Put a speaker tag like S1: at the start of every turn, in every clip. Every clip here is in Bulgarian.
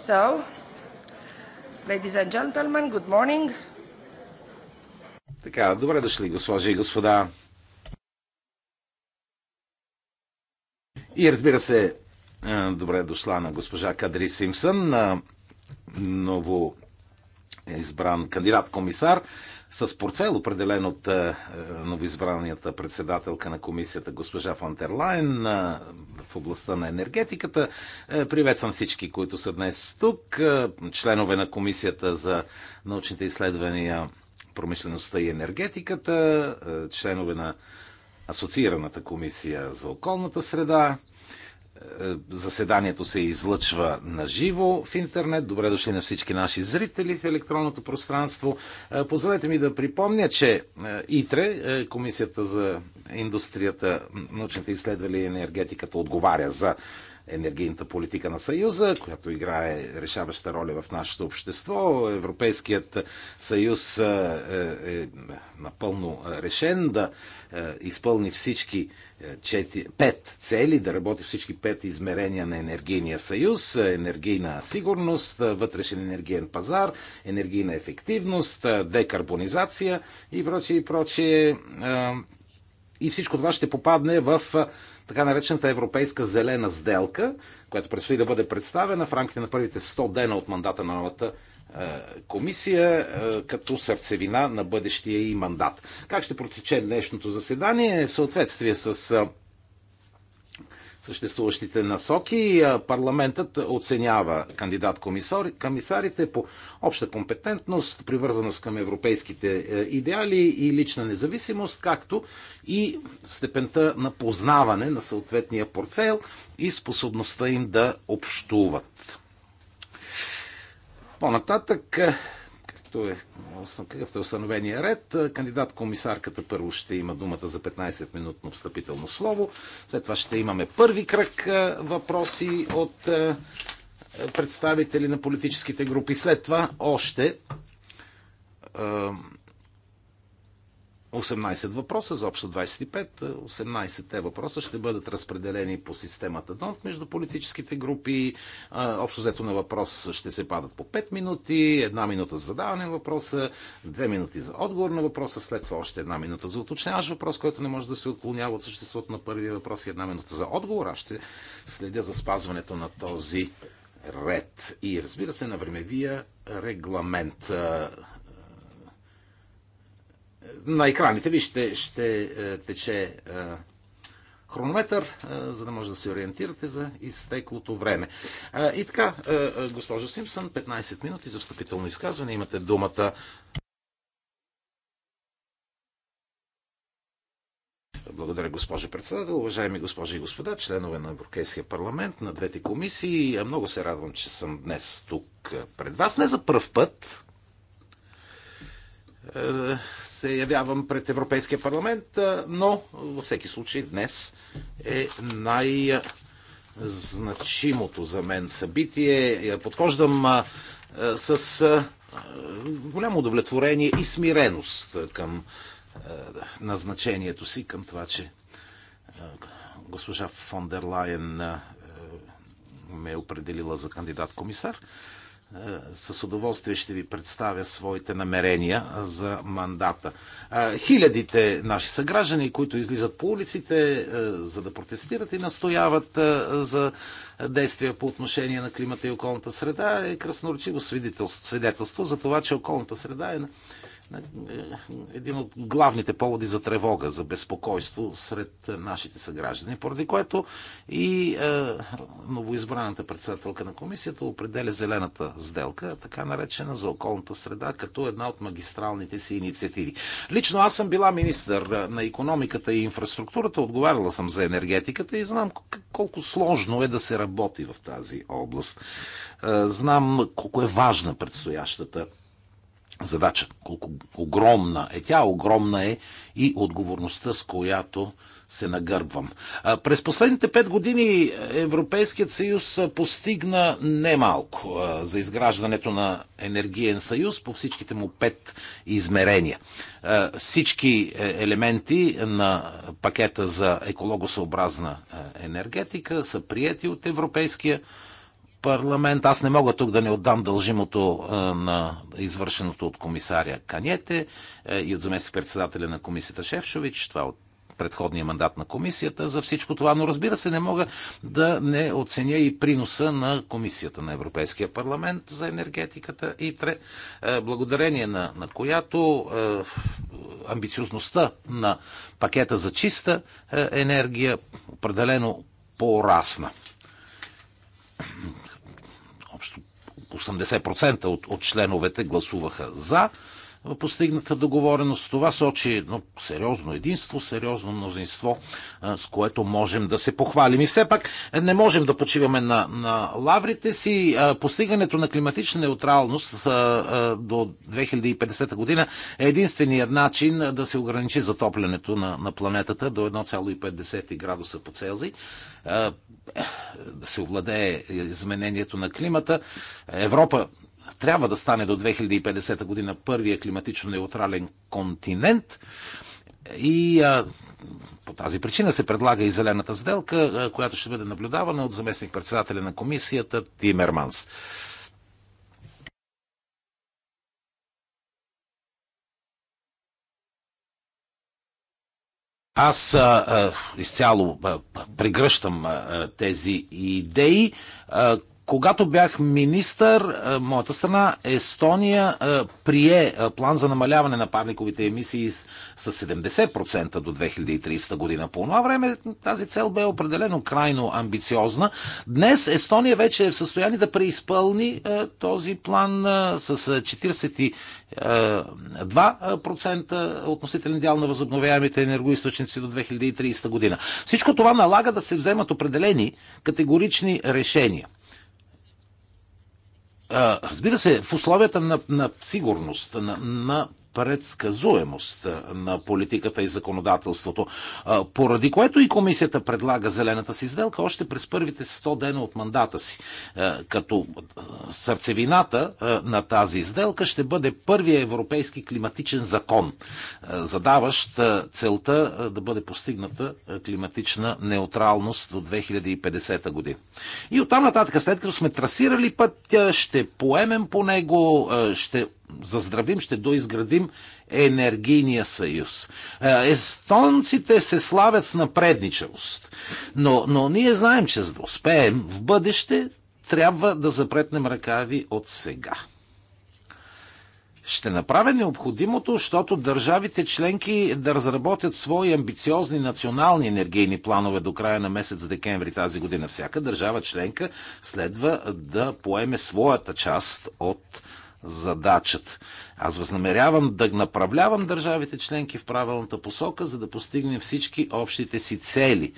S1: So, ladies and gentlemen, good morning.
S2: Така, добре дошли, госпожи и господа. И разбира се, добре дошла на госпожа Кадри Симпсън, на ново е избран кандидат-комисар с портфел, определен от е, новоизбранията председателка на комисията госпожа Фонтерлайн е, в областта на енергетиката. Е, приветствам всички, които са днес тук, членове на комисията за научните изследвания, промишлеността и енергетиката, членове на Асоциираната комисия за околната среда, е, заседанието се излъчва на живо в интернет. Добре дошли на всички наши зрители в електронното пространство. Е, позволете ми да припомня, че е, ИТРЕ, Комисията за индустрията, научните изследвания и енергетиката, отговаря за енергийната политика на Съюза, която играе решаваща роля в нашето общество. Европейският съюз е, е, е напълно решен да е, изпълни всички чети, пет цели, да работи всички пет измерения на енергийния съюз, енергийна сигурност, вътрешен енергиен пазар, енергийна ефективност, декарбонизация и прочие и прочие. И всичко това ще попадне в така наречената Европейска зелена сделка, която предстои да бъде представена в рамките на първите 100 дена от мандата на новата е, комисия е, като сърцевина на бъдещия и мандат. Как ще протече днешното заседание е в съответствие с съществуващите насоки. Парламентът оценява кандидат-комисарите по обща компетентност, привързаност към европейските е, идеали и лична независимост, както и степента на познаване на съответния портфейл и способността им да общуват. По-нататък е, както е, какъвто е установения ред. Е, Кандидат-комисарката първо ще има думата за 15-минутно встъпително слово. След това ще имаме първи кръг е, въпроси от е, представители на политическите групи. След това още 18 въпроса за общо 25. 18-те въпроса ще бъдат разпределени по системата ДОНТ между политическите групи. Общо взето на въпрос ще се падат по 5 минути, една минута за задаване на въпроса, 2 минути за отговор на въпроса, след това още една минута за уточняваш въпрос, който не може да се отклонява от съществото на първия въпрос и една минута за отговор. Аз ще следя за спазването на този ред. И разбира се, на времевия регламент на екраните ви ще, ще тече е, хронометър, е, за да може да се ориентирате за изтеклото време. Е, и така, госпожо Симпсън, 15 минути за встъпително изказване. Имате думата. Благодаря, госпожо председател. Уважаеми госпожи и господа, членове на Европейския парламент, на двете комисии, много се радвам, че съм днес тук пред вас. Не за първ път се явявам пред Европейския парламент, но във всеки случай днес е най- значимото за мен събитие. Подхождам с голямо удовлетворение и смиреност към назначението си, към това, че госпожа фон дер Лайен ме е определила за кандидат-комисар. Е, с удоволствие ще ви представя своите намерения за мандата. Е, хилядите наши съграждани, които излизат по улиците, е, за да протестират и настояват за действия по отношение на климата и околната среда, е красноречиво свидетелство за това, че околната среда е е, е, един от главните поводи за тревога, за безпокойство сред нашите съграждани, поради което и е, новоизбраната председателка на комисията определя зелената сделка, така наречена за околната среда, като една от магистралните си инициативи. Лично аз съм била министър на економиката и инфраструктурата, отговаряла съм за енергетиката и знам колко сложно е да се работи в тази област. Е, знам колко е важна предстоящата задача. Колко огромна е тя, огромна е и отговорността, с която се нагърбвам. През последните пет години Европейският съюз постигна немалко за изграждането на енергиен съюз по всичките му пет измерения. Всички е, елементи на пакета за екологосъобразна енергетика са прияти от Европейския съюз парламент. Аз не мога тук да не отдам дължимото на извършеното от комисаря Канете е, и от заместник председателя на комисията Шевшович. Това от предходния мандат на комисията за всичко това. Но разбира се, не мога да не оценя и приноса на комисията на Европейския парламент за енергетиката и тре, е, благодарение на, на която е, амбициозността на пакета за чиста е, енергия определено порасна. 80% от, от членовете гласуваха за постигната договореност. Това сочи едно сериозно единство, сериозно мнозинство, с което можем да се похвалим. И все пак не можем да почиваме на, на лаврите си. Постигането на климатична неутралност до 2050 година е единственият начин да се ограничи затоплянето на, на планетата до 1,5 градуса по Целзий да се овладее изменението на климата. Европа трябва да стане до 2050 година първия климатично неутрален континент. И а, по тази причина се предлага и зелената сделка, която ще бъде наблюдавана от заместник-председателя на комисията Тимерманс. Аз а, а, изцяло а, прегръщам а, тези идеи. А, когато бях министър, е, моята страна Естония е, прие е, план за намаляване на парниковите емисии с 70% до 2030 година. По това време тази цел бе определено крайно амбициозна. Днес Естония вече е в състояние да преизпълни този план с 42% относителен дял на възобновяемите енергоисточници до 2030 година. Всичко това налага да се вземат определени категорични решения – разбира се, в условията на, на сигурност, на, на предсказуемост на политиката и законодателството, поради което и комисията предлага зелената си сделка още през първите 100 дена от мандата си. Като сърцевината на тази сделка ще бъде първия европейски климатичен закон, задаващ целта да бъде постигната климатична неутралност до 2050 година. И оттам нататък, след като сме трасирали път, ще поемем по него, ще заздравим, ще доизградим енергийния съюз. Е, естонците се славят с напредничавост, но, но ние знаем, че за да успеем в бъдеще, трябва да запретнем ръкави от сега. Ще направя необходимото, защото държавите членки да разработят свои амбициозни национални енергийни планове до края на месец декември тази година. Всяка държава членка следва да поеме своята част от задачата. Аз възнамерявам да направлявам държавите членки в правилната посока, за да постигнем всички общите си цели.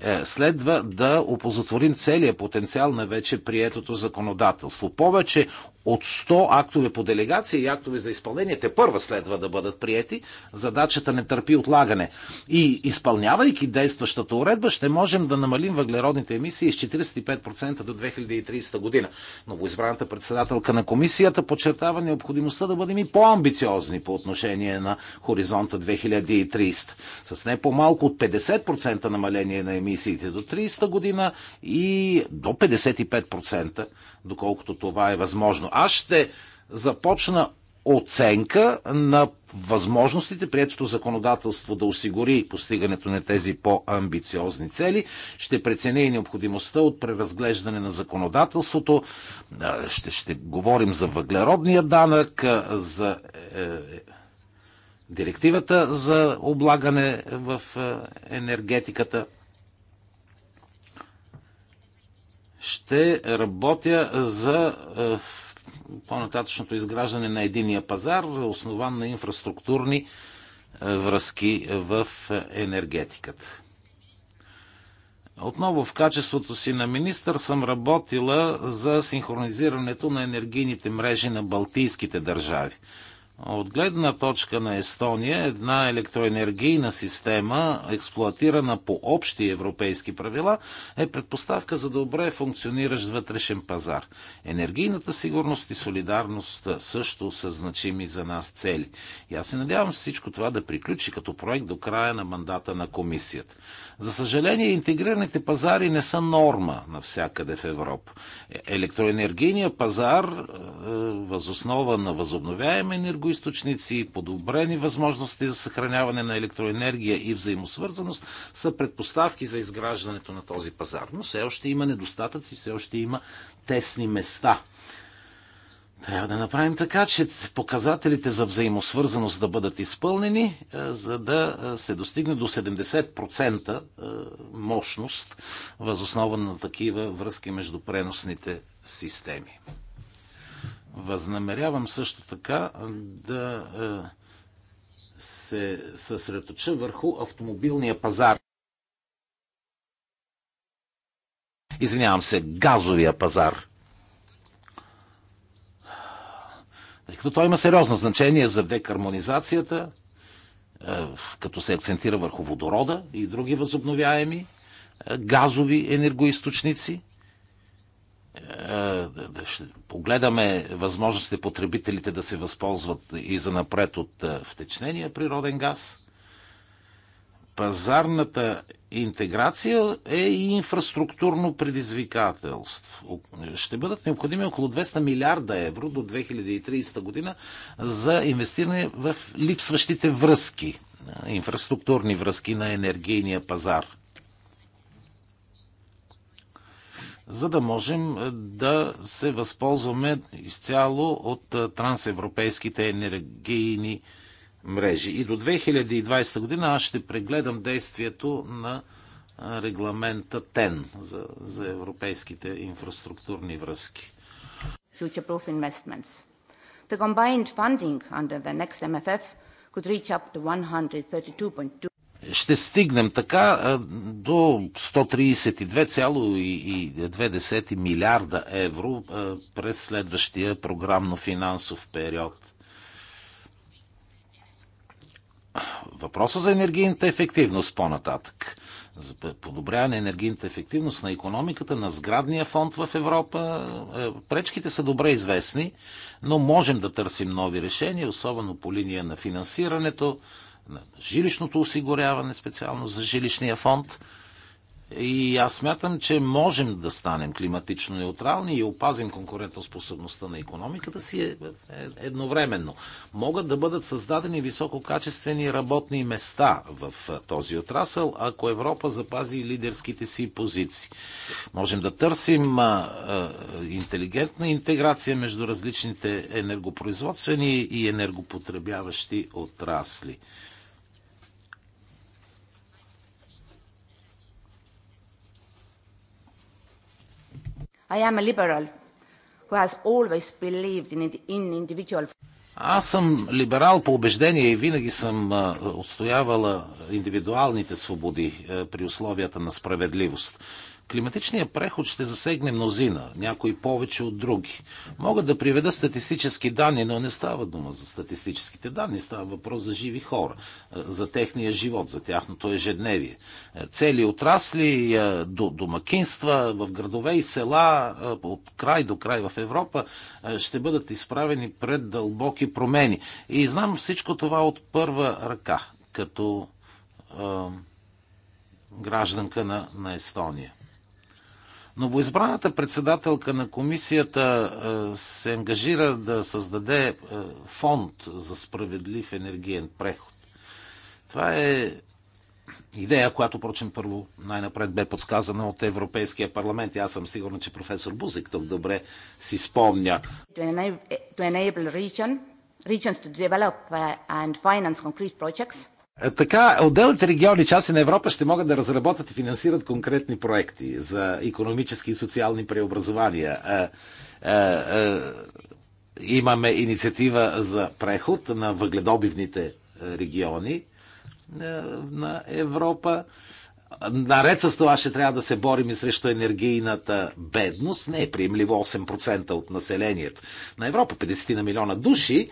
S2: Е, следва да опозотворим целият потенциал на вече приетото законодателство. Повече от 100 актове по делегация и актове за изпълнение те първа следва да бъдат приети. Задачата не търпи отлагане. И изпълнявайки действащата уредба, ще можем да намалим въглеродните емисии с 45% до 2030 година. Новоизбраната председателка на комисията подчертава необходимостта да бъдем и по-амбициозни по отношение на хоризонта 2030. С не по-малко от 50% намаление на емисиите до 30 година и до 55% доколкото това е възможно. Аз ще започна оценка на възможностите приетото законодателство да осигури постигането на тези по-амбициозни цели. Ще преценя и необходимостта от превъзглеждане на законодателството. Ще, ще говорим за въглеродния данък, за е, директивата за облагане в е, енергетиката. ще работя за е, по-нататъчното изграждане на единия пазар, основан на инфраструктурни е, връзки в енергетиката. Отново в качеството си на министър съм работила за синхронизирането на енергийните мрежи на балтийските държави. От гледна точка на Естония, една електроенергийна система, експлуатирана по общи европейски правила, е предпоставка за добре функциониращ вътрешен пазар. Енергийната сигурност и солидарност също са значими за нас цели. И аз се надявам всичко това да приключи като проект до края на мандата на комисията. За съжаление, интегрираните пазари не са норма навсякъде в Европа. Е, Електроенергийният пазар, е, възоснова на възобновяеми енергоисточници, подобрени възможности за съхраняване на електроенергия и взаимосвързаност, са предпоставки за изграждането на този пазар. Но все още има недостатъци, все още има тесни места трябва да направим така, че показателите за взаимосвързаност да бъдат изпълнени, е, за да е, се достигне до 70% е, мощност възоснова на такива връзки между преносните системи. Възнамерявам също така да се съсредоча върху автомобилния пазар. Извинявам се, газовия пазар като това има сериозно значение за декармонизацията, е, като се акцентира върху водорода и други възобновяеми е, газови енергоисточници. Е, ще погледаме възможностите потребителите да се възползват и за напред от втечнения природен газ пазарната интеграция е и инфраструктурно предизвикателство. Ще бъдат необходими около 200 милиарда евро до 2030 година за инвестиране в липсващите връзки, инфраструктурни връзки на енергийния пазар. за да можем е, да се възползваме изцяло от е, трансевропейските енергийни мрежи. И до 2020 година аз ще прегледам действието на регламента ТЕН за, за европейските инфраструктурни връзки.
S1: Future-proof investments. The combined funding under the next MFF could reach up to 132.2
S2: ще стигнем така до 132,2 милиарда евро през следващия програмно-финансов период въпроса за енергийната ефективност по-нататък. За подобряване енергийната ефективност на економиката, на сградния фонд в Европа. Е, пречките са добре известни, но можем да търсим нови решения, особено по линия на финансирането, на жилищното осигуряване, специално за жилищния фонд. И аз смятам, че можем да станем климатично неутрални и опазим конкурентоспособността на економиката си е, е, едновременно. Могат да бъдат създадени висококачествени работни места в е, този отрасъл, ако Европа запази лидерските си позиции. Можем да търсим интелигентна интеграция между различните енергопроизводствени и енергопотребяващи отрасли.
S1: I am a liberal who has always believed in, in individual
S2: аз съм либерал по убеждение и винаги съм отстоявала индивидуалните свободи при условията на справедливост. Климатичният преход ще засегне мнозина, някои повече от други. Мога да приведа статистически данни, но не става дума за статистическите данни, става въпрос за живи хора, за техния живот, за тяхното ежедневие. Цели отрасли, домакинства в градове и села, от край до край в Европа, ще бъдат изправени пред дълбоки промени. И знам всичко това от първа ръка, като гражданка на, на Естония. Новоизбраната председателка на комисията е, се ангажира да създаде е, фонд за справедлив енергиен преход. Това е идея, която, прочим, първо най-напред бе подсказана от Европейския парламент. И аз съм сигурен, че професор Бузик тук добре си спомня.
S1: To enable region, regions to develop е, and finance concrete projects
S2: е, така, отделните региони, части на Европа ще могат да разработят и финансират конкретни проекти за економически и социални преобразования. Е, е, имаме инициатива за преход на въгледобивните региони на Европа. Наред с това ще трябва да се борим и срещу енергийната бедност. Не е приемливо 8% от населението на Европа, 50 на милиона души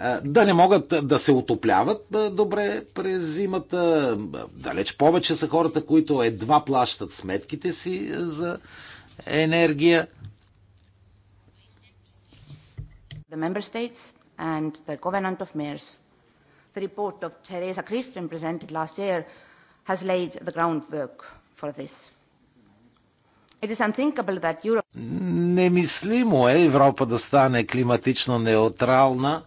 S2: е, да не могат да се отопляват е, добре през зимата. Далеч повече са хората, които едва плащат сметките си е, за енергия.
S1: The member states and the Covenant of Mayors. The report of Teresa Griffin presented last year has laid the groundwork for this. It is unthinkable that Europe...
S2: Немислимо е Европа да стане климатично неутрална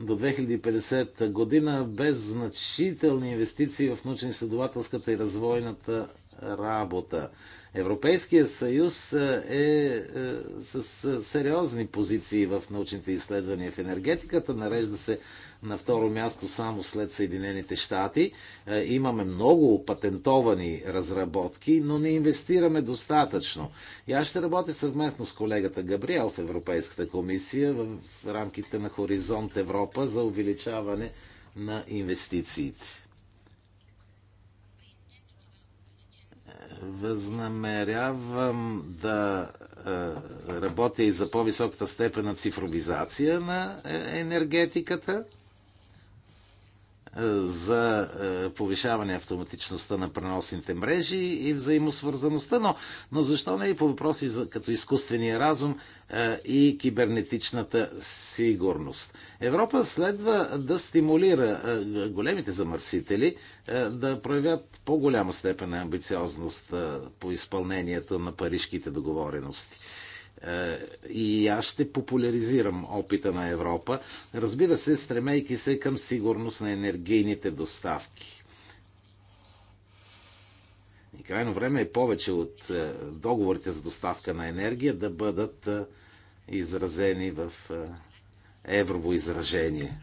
S2: до 2050 година без значителни инвестиции в научно-изследователската и развойната работа. Европейския съюз е, е, е с сериозни позиции в научните изследвания в енергетиката, нарежда се на второ място само след Съединените щати. Е, имаме много патентовани разработки, но не инвестираме достатъчно. И аз ще работя съвместно с колегата Габриел в Европейската комисия в рамките на Хоризонт Европа за увеличаване на инвестициите. възнамерявам да е, работя и за по-високата степен на цифровизация на е, енергетиката за е, повишаване автоматичността на преносните мрежи и взаимосвързаността, но, но защо не и по въпроси за, като изкуствения разум е, и кибернетичната сигурност. Европа следва да стимулира е, големите замърсители да проявят по-голяма степен на амбициозност по изпълнението на парижките договорености. Е, и аз ще популяризирам опита на Европа, разбира се, стремейки се към сигурност на енергийните доставки. И крайно време е повече от е, договорите за доставка на енергия да бъдат е, изразени в еврово изражение.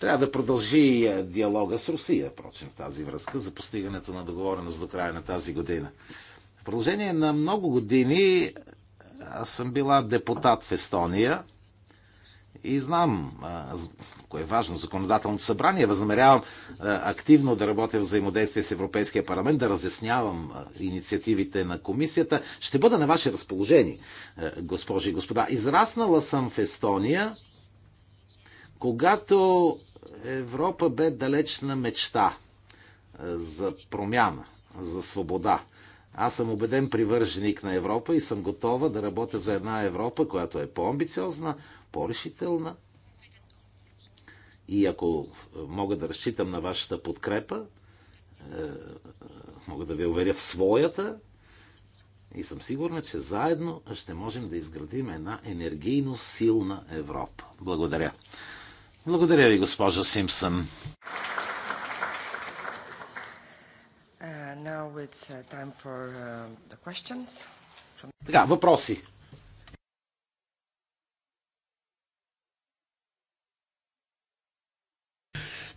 S2: Трябва да продължи диалога с Русия, впрочем, в тази връзка за постигането на договореност до края на тази година продължение на много години аз съм била депутат в Естония и знам кое е важно законодателното събрание. Възнамерявам активно да работя в взаимодействие с Европейския парламент, да разяснявам инициативите на комисията. Ще бъда на ваше разположение, госпожи и господа. Израснала съм в Естония, когато Европа бе далечна мечта за промяна, за свобода. Аз съм убеден привърженик на Европа и съм готова да работя за една Европа, която е по-амбициозна, по-решителна. И ако мога да разчитам на вашата подкрепа, е, мога да ви уверя в своята, и съм сигурна, че заедно ще можем да изградим една енергийно силна Европа. Благодаря. Благодаря ви, госпожа Симпсън.
S1: Uh, uh,
S2: така, въпроси.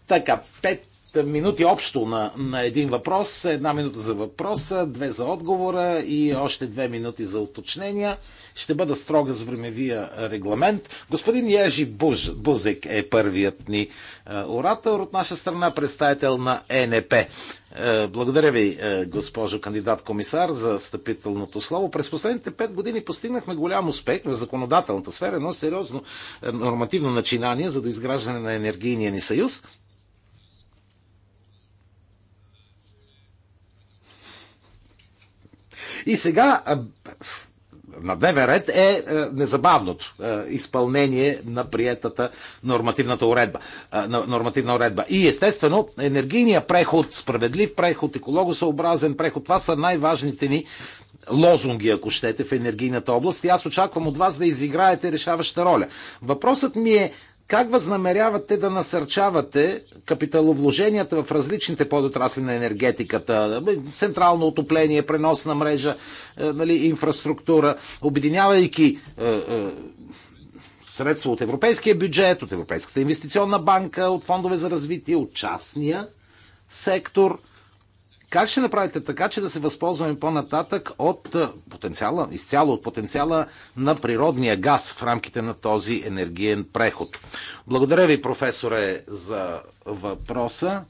S2: Така, пет минути общо на, на един въпрос, една минута за въпроса, две за отговора и още две минути за уточнения. Ще бъда строга с времевия регламент. Господин Яжи Буз, Бузек е първият ни оратор от наша страна, представител на ЕНП. Е, благодаря ви, е, госпожо кандидат-комисар, за встъпителното слово. През последните пет години постигнахме голям успех в законодателната сфера, едно сериозно е, нормативно начинание за доизграждане на енергийния ни съюз. И сега на дневен ред е, е незабавното е, изпълнение на приетата нормативната уредба, е, нормативна уредба. И естествено, енергийния преход, справедлив преход, екологосъобразен преход, това са най-важните ни лозунги, ако щете, в енергийната област. И аз очаквам от вас да изиграете решаваща роля. Въпросът ми е как възнамерявате да насърчавате капиталовложенията в различните подотрасли на енергетиката, централно отопление, преносна мрежа, е, нали, инфраструктура, обединявайки е, е, средства от европейския бюджет, от Европейската инвестиционна банка, от фондове за развитие, от частния сектор – как ще направите така, че да се възползваме по-нататък от е, потенциала, изцяло от потенциала на природния газ в рамките на този енергиен преход? Благодаря ви, професоре, за въпроса.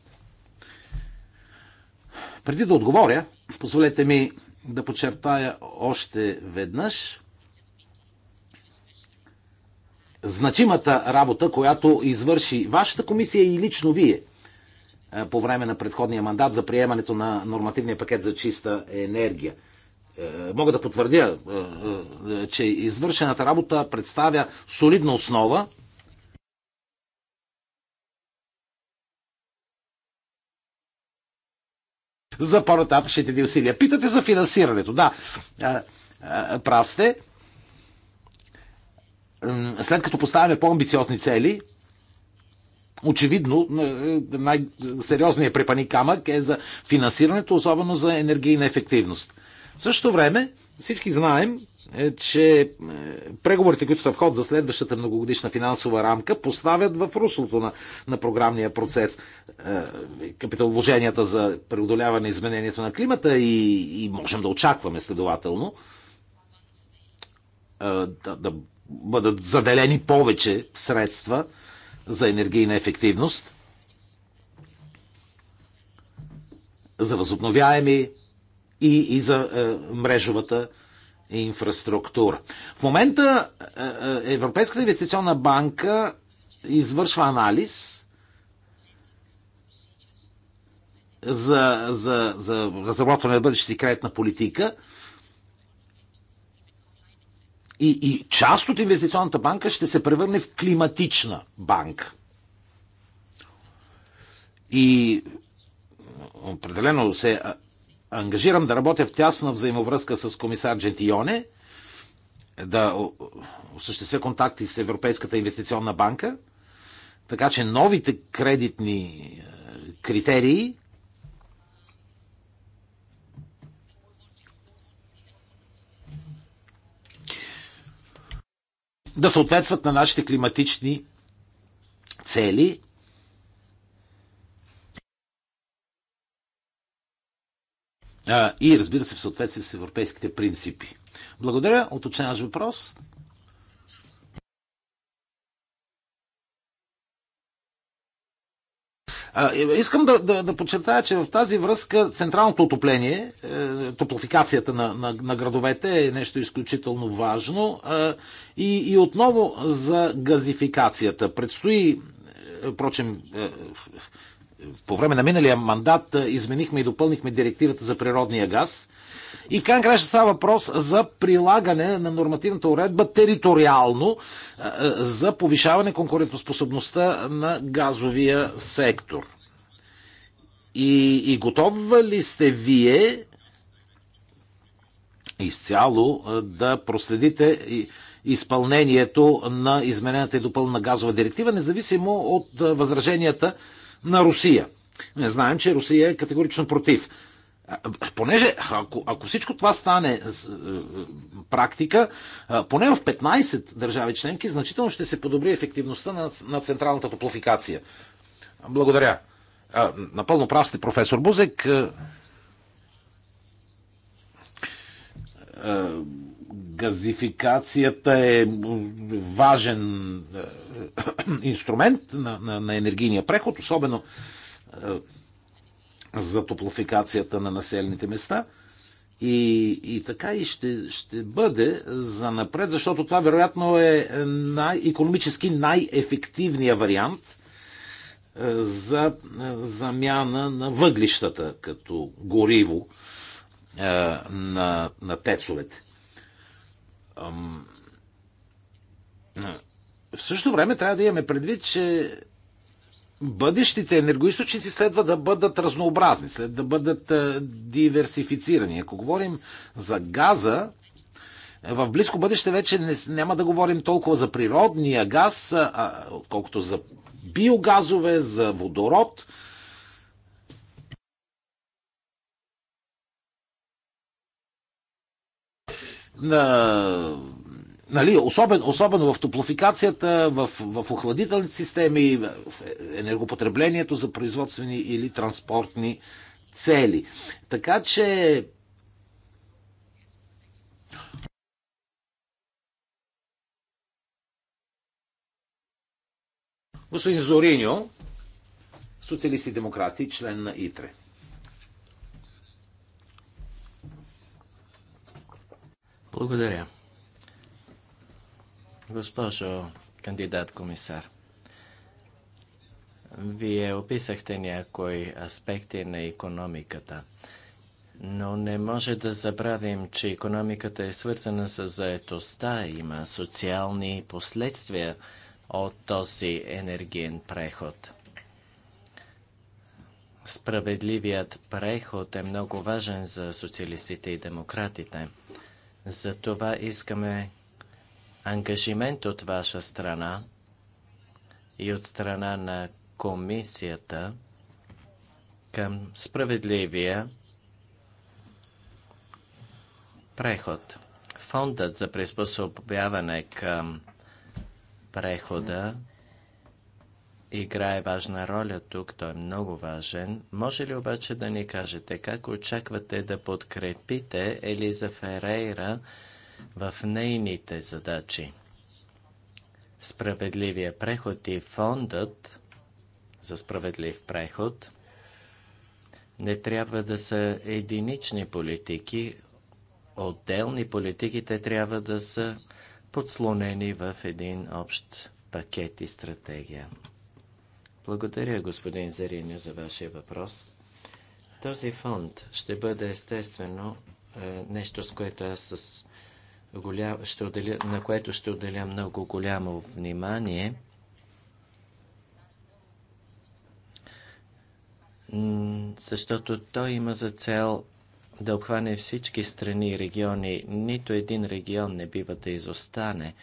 S2: Преди да отговоря, позволете ми да подчертая още веднъж значимата работа, която извърши вашата комисия и лично вие – е, по време на предходния мандат за приемането на нормативния пакет за чиста енергия. Е, мога да потвърдя, е, че извършената работа представя солидна основа за по-нататъчните ни усилия. Питате за финансирането. Да, прав сте. След като поставяме по-амбициозни цели, Очевидно, е, е, най-сериозният препани камък е за финансирането, особено за енергийна ефективност. В същото време, всички знаем, е, че преговорите, които са в ход за следващата многогодишна финансова рамка, поставят в руслото на, на програмния процес капиталовложенията за преодоляване изменението на климата и, и можем да очакваме следователно да, да бъдат заделени повече средства – за енергийна ефективност, за възобновяеми и, и за е, мрежовата инфраструктура. В момента е, е Европейската инвестиционна банка извършва анализ за, за, за разработване на бъдеща си кредитна политика – и, и част от инвестиционната банка ще се превърне в климатична банка. И определено се ангажирам да работя в тясна взаимовръзка с комисар Джентионе, да осъществя контакти с Европейската инвестиционна банка, така че новите кредитни критерии да съответстват на нашите климатични цели. А, и разбира се, в съответствие с европейските принципи. Благодаря. Оточняваш въпрос. Е, искам да, да, да подчертая, че в тази връзка централното отопление, е, топлофикацията на, на, на градовете е нещо изключително важно. Е, и, и отново за газификацията. Предстои, впрочем, по време на миналия мандат изменихме и допълнихме директивата за природния газ. И в крайна краща става въпрос за прилагане на нормативната уредба териториално за повишаване конкурентоспособността на газовия сектор. И, и готова ли сте вие изцяло да проследите изпълнението на изменената и допълна газова директива, независимо от възраженията на Русия. Знаем, че Русия е категорично против. Понеже, ако, ако всичко това стане е, практика, поне в 15 държави членки, значително ще се подобри ефективността на, на централната топлофикация. Благодаря. Напълно прав сте, професор Бузек газификацията е важен е, инструмент на, на, на енергийния преход, особено е, за топлофикацията на населените места. И, и така и ще, ще бъде за напред, защото това вероятно е най- економически най-ефективният вариант е, за замяна на въглищата като гориво на, на тецовете. В същото време трябва да имаме предвид, че бъдещите енергоисточници следва да бъдат разнообразни, след да бъдат диверсифицирани. Ако говорим за газа, в близко бъдеще вече не, няма да говорим толкова за природния газ, а, колкото за биогазове, за водород. на нали, особен, особено в топлофикацията, в, в охладителните системи, в енергопотреблението за производствени или транспортни цели. Така че Господин Зориньо, социалисти и демократи, член на ИТРЕ.
S3: Благодаря. Госпожо кандидат комисар, вие описахте някои аспекти на економиката, но не може да забравим, че економиката е свързана с заетостта, има социални последствия от този енергиен преход. Справедливият преход е много важен за социалистите и демократите – за това искаме ангажимент от ваша страна и от страна на комисията към справедливия преход. Фондът за приспособяване към прехода играе важна роля тук, той е много важен. Може ли обаче да ни кажете как очаквате да подкрепите Елиза Ферейра в нейните задачи? Справедливия преход и фондът за справедлив преход не трябва да са единични политики, отделни политики, те трябва да са подслонени в един общ пакет и стратегия. Благодаря, господин Зарини, за вашия въпрос. Този фонд ще бъде естествено е, нещо, с което аз с голям, ще отделя, на което ще отделя много голямо внимание. Защото той има за цел да обхване всички страни и региони. Нито един регион не бива да изостане.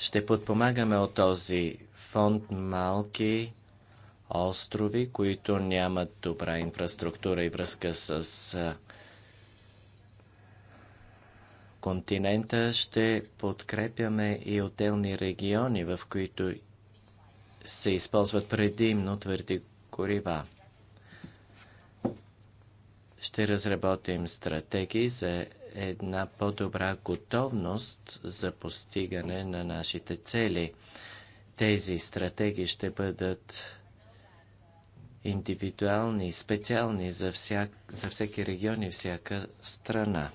S3: Ще подпомагаме от този фонд малки острови, които нямат добра инфраструктура и връзка с континента. Ще подкрепяме и отделни региони, в които се използват предимно твърди горива. Ще разработим стратегии за една по-добра готовност за постигане на нашите цели. Тези стратегии ще бъдат индивидуални, специални за, всяк, за всеки регион и всяка страна.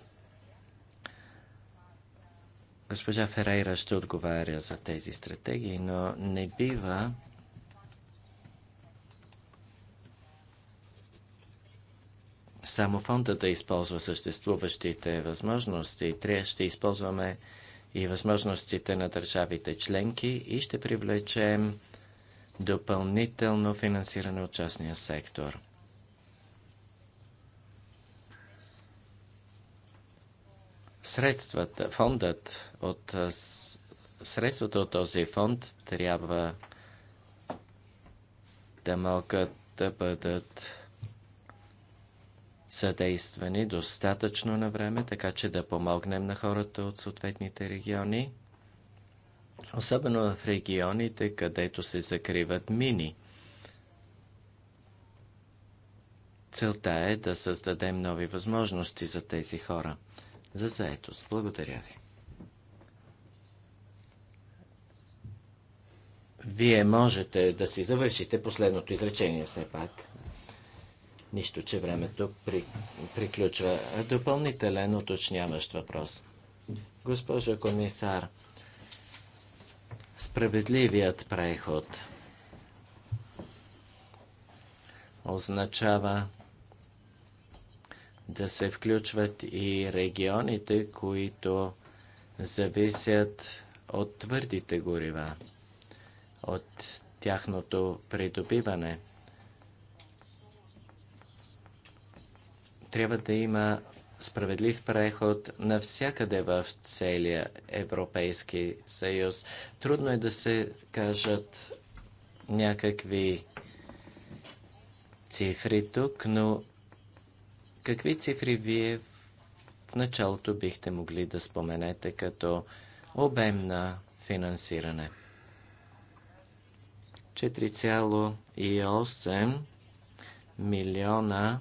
S3: Госпожа Ферейра ще отговаря за тези стратегии, но не бива само фонда да използва съществуващите възможности. Трябва ще използваме и възможностите на държавите членки и ще привлечем допълнително финансиране от частния сектор. Средствата, фондът от, средствата от този фонд трябва да могат да бъдат Съдействани достатъчно на време, така че да помогнем на хората от съответните региони, особено в регионите, където се закриват мини. Целта е да създадем нови възможности за тези хора. За заетост. Благодаря ви. Вие можете да си завършите последното изречение все пак. Нищо, че времето при, приключва. Допълнителен уточняващ въпрос. Госпожо комисар, справедливият преход означава да се включват и регионите, които зависят от твърдите горива, от тяхното придобиване – Трябва да има справедлив преход навсякъде в целия Европейски съюз. Трудно е да се кажат някакви цифри тук, но какви цифри вие в началото бихте могли да споменете като обем на финансиране? 4,8 милиона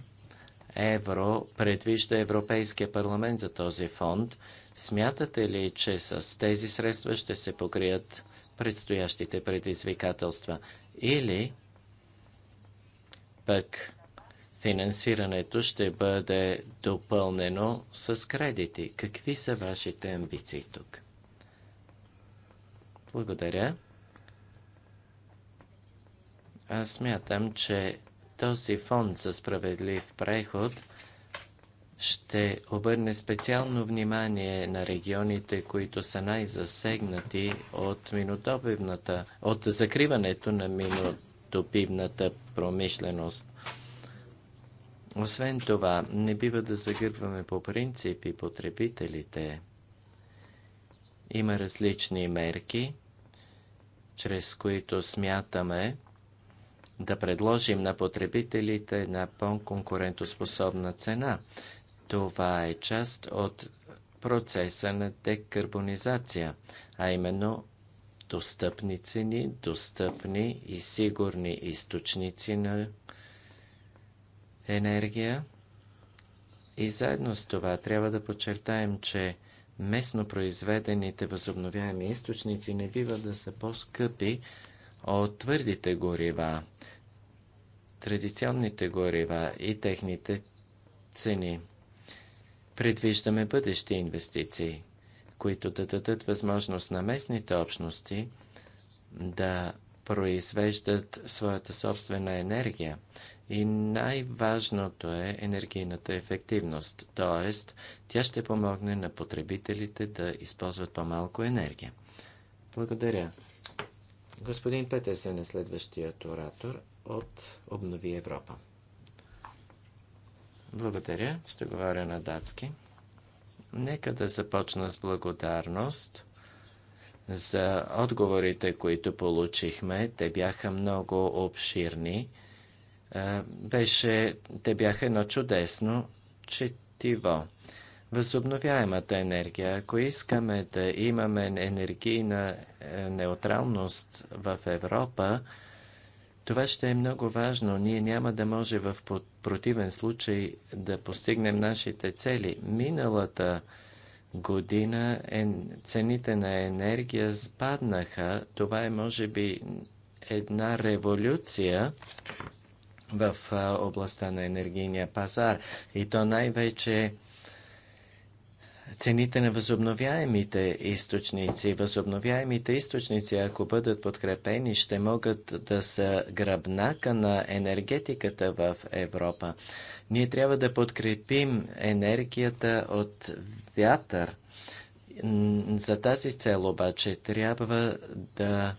S3: евро предвижда Европейския парламент за този фонд. Смятате ли, че с тези средства ще се покрият предстоящите предизвикателства? Или пък финансирането ще бъде допълнено с кредити? Какви са вашите амбиции тук? Благодаря. Аз смятам, че този фонд за справедлив преход ще обърне специално внимание на регионите, които са най-засегнати от, от закриването на минотопивната промишленост. Освен това, не бива да загърбваме по принцип и потребителите. Има различни мерки, чрез които смятаме да предложим на потребителите една по-конкурентоспособна цена. Това е част от процеса на декарбонизация, а именно достъпни цени, достъпни и сигурни източници на енергия. И заедно с това трябва да подчертаем, че местно произведените възобновяеми източници не бива да са по-скъпи от твърдите горива традиционните горива и техните цени. Предвиждаме бъдещи инвестиции, които да дадат възможност на местните общности да произвеждат своята собствена енергия. И най-важното е енергийната ефективност, т.е. тя ще помогне на потребителите да използват по-малко енергия. Благодаря. Господин Петесен е следващият оратор от Обнови Европа. Благодаря. Ще говоря на датски. Нека да започна с благодарност за отговорите, които получихме. Те бяха много обширни. Беше, те бяха едно чудесно четиво. Възобновяемата енергия. Ако искаме да имаме енергийна е, неутралност в Европа, това ще е много важно. Ние няма да може в противен случай да постигнем нашите цели. Миналата година е, цените на енергия спаднаха. Това е, може би, една революция в областта на енергийния пазар. И то най-вече цените на възобновяемите източници. Възобновяемите източници, ако бъдат подкрепени, ще могат да са гръбнака на енергетиката в Европа. Ние трябва да подкрепим енергията от вятър. За тази цел обаче трябва да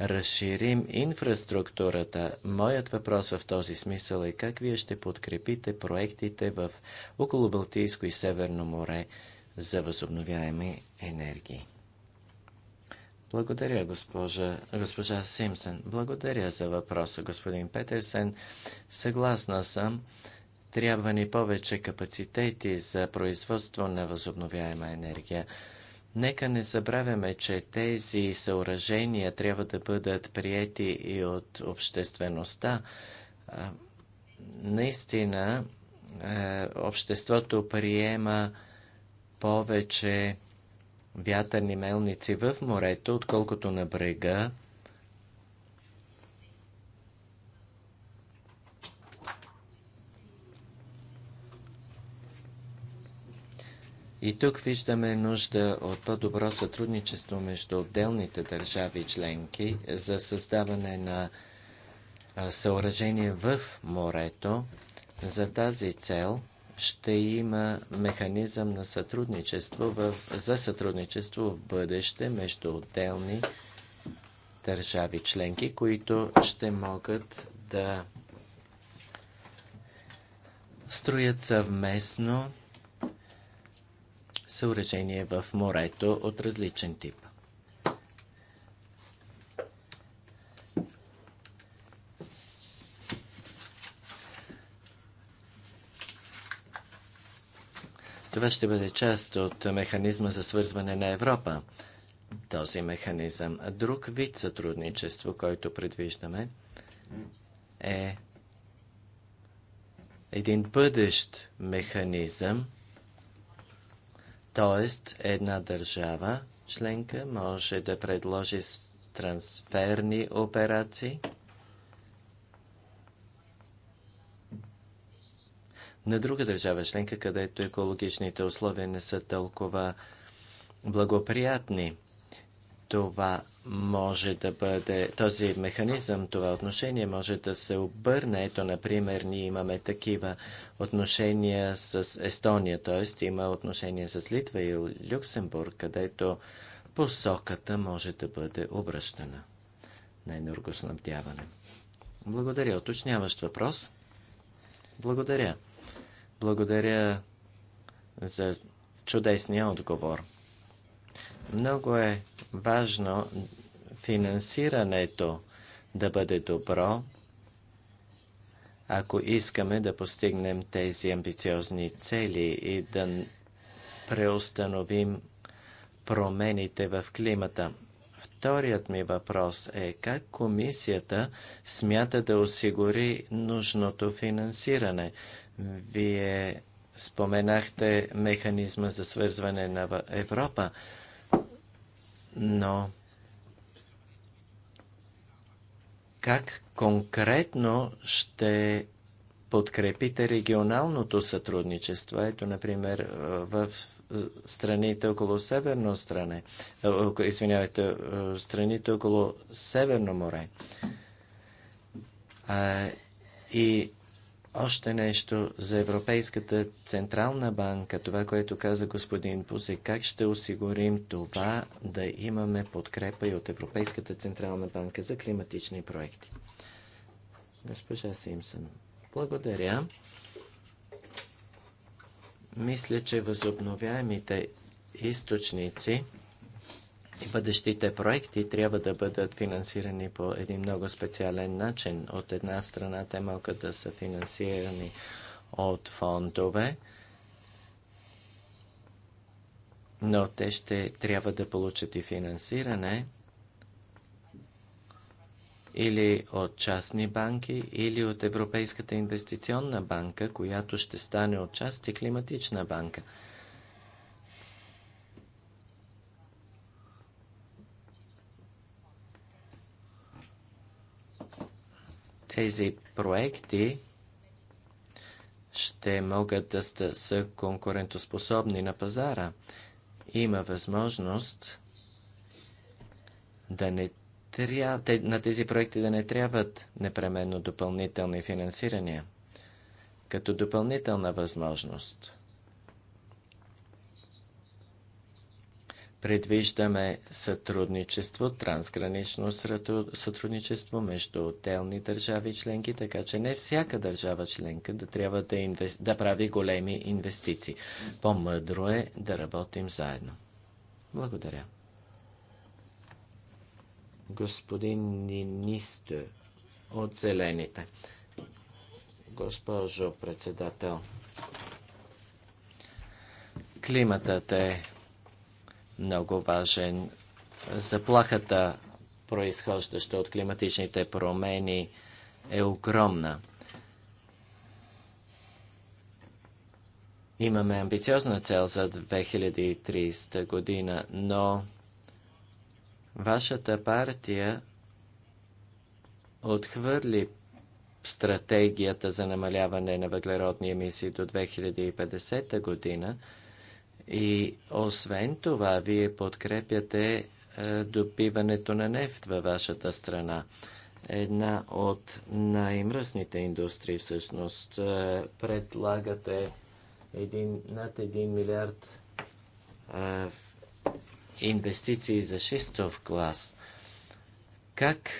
S3: разширим инфраструктурата. Моят въпрос в този смисъл е как вие ще подкрепите проектите в около Балтийско и Северно море за възобновяеми енергии. Благодаря, госпожа, госпожа Симсън. Благодаря за въпроса, господин Петерсен. Съгласна съм. Трябва ни повече капацитети за производство на възобновяема енергия. Нека не забравяме, че тези съоръжения трябва да бъдат приети и от обществеността. Наистина, е, обществото приема повече вятърни мелници в морето, отколкото на брега. И тук виждаме нужда от по-добро сътрудничество между отделните държави членки за създаване на съоръжение в морето. За тази цел – ще има механизъм на сътрудничество в, за сътрудничество в бъдеще между отделни държави членки, които ще могат да строят съвместно съоръжение в морето от различен тип. Това ще бъде част от механизма за свързване на Европа. Този механизъм. Друг вид сътрудничество, който предвиждаме, е един бъдещ механизъм, т.е. една държава членка може да предложи трансферни операции – на друга държава членка, където екологичните условия не са толкова благоприятни. Това може да бъде, този механизъм, това отношение може да се обърне. Ето, например, ние имаме такива отношения с Естония, т.е. има отношения с Литва и Люксембург, където посоката може да бъде обръщана на енергоснабдяване. Благодаря. Оточняващ въпрос? Благодаря. Благодаря за чудесния отговор. Много е важно финансирането да бъде добро, ако искаме да постигнем тези амбициозни цели и да преустановим промените в климата. Вторият ми въпрос е как комисията смята да осигури нужното финансиране. Вие споменахте механизма за свързване на Европа, но как конкретно ще подкрепите регионалното сътрудничество? Ето, например, в страните около Северно стране, извинявайте, страните около Северно море. и още нещо за Европейската Централна банка, това, което каза господин Пуси, как ще осигурим това да имаме подкрепа и от Европейската Централна банка за климатични проекти. Госпожа Симсън, благодаря. Мисля, че възобновяемите източници и бъдещите проекти трябва да бъдат финансирани по един много специален начин. От една страна те могат да са финансирани от фондове, но те ще трябва да получат и финансиране или от частни банки, или от Европейската инвестиционна банка, която ще стане от част и климатична банка. Тези проекти ще могат да са конкурентоспособни на пазара. Има възможност да не трябва, на тези проекти да не трябват непременно допълнителни финансирания, като допълнителна възможност – Предвиждаме сътрудничество, трансгранично сътрудничество между отделни държави членки, така че не всяка държава членка да трябва да, инвести... да прави големи инвестиции. По-мъдро е да работим заедно. Благодаря. Господин Нинисто от Зелените. Госпожо председател, климатът е много важен. Заплахата, произхождаща от климатичните промени, е огромна. Имаме амбициозна цел за 2030 година, но вашата партия отхвърли стратегията за намаляване на въглеродни емисии до 2050 година – и освен това, вие подкрепяте е, добиването на нефт във вашата страна. Една от най-мръсните индустрии всъщност. Е, предлагате един, над 1 милиард а, е, инвестиции за шестов клас. Как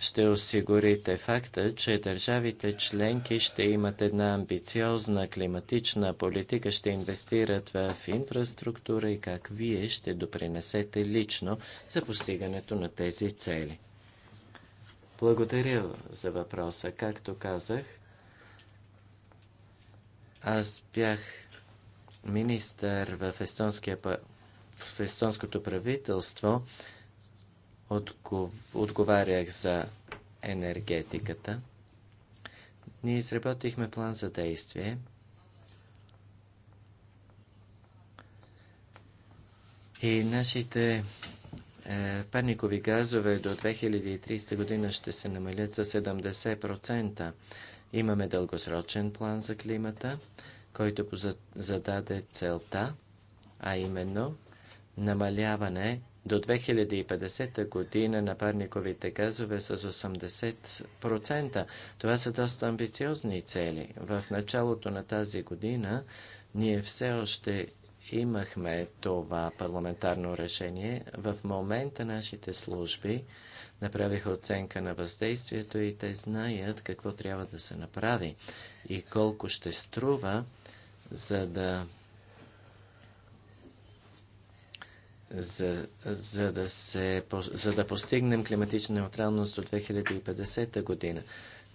S3: ще осигурите факта, че държавите членки ще имат една амбициозна климатична политика, ще инвестират в инфраструктура и как вие ще допринесете лично за постигането на тези цели? Благодаря за въпроса. Както казах, аз бях министър в, естонския, в естонското правителство отговарях за енергетиката. Ние изработихме план за действие. И нашите е, парникови газове до 2030 година ще се намалят за 70%. Имаме дългосрочен план за климата, който зададе целта, а именно намаляване до 2050 година на парниковите газове с 80%. Това са доста амбициозни цели. В началото на тази година ние все още имахме това парламентарно решение. В момента нашите служби направиха оценка на въздействието и те знаят какво трябва да се направи и колко ще струва, за да за, за, да се, за да постигнем климатична неутралност до 2050 година.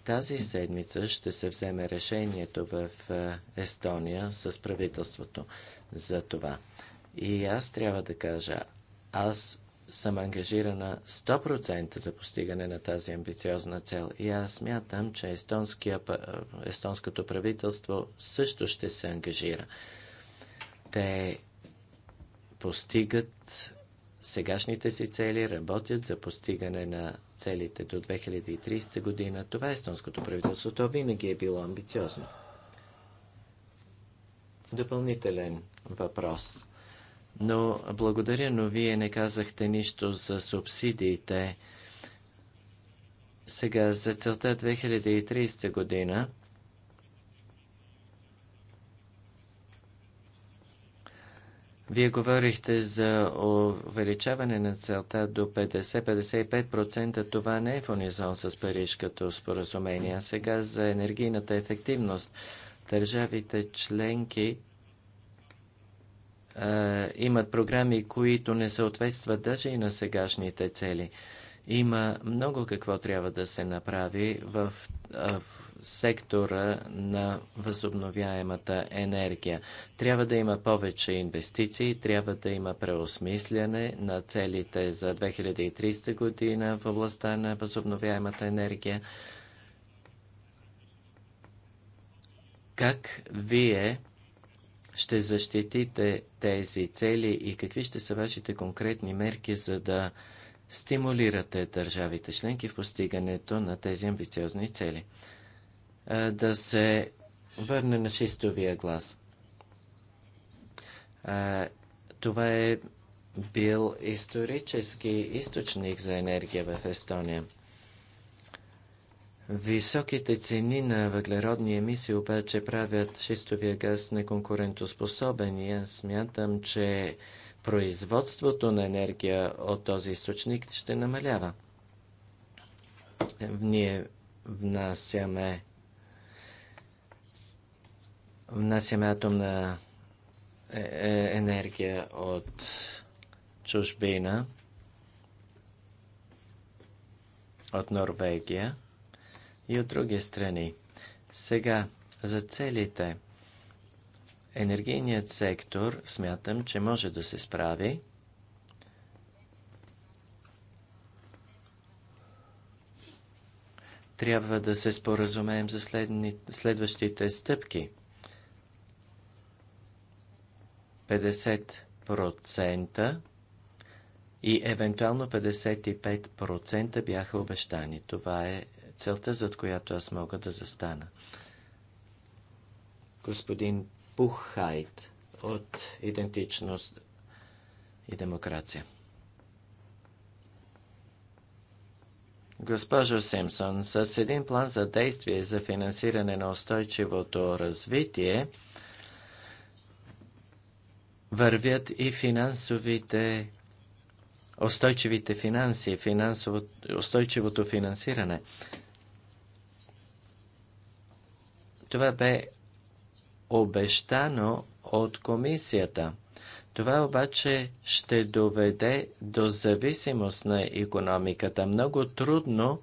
S3: Тази седмица ще се вземе решението в е, Естония с правителството за това. И аз трябва да кажа, аз съм ангажирана 100% за постигане на тази амбициозна цел. И аз мятам, че естонското правителство също ще се ангажира. Те постигат сегашните си цели, работят за постигане на целите до 2030 година. Това е естонското правителство. То винаги е било амбициозно. Допълнителен въпрос. Но благодаря, но вие не казахте нищо за субсидиите. Сега за целта 2030 година Вие говорихте за увеличаване на целта до 50-55%. Това не е в унизон с Парижкото споразумение. А сега за енергийната ефективност. Държавите членки е, имат програми, които не съответстват даже и на сегашните цели. Има много какво трябва да се направи в, в сектора на възобновяемата енергия. Трябва да има повече инвестиции, трябва да има преосмисляне на целите за 2030 година в областта на възобновяемата енергия. Как вие ще защитите тези цели и какви ще са вашите конкретни мерки, за да стимулирате държавите членки в постигането на тези амбициозни цели? Е, да се върне на шестовия глас. Е, това е бил исторически източник за енергия в Естония. Високите цени на въглеродни емисии обаче правят шистовия газ неконкурентоспособен и аз смятам, че производството на енергия от този източник ще намалява. Е, ние внасяме внасяме атомна е, е, енергия от чужбина, от Норвегия и от други страни. Сега, за целите, енергийният сектор смятам, че може да се справи. Трябва да се споразумеем за следни, следващите стъпки – 50% и евентуално 55% бяха обещани. Това е целта, зад която аз мога да застана. Господин Пухайт от Идентичност и демокрация. Госпожо Симпсон, с един план за действие за финансиране на устойчивото развитие – вървят и финансовите устойчивите финанси, финансово, устойчивото финансиране. Това бе обещано от комисията. Това обаче ще доведе до зависимост на економиката. Много трудно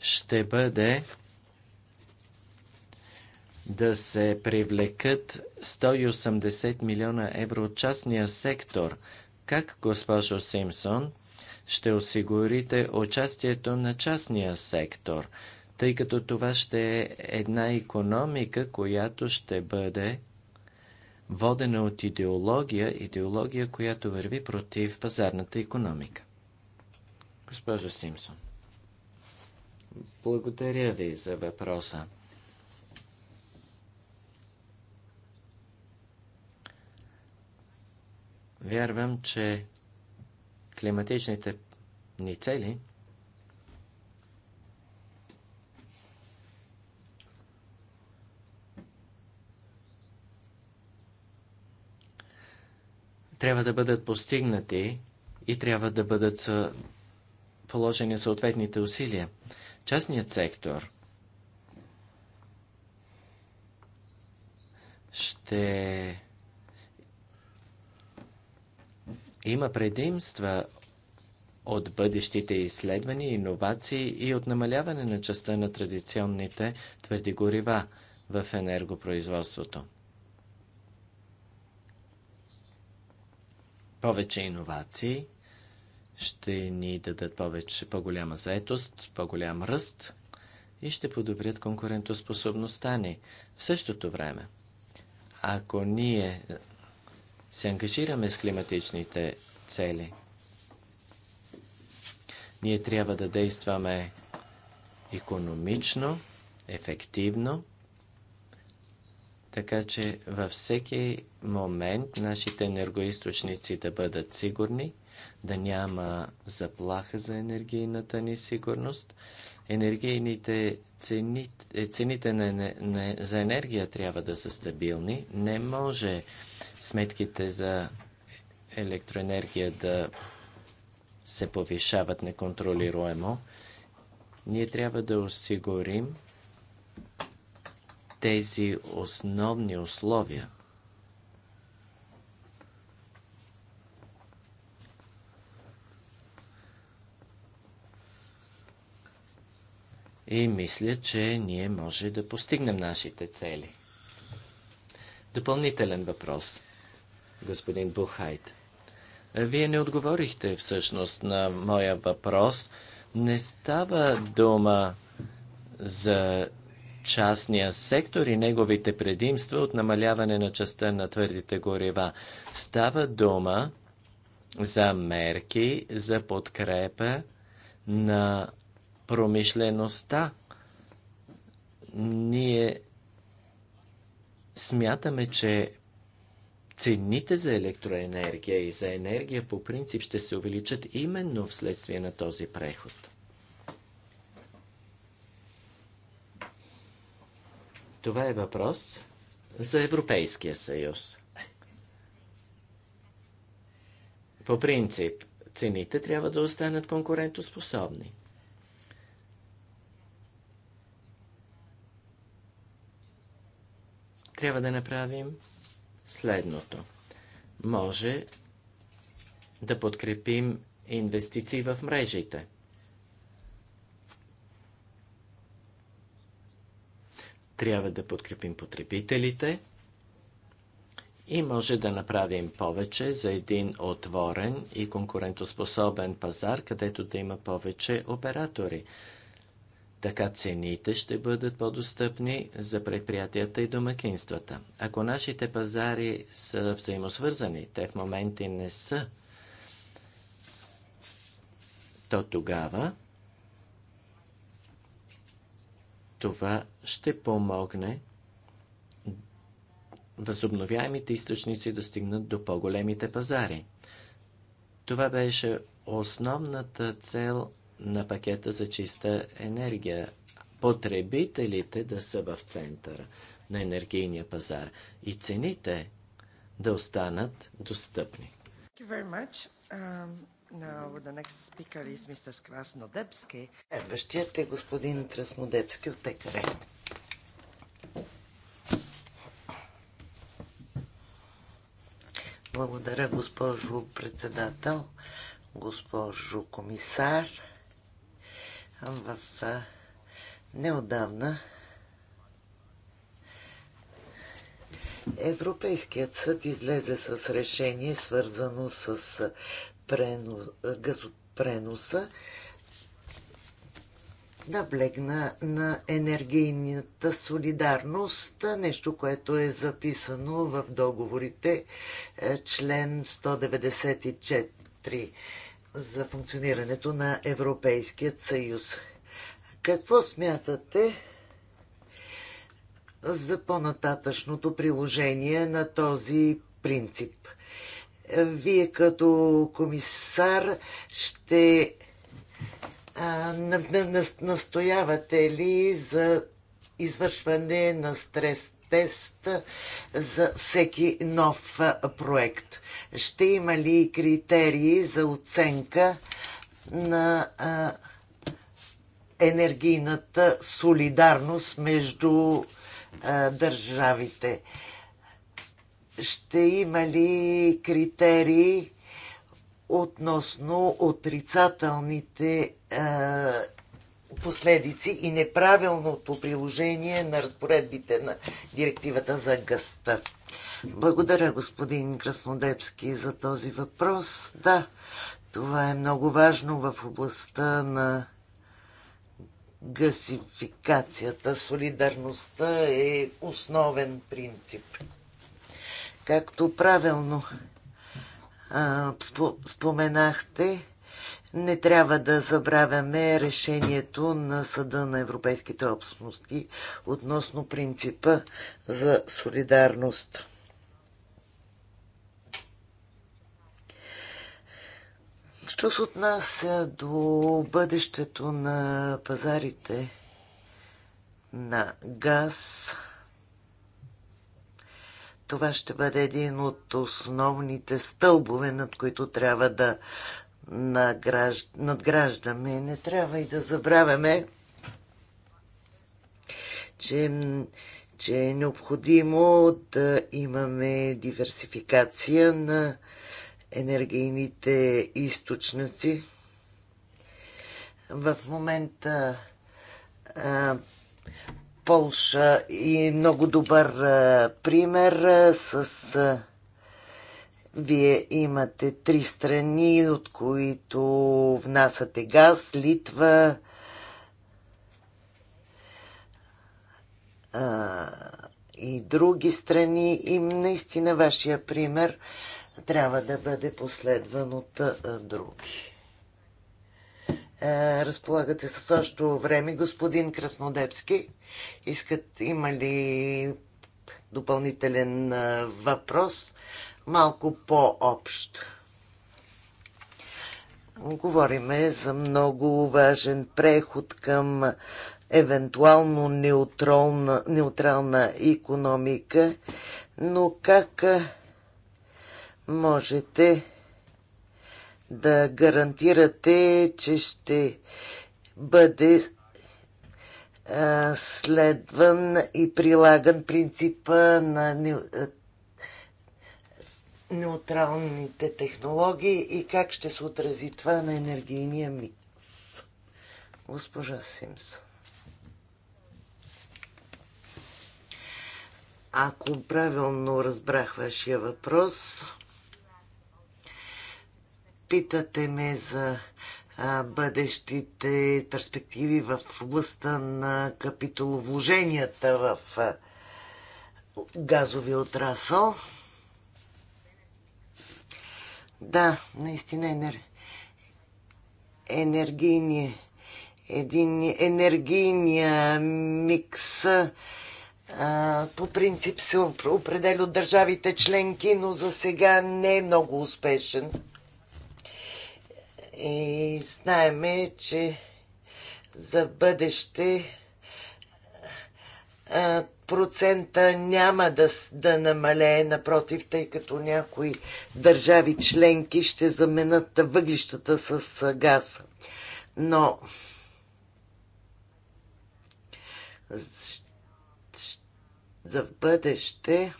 S3: ще бъде да се привлекат 180 милиона евро от частния сектор. Как, госпожо Симпсон, ще осигурите участието на частния сектор, тъй като това ще е една економика, която ще бъде водена от идеология, идеология, която върви против пазарната економика. Госпожо Симпсон, благодаря ви за въпроса. Вярвам, че климатичните ни цели трябва да бъдат постигнати и трябва да бъдат положени съответните усилия. Частният сектор ще има предимства от бъдещите изследвания, иновации и от намаляване на частта на традиционните твърди горива в енергопроизводството. Повече иновации ще ни дадат повече, по-голяма заетост, по-голям ръст и ще подобрят конкурентоспособността ни. В същото време, ако ние се ангажираме с климатичните цели. Ние трябва да действаме економично, ефективно, така че във всеки момент нашите енергоисточници да бъдат сигурни, да няма заплаха за енергийната ни сигурност. Енергийните цени, цените на, на, за енергия трябва да са стабилни. Не може сметките за електроенергия да се повишават неконтролируемо, ние трябва да осигурим тези основни условия. И мисля, че ние може да постигнем нашите цели. Допълнителен въпрос – господин Бухайт. Вие не отговорихте всъщност на моя въпрос. Не става дума за частния сектор и неговите предимства от намаляване на частта на твърдите горива. Става дума за мерки за подкрепа на промишлеността. Ние смятаме, че цените за електроенергия и за енергия по принцип ще се увеличат именно вследствие на този преход. Това е въпрос за Европейския съюз. По принцип, цените трябва да останат конкурентоспособни. Трябва да направим следното. Може да подкрепим инвестиции в мрежите. Трябва да подкрепим потребителите и може да направим повече за един отворен и конкурентоспособен пазар, където да има повече оператори. Така цените ще бъдат по-достъпни за предприятията и домакинствата. Ако нашите пазари са взаимосвързани, те в моменти не са, то тогава това ще помогне възобновяемите източници да стигнат до по-големите пазари. Това беше основната цел на пакета за чиста енергия. Потребителите да са в центъра на енергийния пазар и цените да останат достъпни.
S1: Um,
S4: Следващият е господин Краснодепски от ТКР. Благодаря, госпожо председател, госпожо комисар в неодавна Европейският съд излезе с решение, свързано с прено, газопреноса, наблегна на енергийната солидарност, нещо, което е записано в договорите, е, член 194 за функционирането на Европейският съюз. Какво смятате за по-нататъчното приложение на този принцип? Вие като комисар ще а, настоявате ли за извършване на стрес тест за всеки нов проект? Ще има ли критерии за оценка на енергийната солидарност между държавите? Ще има ли критерии относно отрицателните последици и неправилното приложение на разпоредбите на директивата за гъста. Благодаря, господин Краснодепски, за този въпрос. Да, това е много важно в областта на гасификацията. Солидарността е основен принцип. Както правилно а, споменахте, не трябва да забравяме решението на Съда на Европейските общности относно принципа за солидарност. Що се отнася до бъдещето на пазарите на газ, това ще бъде един от основните стълбове, над които трябва да надграждаме. Не трябва и да забравяме, че, че е необходимо да имаме диверсификация на енергийните източници. В момента а, Полша е много добър а, пример а, с. А, вие имате три страни, от които внасяте газ, Литва, а, и други страни и наистина вашия пример трябва да бъде последван от а, други. А, разполагате с още време. Господин Краснодепски, искат, има ли допълнителен а, въпрос? малко по-общ. Говориме за много важен преход към евентуално неутрална, неутрална економика, но как можете да гарантирате, че ще бъде следван и прилаган принципа на неутралните технологии и как ще се отрази това на енергийния микс. Госпожа Симс. Ако правилно разбрах вашия въпрос, питате ме за бъдещите перспективи в областта на капиталовложенията в газови отрасъл. Да, наистина енер... енергийния един енергийния микс а, по принцип се определя от държавите членки, но за сега не е много успешен. И знаеме, че за бъдеще а, процента няма да, да намалее, напротив, тъй като някои държави членки ще заменят въглищата с газ. Но за бъдеще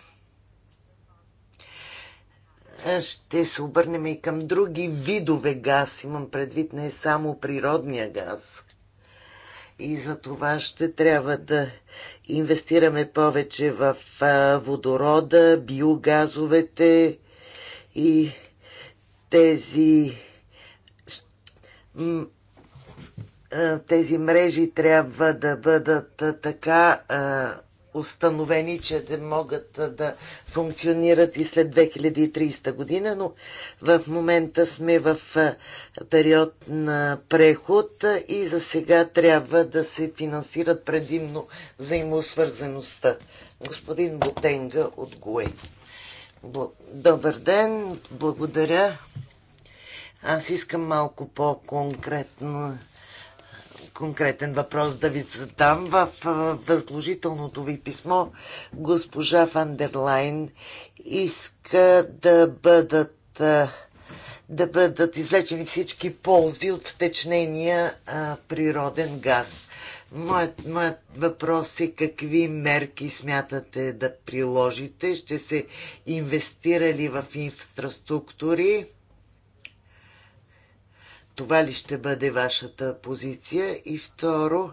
S4: ще се обърнем и към други видове газ. Имам предвид не само природния газ и за това ще трябва да инвестираме повече в водорода, биогазовете и тези тези мрежи трябва да бъдат така установени, че да могат да функционират и след 2030 година, но в момента сме в период на преход и за сега трябва да се финансират предимно взаимосвързаността. Господин Ботенга от ГУЕ. Добър ден, благодаря. Аз искам малко по-конкретно конкретен въпрос да ви задам. В възложителното ви писмо госпожа Фандерлайн иска да бъдат да бъдат извлечени всички ползи от втечнения а, природен газ. Моят, моят въпрос е какви мерки смятате да приложите? Ще се инвестира ли в инфраструктури? Това ли ще бъде вашата позиция? И второ,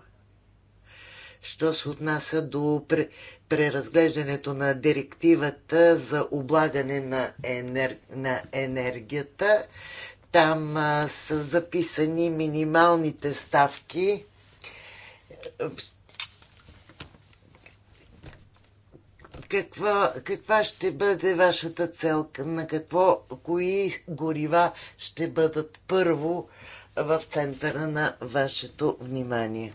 S4: що се отнася до преразглеждането на директивата за облагане на, енер... на енергията, там а, са записани минималните ставки. каква, каква ще бъде вашата цел, на какво, кои горива ще бъдат първо в центъра на вашето внимание.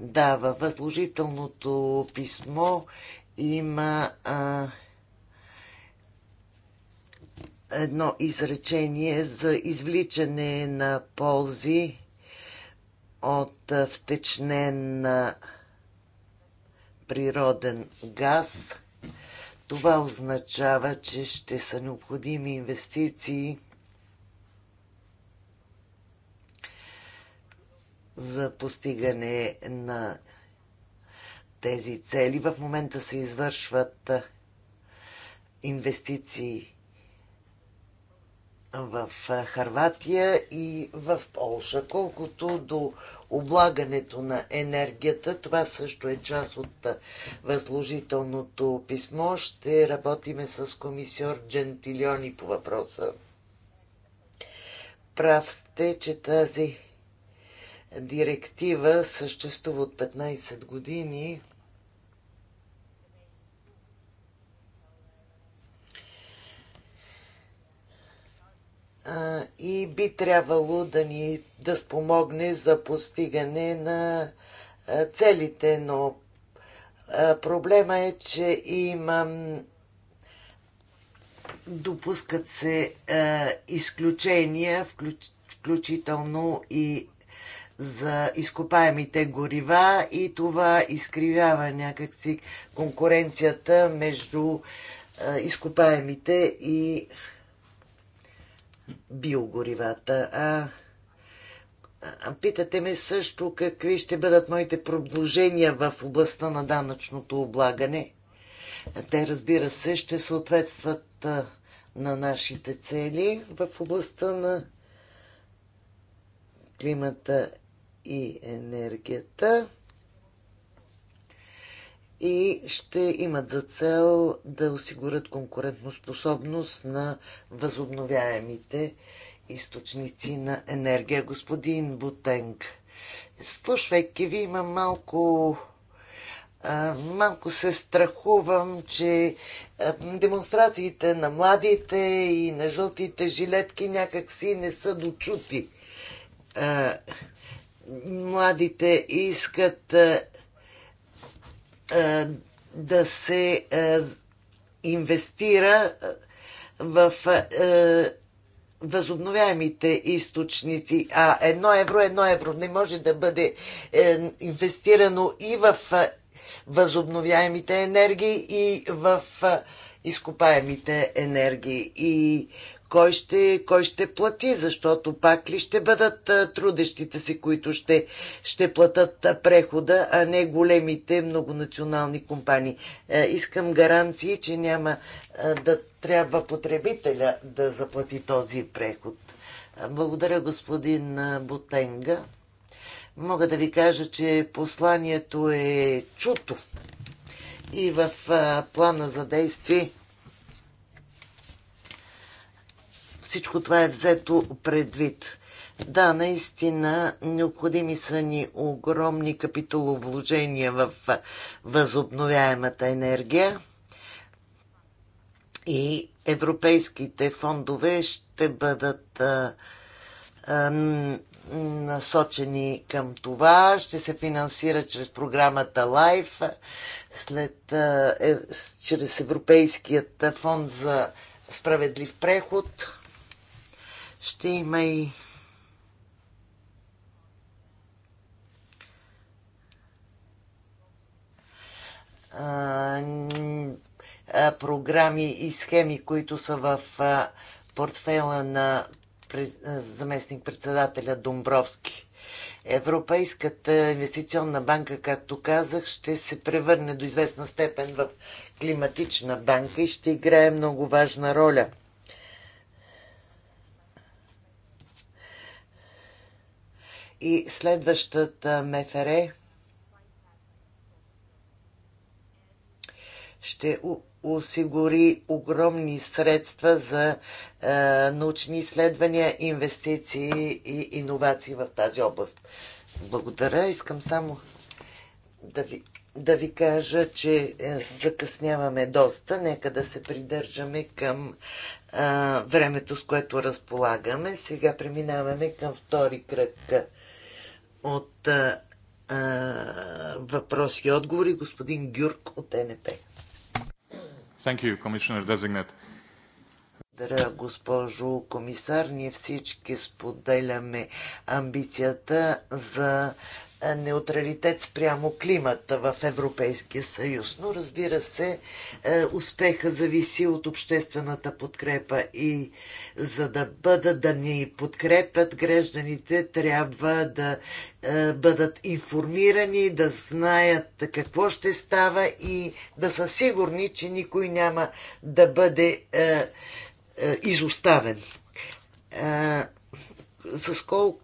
S4: Да, във възложителното писмо има а, едно изречение за извличане на ползи от втечнен на природен газ. Това означава, че ще са необходими инвестиции за постигане на тези цели. В момента се извършват инвестиции в Харватия и в Полша. Колкото до облагането на енергията. Това също е част от възложителното писмо. Ще работиме с комисиор Джентилиони по въпроса. Прав сте, че тази директива съществува от 15 години – и би трябвало да ни да спомогне за постигане на целите, но проблема е, че имам допускат се изключения, включително и за изкопаемите горива и това изкривява някакси конкуренцията между изкопаемите и биогоривата. А, а питате ме също какви ще бъдат моите продължения в областта на данъчното облагане. Те, разбира се, ще съответстват а, на нашите цели в областта на климата и енергията и ще имат за цел да осигурят конкурентоспособност на възобновяемите източници на енергия. Господин Бутенг, слушвайки ви, имам малко малко се страхувам, че демонстрациите на младите и на жълтите жилетки някакси не са дочути. Младите искат е, да се е, инвестира е, в възобновяемите източници, а едно евро, едно евро не може да бъде инвестирано и в възобновяемите енергии и в изкопаемите енергии. И кой ще, кой ще плати, защото пак ли ще бъдат трудещите си, които ще, ще платат прехода, а не големите многонационални компании. Искам гаранции, че няма да трябва потребителя да заплати този преход. Благодаря, господин Ботенга. Мога да ви кажа, че посланието е чуто и в плана за действие всичко това е взето предвид. Да, наистина необходими са ни огромни капитоловложения в възобновяемата енергия и европейските фондове ще бъдат а, а, насочени към това. Ще се финансира чрез програмата LIFE, след, а, е, чрез Европейският фонд за справедлив преход. Ще има и програми и схеми, които са в портфела на заместник-председателя Домбровски. Европейската инвестиционна банка, както казах, ще се превърне до известна степен в климатична банка и ще играе много важна роля – и следващата МФР ще осигури огромни средства за е, научни изследвания, инвестиции и иновации в тази област. Благодаря. Искам само да ви, да ви кажа, че е, закъсняваме доста. Нека да се придържаме към е, времето, с което разполагаме. Сега преминаваме към втори кръг от а, а, въпроси и отговори. Господин Гюрк от НП. Thank Благодаря, госпожо комисар. Ние всички споделяме амбицията за е, неутралитет спрямо климата в Европейския съюз. Но разбира се, е, успеха зависи от обществената подкрепа и за да бъдат да ни подкрепят гражданите, трябва да е, бъдат информирани, да знаят какво ще става и да са сигурни, че никой няма да бъде изоставен. С колко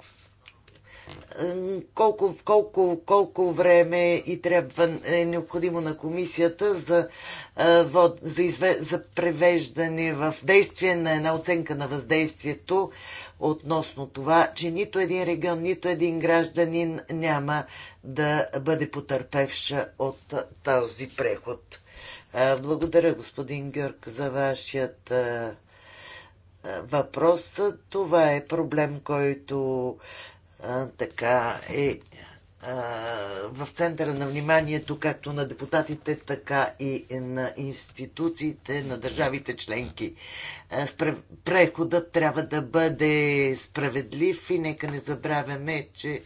S4: колко, колко, колко време и трябва, е необходимо на комисията за, е, за, изве, за превеждане в действие на една оценка на въздействието относно това, че нито един регион, нито един гражданин няма да бъде потърпевш от този преход. Е, благодаря, господин Георг, за вашият е, въпрос. Това е проблем, който а, така е в центъра на вниманието както на депутатите, така и на институциите, на държавите членки. Преходът трябва да бъде справедлив и нека не забравяме, че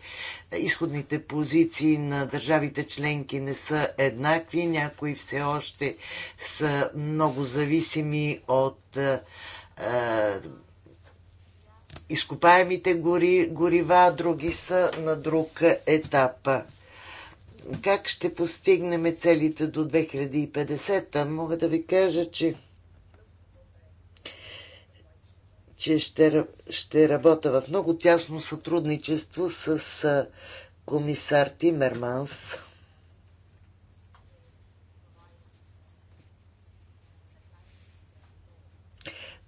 S4: изходните позиции на държавите членки не са еднакви. Някои все още са много зависими от изкопаемите гори, горива, други са на друг етап. Как ще постигнем целите до 2050? Мога да ви кажа, че че ще, ще работя в много тясно сътрудничество с комисар Тимерманс.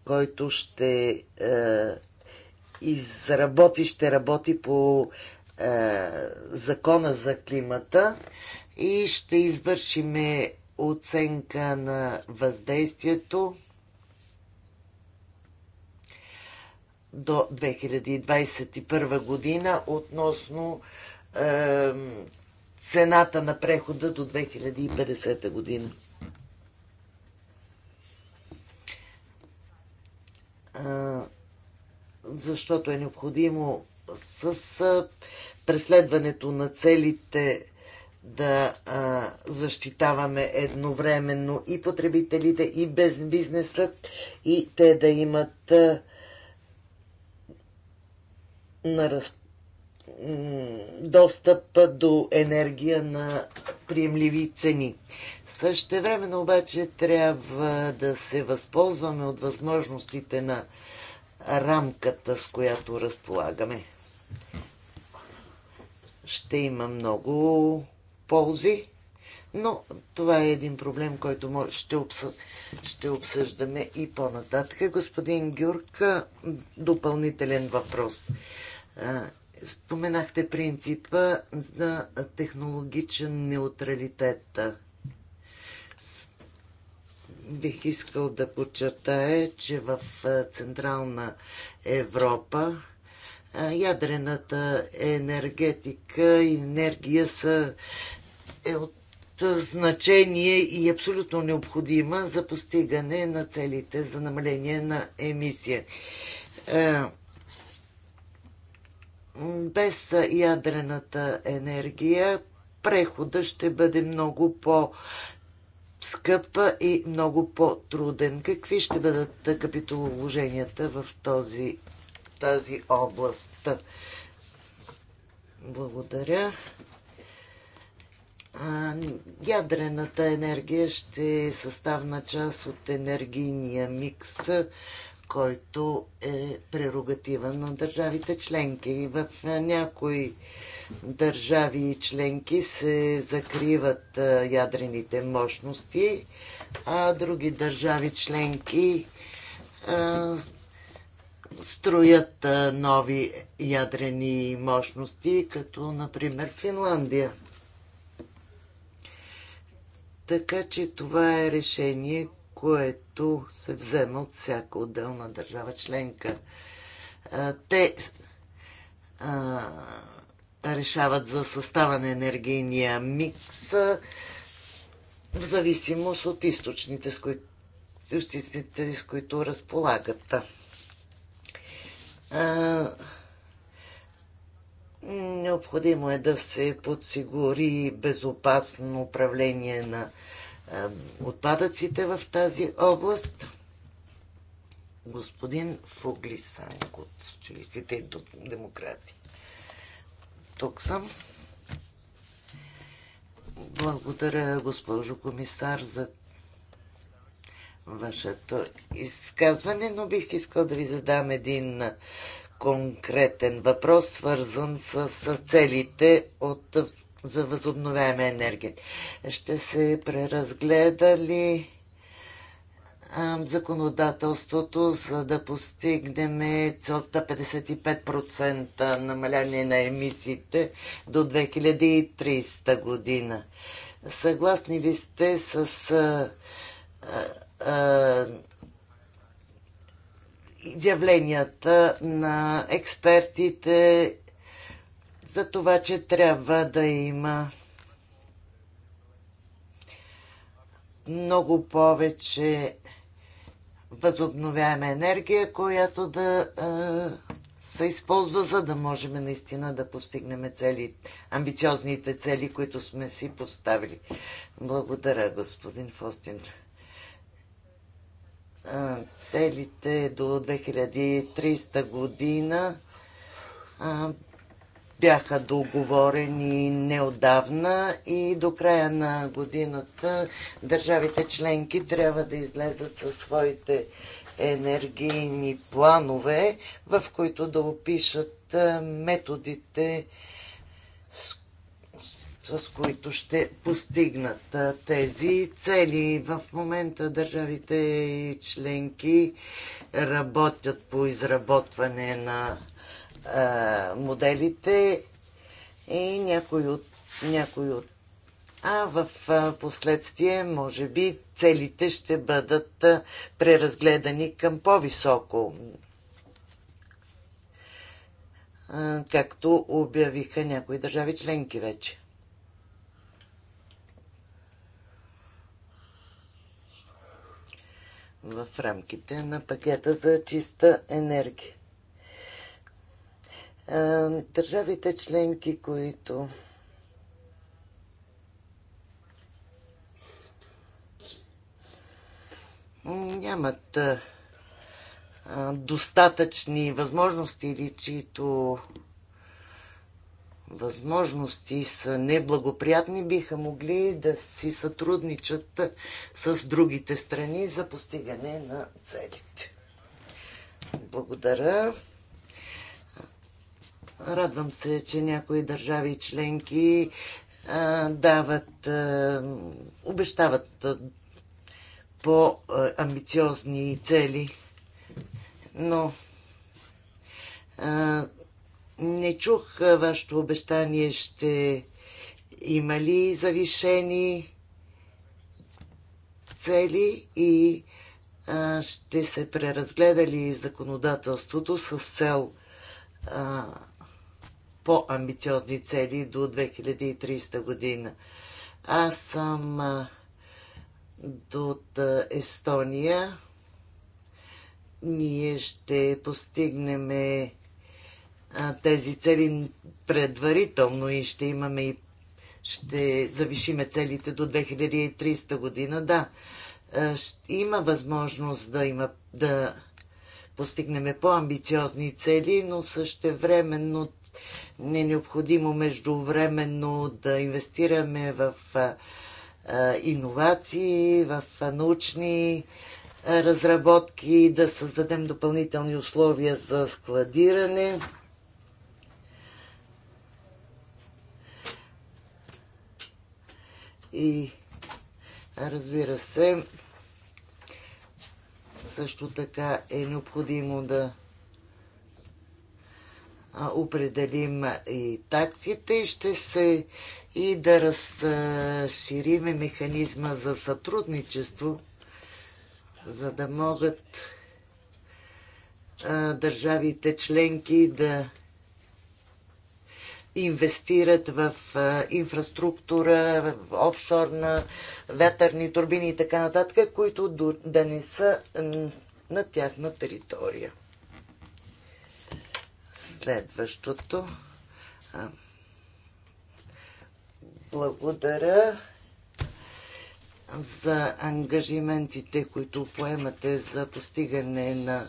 S4: който ще е, изработи, ще работи по е, закона за климата и ще извършиме оценка на въздействието до 2021 година относно е, цената на прехода до 2050 година. Е, защото е необходимо с преследването на целите да а, защитаваме едновременно и потребителите, и без бизнеса, и те да имат а, на разп... достъп до енергия на приемливи цени. време обаче трябва да се възползваме от възможностите на рамката, с която разполагаме. Ще има много ползи, но това е един проблем, който ще, обсъ... ще обсъждаме и по-нататък. Господин Гюрк, допълнителен въпрос. Споменахте принципа за технологичен неутралитет бих искал да подчертая, че в Централна Европа ядрената енергетика и енергия са е от значение и абсолютно необходима за постигане на целите за намаление на емисия. Без ядрената енергия прехода ще бъде много по- Скъпа и много по-труден. Какви ще бъдат капиталовложенията в този, тази област? Благодаря. Ядрената енергия ще е съставна част от енергийния микс, който е прерогатива на държавите членки. И в някои държави и членки се закриват ядрените мощности, а други държави членки строят нови ядрени мощности, като например Финландия. Така че това е решение, което се взема от всяка отделна държава членка. Те решават за състава на енергийния микс в зависимост от източните, с които, източниците, с които разполагат. А, необходимо е да се подсигури безопасно управление на а, отпадъците в тази област. Господин Фуглисан от социалистите и демократи. Тук съм. Благодаря, госпожо комисар, за вашето изказване, но бих искал да ви задам един конкретен въпрос, свързан с, с целите от, за възобновяема енергия. Ще се преразгледа ли законодателството, за да постигнем целта 55% намаляние на емисиите до 2030 година. Съгласни ли сте с а, а, изявленията на експертите за това, че трябва да има много повече възобновяема енергия, която да е, се използва, за да можем наистина да постигнем цели, амбициозните цели, които сме си поставили. Благодаря, господин Фостин. Целите до 2300 година бяха договорени неодавна и до края на годината държавите членки трябва да излезат със своите енергийни планове, в които да опишат е, методите, с, които ще постигнат е, тези цели. В момента държавите членки работят по изработване на а, моделите и някои от, някои от а в последствие, може би, целите ще бъдат преразгледани към по-високо, както обявиха някои държави членки вече. В рамките на пакета за чиста енергия. Е, държавите членки, които нямат е, достатъчни възможности или чието възможности са неблагоприятни, биха могли да си сътрудничат с другите страни за постигане на целите. Благодаря. Радвам се, че някои държави членки дават, обещават по-амбициозни цели, но не чух вашето обещание, ще има ли завишени цели и ще се преразгледа ли законодателството с цел по-амбициозни цели до 2030 година. Аз съм от Естония. Ние ще постигнем тези цели предварително и ще имаме и ще завишиме целите до 2300 година. Да, има възможност да, има, да постигнем по-амбициозни цели, но също времено ни е необходимо междувременно да инвестираме в иновации, в научни разработки, да създадем допълнителни условия за складиране. И разбира се, също така е необходимо да определим и таксите и ще се и да разшириме механизма за сътрудничество, за да могат държавите членки да инвестират в инфраструктура, в офшорна, вятърни турбини и така нататък, които да не са на тяхна територия. Следващото. Благодаря за ангажиментите, които поемате за постигане на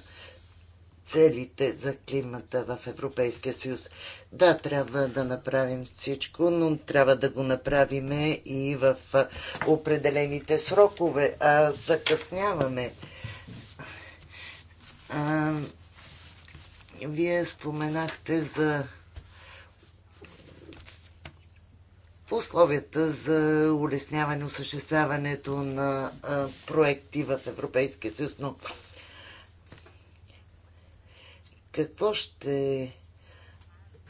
S4: целите за климата в Европейския съюз. Да, трябва да направим всичко, но трябва да го направим и в определените срокове. А закъсняваме. А, вие споменахте за условията за улесняване осъществяването на а, проекти в Европейския съюз, но какво ще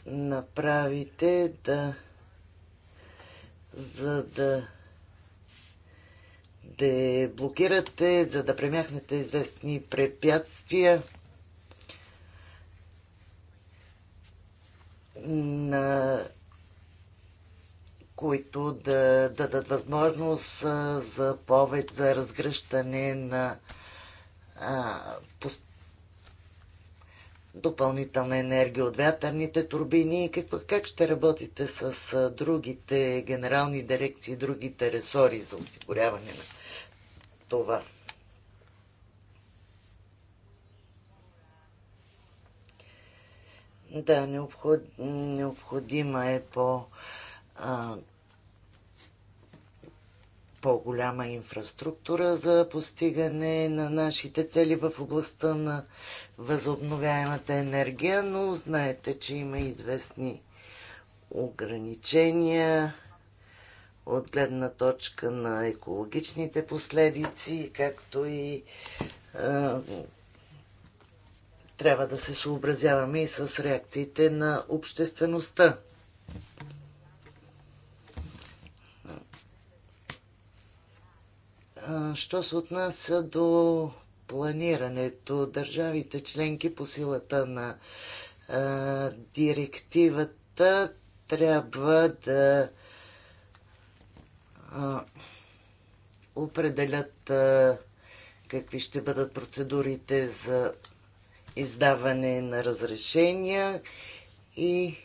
S4: направите да за да да блокирате, за да премяхнете известни препятствия на които да дадат възможност за повече за разгръщане на а, пост... допълнителна енергия от вятърните турбини и как, как ще работите с а, другите генерални дирекции, другите ресори за осигуряване на това? Да, необход, необходима е по а, по-голяма инфраструктура за постигане на нашите цели в областта на възобновяемата енергия, но знаете, че има известни ограничения от гледна точка на екологичните последици, както и трябва да се съобразяваме и с реакциите на обществеността. Що се отнася до планирането, държавите членки по силата на а, директивата трябва да а, определят а, какви ще бъдат процедурите за издаване на разрешения и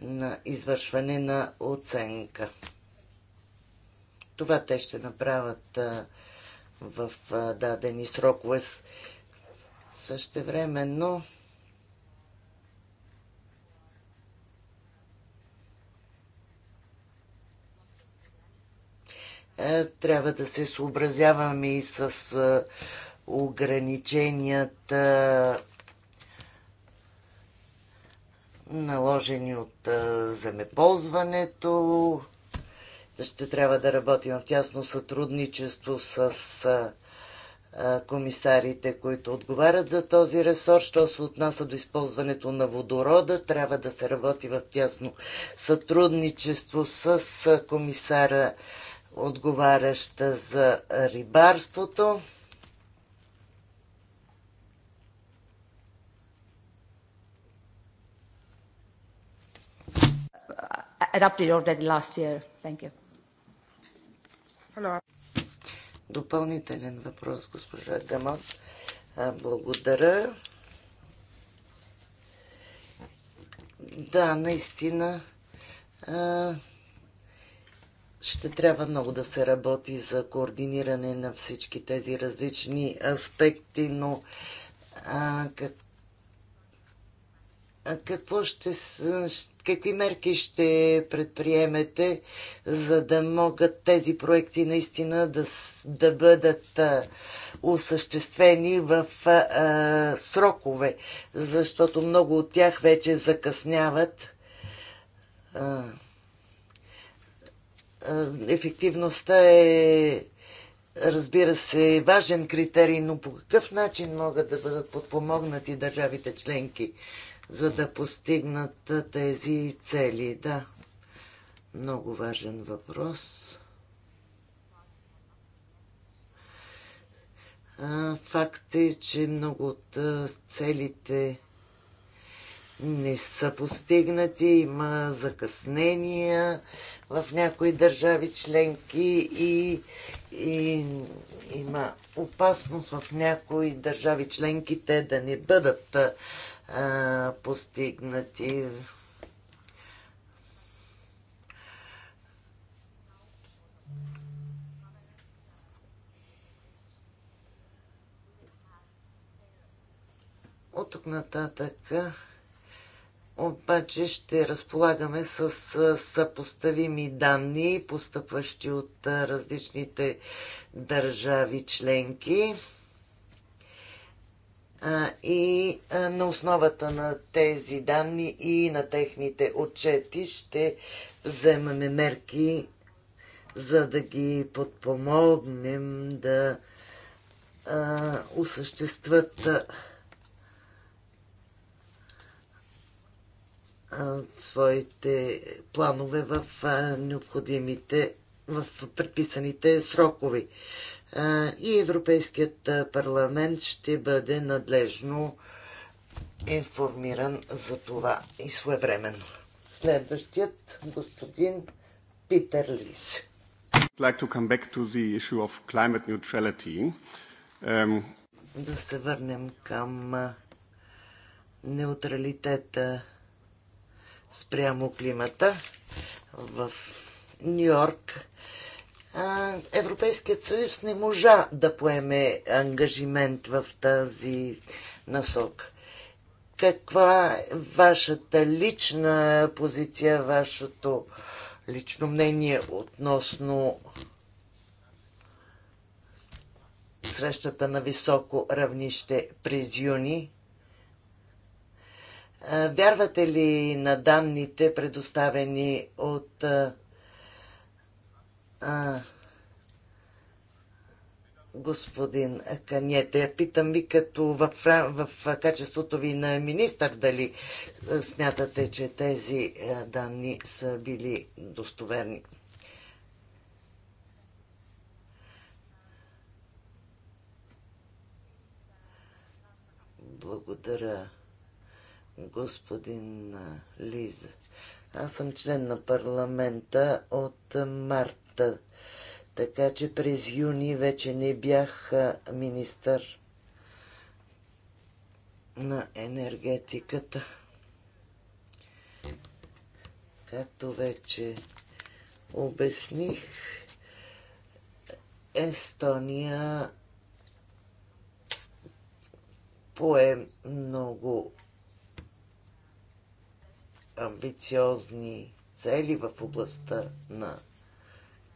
S4: на извършване на оценка. Това те ще направят в дадени срокове. но е, трябва да се съобразяваме и с ограниченията наложени от земеползването. Ще трябва да работим в тясно сътрудничество с комисарите, които отговарят за този ресор. Що се отнася до използването на водорода, трябва да се работи в тясно сътрудничество с комисара, отговаряща за рибарството.
S1: adopted already last year. Thank you.
S4: Допълнителен въпрос, госпожа Гамон. Благодаря. Да, наистина ще трябва много да се работи за координиране на всички тези различни аспекти, но а, как, какво ще, какви мерки ще предприемете, за да могат тези проекти наистина да, да бъдат осъществени в а, срокове, защото много от тях вече закъсняват. ефективността е разбира се, важен критерий, но по какъв начин могат да бъдат подпомогнати държавите членки за да постигнат тези цели. Да, много важен въпрос. Факт е, че много от целите не са постигнати, има закъснения в някои държави членки и, и има опасност в някои държави членки те да не бъдат постигнати. От тук нататък обаче ще разполагаме с съпоставими данни, постъпващи от различните държави членки и на основата на тези данни и на техните отчети ще вземаме мерки, за да ги подпомогнем да а, осъществят а, своите планове в а, необходимите, в предписаните срокови и Европейският парламент ще бъде надлежно информиран за това и своевременно. Следващият господин Питер Лис.
S3: Like to come back to the issue of climate neutrality. Um...
S4: Да се върнем към неутралитета спрямо климата. В Нью Йорк Европейският съюз не можа да поеме ангажимент в тази насок. Каква е вашата лична позиция, вашето лично мнение относно срещата на високо равнище през юни? Вярвате ли на данните, предоставени от а, господин Каньете, питам ви като в, в качеството ви на министър, дали смятате, че тези данни са били достоверни? Благодаря, господин Лиза. Аз съм член на парламента от март Та, така че през юни вече не бях министър на енергетиката. Както вече обясних, Естония пое много амбициозни цели в областта на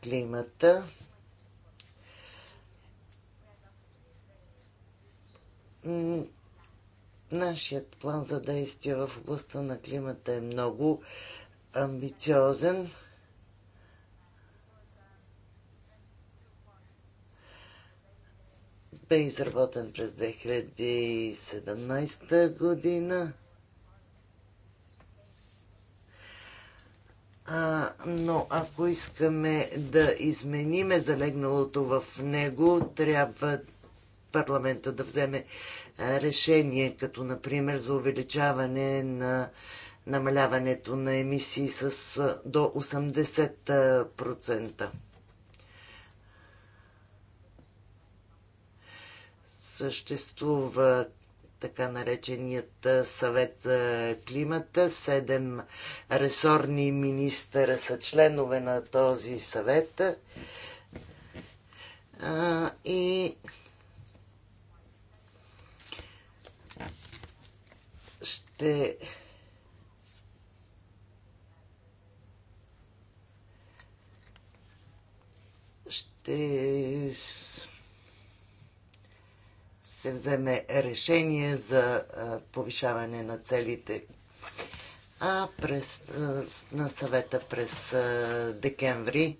S4: климата. Нашият план за действие в областта на климата е много амбициозен. Бе изработен през 2017 година. но ако искаме да измениме залегналото в него, трябва парламента да вземе решение, като например за увеличаване на намаляването на емисии с до 80%. Съществува така нареченият съвет за климата. Седем ресорни министъра са членове на този съвет. А, и ще ще се вземе решение за повишаване на целите. А през, на съвета през декември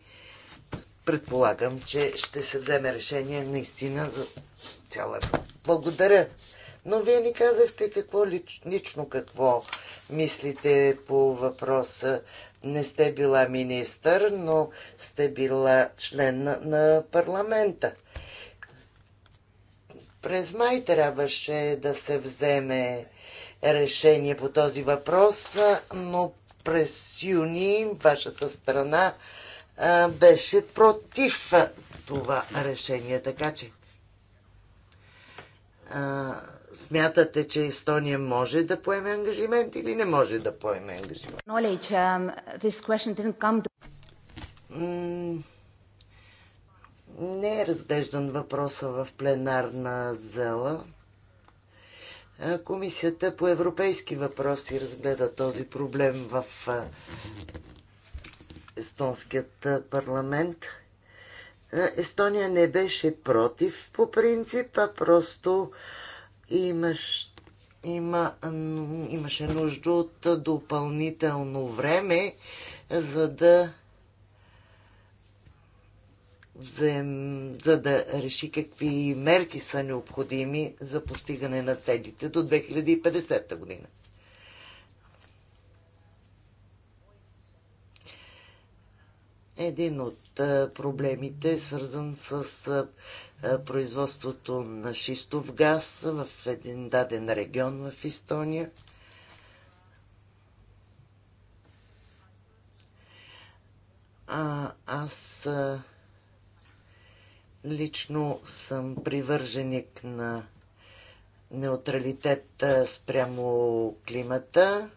S4: предполагам, че ще се вземе решение наистина за цяла. Благодаря. Но вие ни казахте какво лич, лично какво мислите по въпроса. Не сте била министър, но сте била член на парламента. През май трябваше да се вземе решение по този въпрос, но през юни вашата страна беше против това решение. Така че смятате, че Естония може да поеме ангажимент или не може да поеме ангажимент? не е разглеждан въпроса в пленарна зала. Комисията по европейски въпроси разгледа този проблем в естонският парламент. Естония не беше против по принцип, а просто имаш, има, имаше нужда от допълнително време, за да взем, за да реши какви мерки са необходими за постигане на целите до 2050 година. Един от проблемите е свързан с производството на шистов газ в един даден регион в Естония. А, аз а, Лично съм привърженик на неутралитет спрямо климата.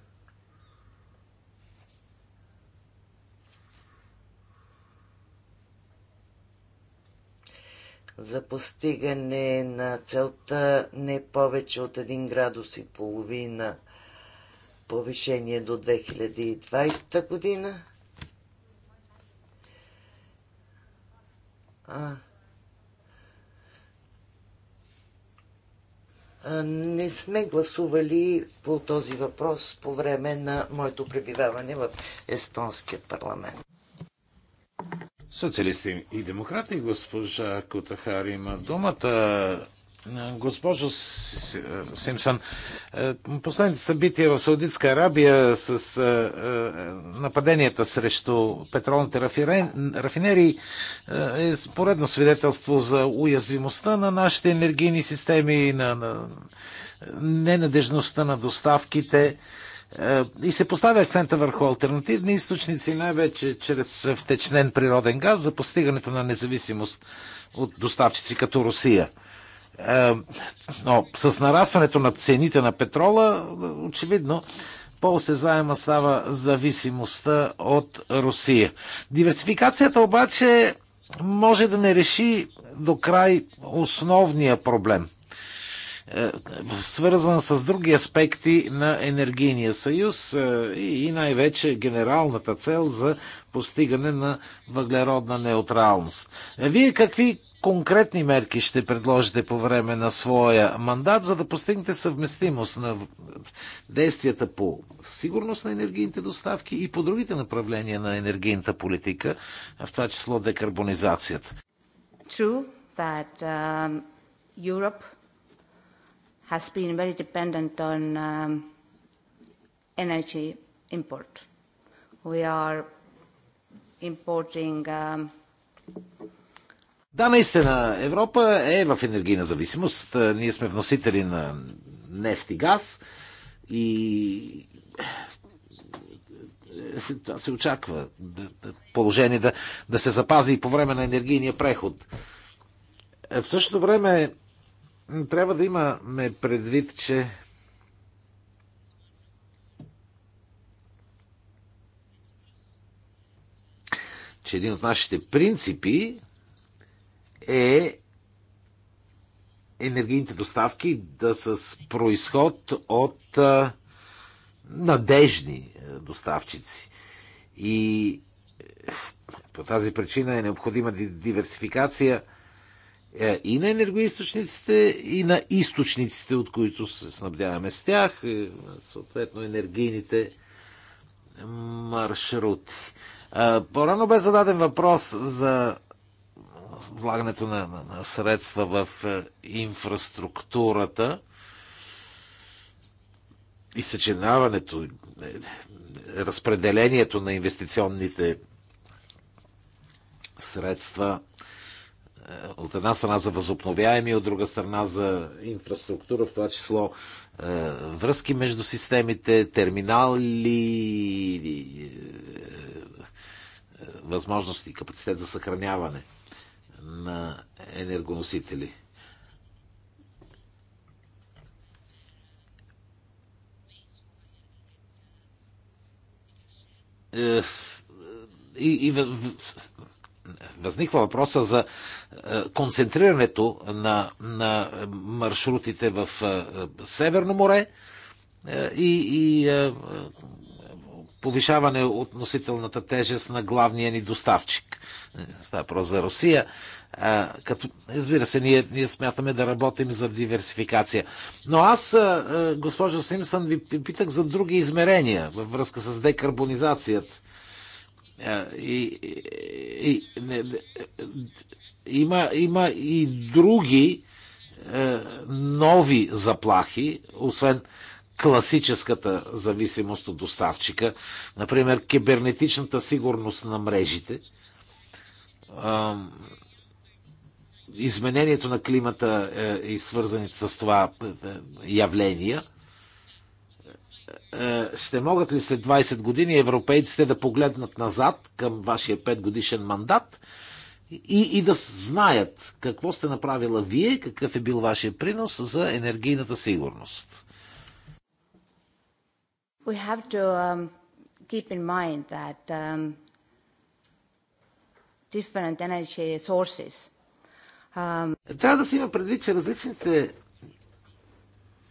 S4: за постигане на целта не повече от 1 градус и половина повишение до 2020 година. А, не сме гласували по този въпрос по време на моето пребиваване в Естонският парламент.
S2: Социалисти и демократи, госпожа Кутахар има думата. Госпожо Симсън, последните събития в Саудитска Арабия с нападенията срещу петролните рафинерии е поредно свидетелство за уязвимостта на нашите енергийни системи, на, на ненадежността на доставките и се поставя акцента върху альтернативни източници, най-вече чрез втечнен природен газ за постигането на независимост от доставчици като Русия. Но с нарастването на цените на петрола, очевидно, по-осезаема става зависимостта от Русия. Диверсификацията обаче може да не реши до край основния проблем свързан с други аспекти на енергийния съюз е, и най-вече генералната цел за постигане на въглеродна неутралност. Е, вие какви конкретни мерки ще предложите по време на своя мандат, за да постигнете съвместимост на действията по сигурност на енергийните доставки и по другите направления на енергийната политика, в това число декарбонизацията?
S1: True that um, Europe has been very dependent on um, energy import. We are importing um,
S2: да, наистина, Европа е в енергийна зависимост. Е, ние сме вносители на нефт и газ и е, това се очаква положение да, да се запази и по време на енергийния преход. Е, в същото време трябва да имаме предвид, че че един от нашите принципи е енергийните доставки да са с происход от а, надежни доставчици. И по тази причина е необходима диверсификация е, и на енергоисточниците, и на източниците, от които се снабдяваме с тях, е, съответно енергийните маршрути. Е, по-рано бе зададен въпрос за влагането на, на, на средства в инфраструктурата и съчинаването, разпределението на инвестиционните средства е, от една страна за възобновяеми, от друга страна за инфраструктура, в това число е, връзки между системите, терминали, е, възможности капацитет за съхраняване на енергоносители. И, и в, в, възниква въпроса за е, концентрирането на, на маршрутите в е, Северно море е, и, и повишаване относителната тежест на главния ни доставчик. Става въпрос за Русия. А, като, разбира се, ние, ние смятаме да работим за диверсификация. Но аз, госпожо Симсън, ви питах за други измерения във връзка с декарбонизацията има, има и други е, нови заплахи, освен класическата зависимост от доставчика, например кибернетичната сигурност на мрежите, изменението на климата е, и свързаните с това е, явления – е, ще могат ли след 20 години европейците да погледнат назад към вашия 5 годишен мандат и, и да знаят какво сте направила вие, какъв е бил вашия принос за енергийната сигурност?
S1: We have to um, keep in mind that um, different energy sources.
S2: Um... Трябва да си има предвид, че различните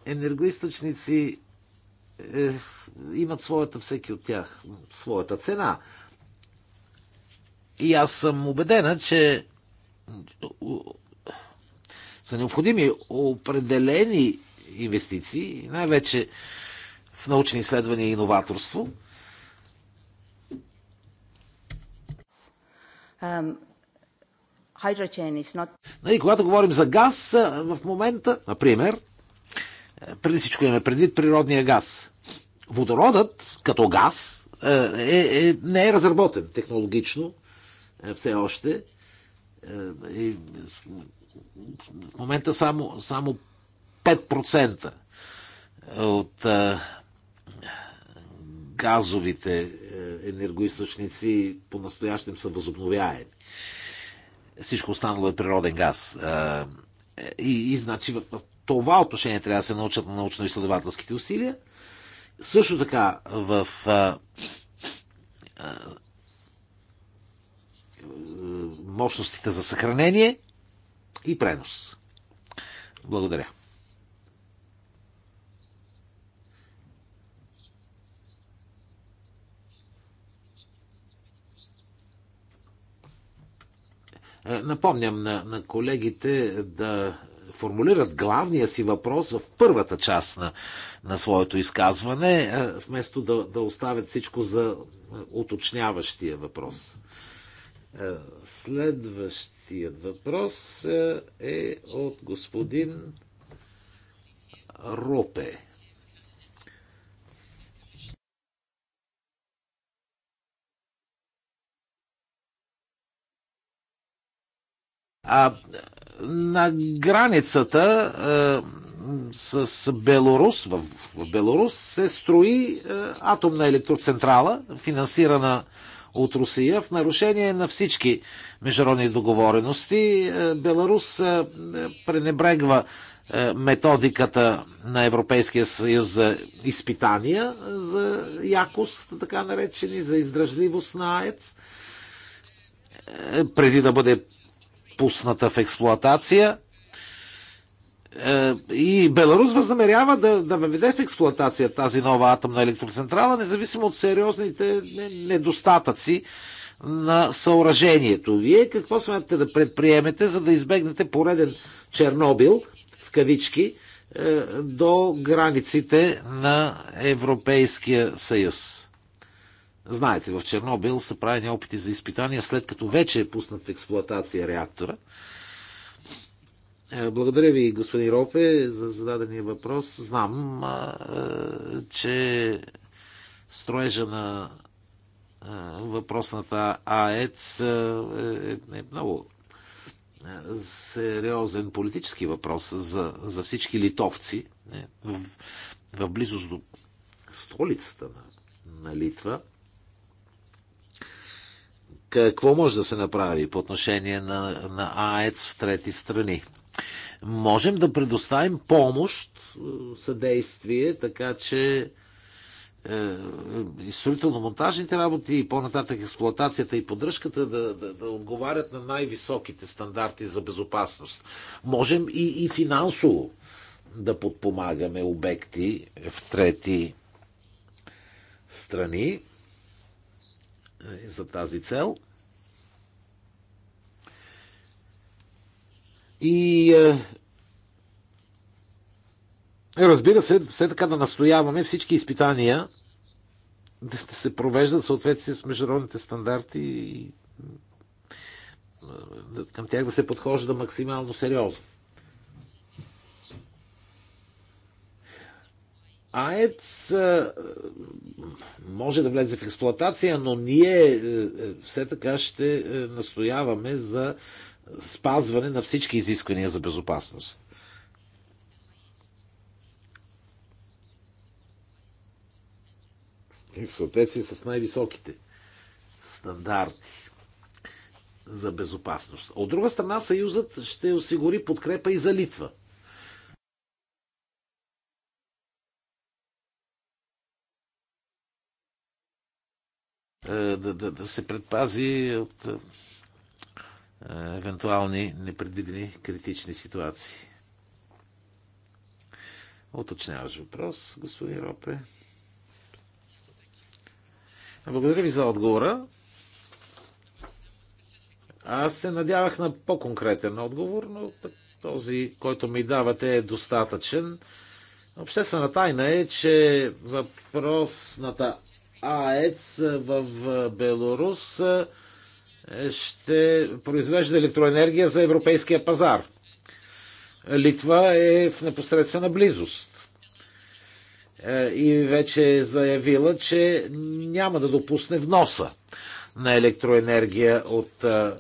S2: енергоисточници е, имат своята, всеки от тях, своята цена. И аз съм убедена, че са необходими определени инвестиции, най-вече в научни изследвания и иноваторство.
S1: Um, not...
S2: И нали, когато говорим за газ, в момента, например, е, преди всичко имаме предвид природния газ. Водородът като газ е, е, е, не е разработен технологично е, все още. Е, е, в момента само, само 5% от е, газовите е, енергоисточници по-настоящем са възобновяеми. Всичко останало е природен газ. Е, и, и значи в, в това отношение трябва да се научат на научно-изследователските усилия – също така в мощностите за съхранение и пренос. Благодаря. Е, напомням на, на колегите да формулират главния си въпрос в първата част на, на своето изказване, е, вместо да, да оставят всичко за е, уточняващия въпрос. Е, следващият въпрос е от господин Ропе. А, на границата е, с Белорус, в, Белорус се строи е, атомна електроцентрала, финансирана от Русия в нарушение на всички международни договорености. Е, Беларус пренебрегва методиката на Европейския съюз за изпитания за якост, така наречени, за издръжливост на АЕЦ, преди да бъде пусната в експлоатация. Е, и Беларус възнамерява да, да въведе в експлоатация тази нова атомна електроцентрала, независимо от сериозните недостатъци на съоръжението. Вие какво смятате да предприемете, за да избегнете пореден Чернобил, в кавички, е, до границите на Европейския съюз? Знаете, в Чернобил са правени опити за изпитания, след като вече е пуснат в експлуатация реактора. Е, благодаря ви, господин Ропе, за зададения въпрос. Знам, е, че строежа на е, въпросната АЕЦ е много сериозен политически въпрос за, за всички литовци в, в близост до столицата на, на Литва – какво може да се направи по отношение на, на АЕЦ в трети страни. Можем да предоставим помощ, е, съдействие, така че е, и строително-монтажните работи и по-нататък експлуатацията и поддръжката да, да, да отговарят на най-високите стандарти за безопасност. Можем и, и финансово да подпомагаме обекти в трети страни. Е, за тази цел. И е, разбира се, все така да настояваме всички изпитания да се провеждат в съответствие с международните стандарти и е, към тях да се подхожда максимално сериозно. АЕЦ може да влезе в експлоатация, но ние е, е, все така ще е, настояваме за спазване на всички изисквания за безопасност. И в съответствие с най-високите стандарти за безопасност. От друга страна, Съюзът ще осигури подкрепа и за Литва – Е, да, да, да се предпази от е, евентуални непредвидени критични ситуации. Оточняваш въпрос, господин Ропе. Благодаря ви за отговора. Аз се надявах на по-конкретен отговор, но този, който ми давате, е достатъчен. Обществена тайна е, че въпросната АЕЦ в Беларус е, ще произвежда електроенергия за европейския пазар. Литва е в непосредствена близост. Е, и вече е заявила, че няма да допусне вноса на електроенергия от е,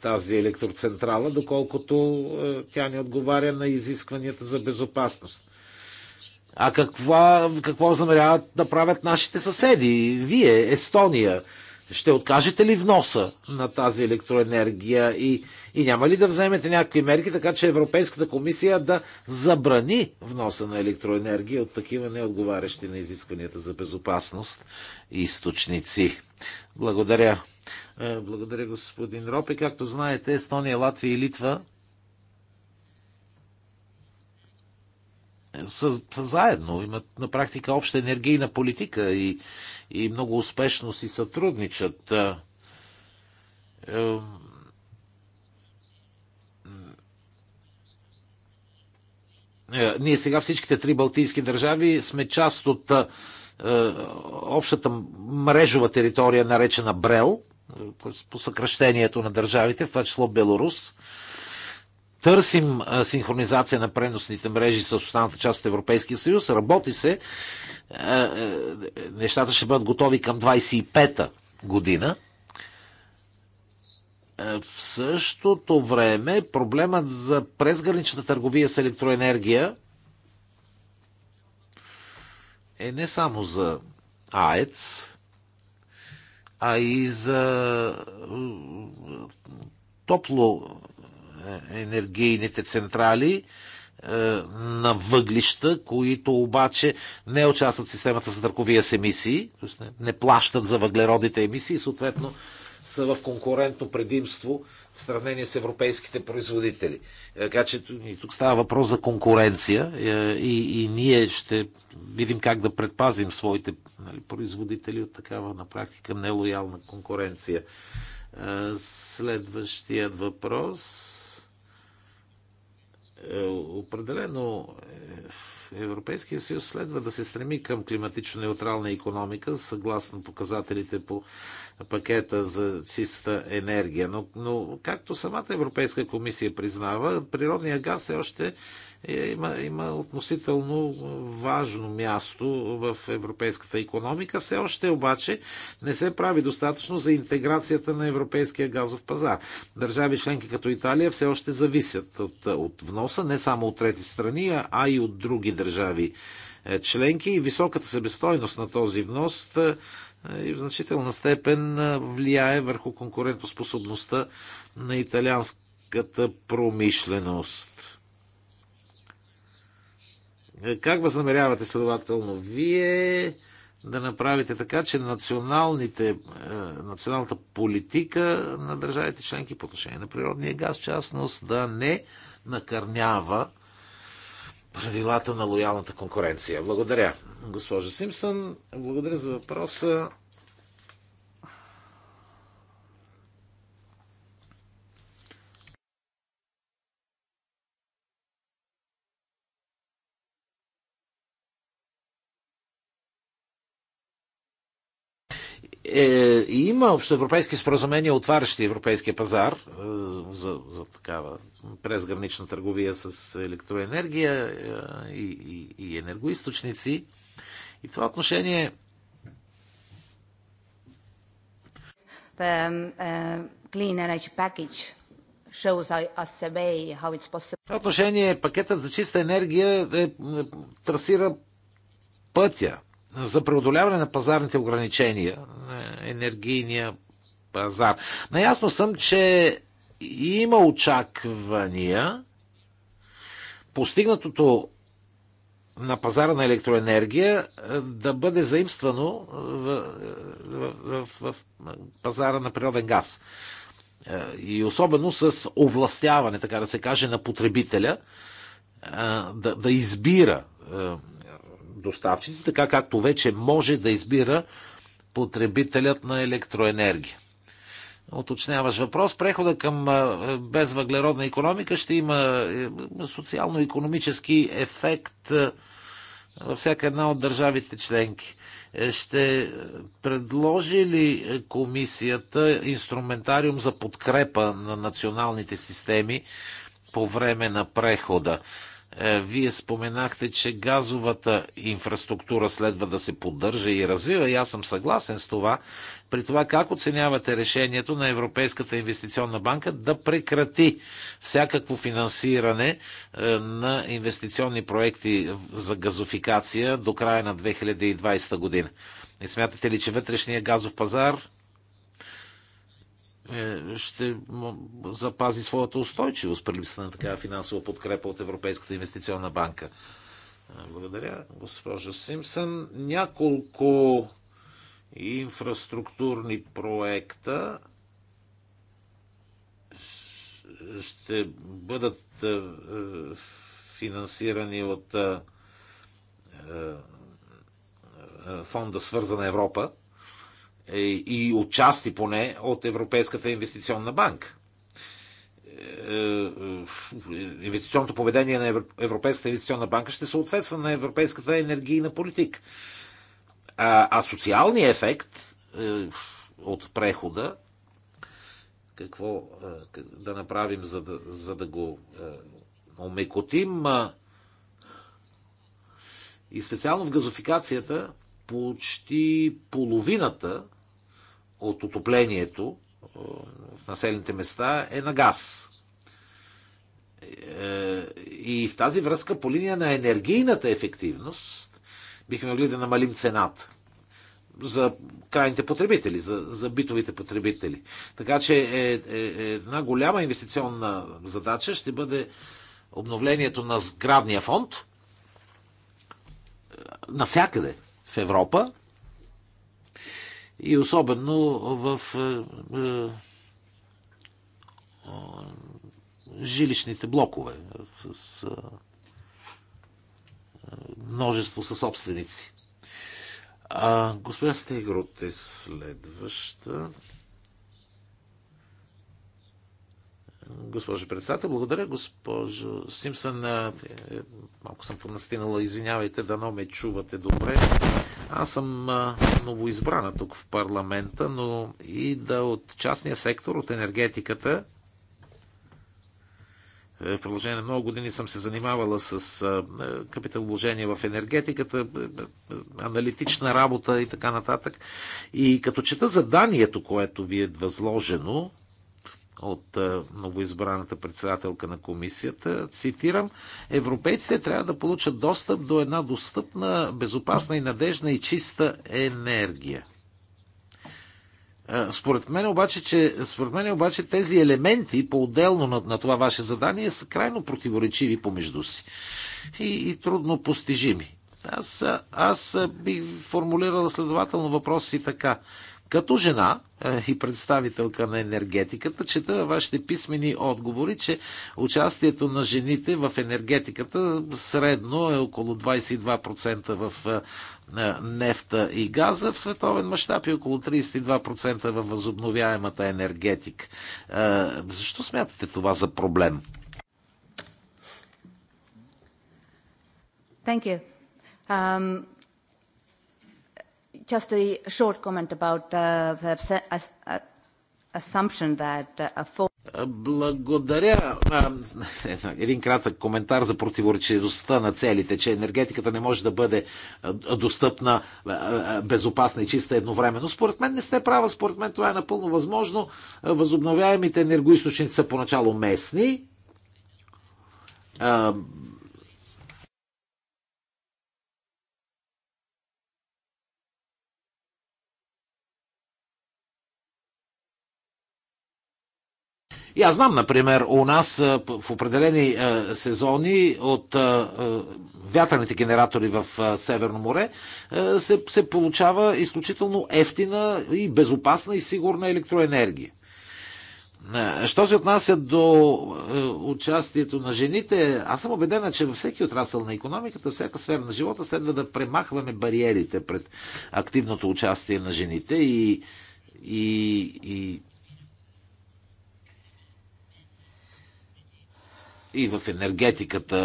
S2: тази електроцентрала, доколкото тя не отговаря на изискванията за безопасност. А какво, какво замеряват да правят нашите съседи? Вие, Естония, ще откажете ли вноса на тази електроенергия и, и няма ли да вземете някакви мерки, така че Европейската комисия да забрани вноса на електроенергия от такива неотговарящи на изискванията за безопасност и източници? Благодаря. Е, благодаря, господин Ропе. Както знаете, Естония, Латвия и Литва са, са заедно, имат на практика обща енергийна политика и, и много успешно си сътрудничат. Е, ние сега всичките три балтийски държави сме част от е, общата мрежова територия, наречена Брел, е, по съкръщението на държавите, в това число Белорус търсим синхронизация на преносните мрежи с останалата част от Европейския съюз. Работи се. Нещата ще бъдат готови към 25-та година. В същото време проблемът за презгранична търговия с електроенергия е не само за АЕЦ, а и за топло е, енергийните централи е, на въглища, които обаче не участват в системата за търговия с емисии, т.е. не плащат за въглеродните емисии и съответно са в конкурентно предимство в сравнение с европейските производители. Е, така че тук става въпрос за конкуренция и, и ние ще видим как да предпазим своите нали, производители от такава на практика нелоялна конкуренция. Следващият въпрос е, определено е, Европейския съюз следва да се стреми към климатично неутрална економика, съгласно показателите по пакета за чиста енергия. Но, но както самата Европейска комисия признава, природния газ е още е, има, има относително важно място в европейската економика. Все още обаче не се прави достатъчно за интеграцията на европейския газов пазар. Държави членки като Италия все още зависят от, от вноса, не само от трети страни, а и от други държави е, членки и високата себестойност на този внос е, и в значителна степен влияе върху конкурентоспособността на италианската промишленост. Е, как възнамерявате, следователно, вие да направите така, че националните, е, националната политика на държавите членки по отношение на природния газ, частност, да не накърнява правилата на лоялната конкуренция. Благодаря, госпожа Симпсън. Благодаря за въпроса. е, има общоевропейски споразумения, отварящи европейския пазар е, за, за такава презгранична търговия с електроенергия е, и, и, и енергоисточници. И в това отношение.
S1: Um, uh, в това отношение
S2: пакетът за чиста енергия е, е, трасира пътя за преодоляване на пазарните ограничения на е, енергийния пазар. Наясно съм, че има очаквания постигнатото на пазара на електроенергия е, да бъде заимствано в, е, в, в, в пазара на природен газ. И особено с овластяване, така да се каже, на потребителя да, да избира доставчици, така както вече може да избира потребителят на електроенергия. Оточняваш въпрос. Прехода към безвъглеродна економика ще има е, социално-економически ефект във всяка една от държавите членки. Е, ще предложи ли комисията инструментариум за подкрепа на националните системи по време на прехода? Е, вие споменахте, че газовата инфраструктура следва да се поддържа и развива и аз съм съгласен с това. При това как оценявате решението на Европейската инвестиционна банка да прекрати всякакво финансиране е, на инвестиционни проекти за газофикация до края на 2020 година? Не смятате ли, че вътрешния газов пазар е, ще запази своята устойчивост при липса на такава финансова подкрепа от Европейската инвестиционна банка. Е, благодаря, госпожа Симпсън. Няколко инфраструктурни проекта ще бъдат е, финансирани от фонда Свързана Европа е, и отчасти поне от Европейската инвестиционна банка. Е, е, инвестиционното поведение на Европейската инвестиционна банка ще съответства на европейската енергийна политика. А, социалният ефект от прехода, какво да направим, за да, за да го омекотим, и специално в газофикацията, почти половината от отоплението в населените места е на газ. Е, и в тази връзка по линия на енергийната ефективност бихме могли да намалим цената за крайните потребители, за, за битовите потребители. Така че е, е, е една голяма инвестиционна задача ще бъде обновлението на сградния фонд е, навсякъде в Европа, и особено в е, е, жилищните блокове с е, множество със собственици. А, госпожа Стегрот е следваща. Госпожо председател, благодаря. Госпожо Симсън. малко съм понастинала, извинявайте, дано ме чувате добре. Аз съм новоизбрана тук в парламента, но и да от частния сектор, от енергетиката. Е, в продължение на много години съм се занимавала с капиталовложение в енергетиката, е, е, аналитична работа и така нататък. И като чета заданието, което ви е възложено, от е, новоизбраната председателка на комисията. Цитирам, европейците трябва да получат достъп до една достъпна, безопасна и надежна и чиста енергия. Е, според мен обаче, че, според мен обаче тези елементи по-отделно на, на това ваше задание са крайно противоречиви помежду си и, и трудно постижими. Аз, аз бих формулирала следователно въпроси така. Като жена и представителка на енергетиката, чета във вашите писмени отговори, че участието на жените в енергетиката средно е около 22% в нефта и газа в световен мащаб и около 32% в възобновяемата енергетика. Защо смятате това за проблем?
S1: Thank you. Um... Just a short comment about uh, the uh, assumption that
S2: uh, a four... Е, благодаря. Един кратък коментар за противоречивостта на целите, че енергетиката не може да бъде достъпна, безопасна и чиста едновременно. Според мен не сте права, според мен това е напълно възможно. Възобновяемите енергоисточници са поначало местни, И аз знам, например, у нас в определени сезони от вятърните генератори в Северно море се, се получава изключително ефтина и безопасна и сигурна електроенергия. Що се отнася до участието на жените, аз съм убедена, че във всеки отрасъл на економиката, всяка сфера на живота следва да премахваме бариерите пред активното участие на жените и, и, и и в енергетиката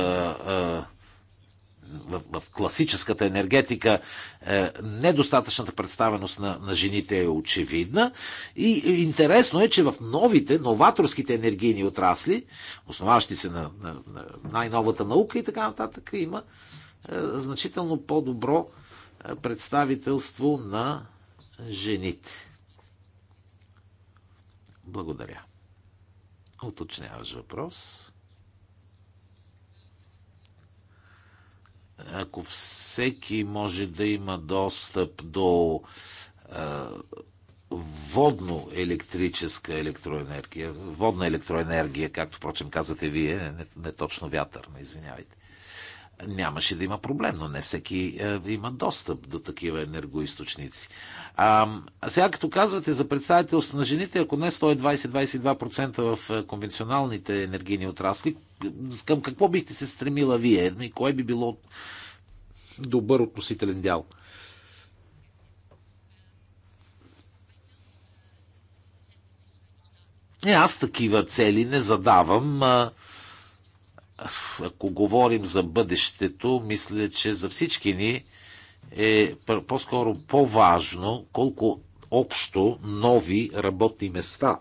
S2: в, в класическата енергетика е, недостатъчната представеност на, на жените е очевидна. И интересно е, че в новите, новаторските енергийни отрасли, основаващи се на, на, на най-новата наука и така нататък, има е, значително по-добро е, представителство на жените. Благодаря. Уточняваш въпрос. Ако всеки може да има достъп до водно-електрическа електроенергия, водна електроенергия, както впрочем казвате вие, не, не точно вятърна, извинявайте нямаше да има проблем, но не всеки е, има достъп до такива енергоисточници. А, сега, като казвате за представителство на жените, ако не 120-22% в е, конвенционалните енергийни отрасли, към какво бихте се стремила вие? И ами, кое би било добър относителен дял? Е, аз такива цели не задавам. А, ако говорим за бъдещето, мисля, че за всички ни е по-скоро по-важно колко общо нови работни места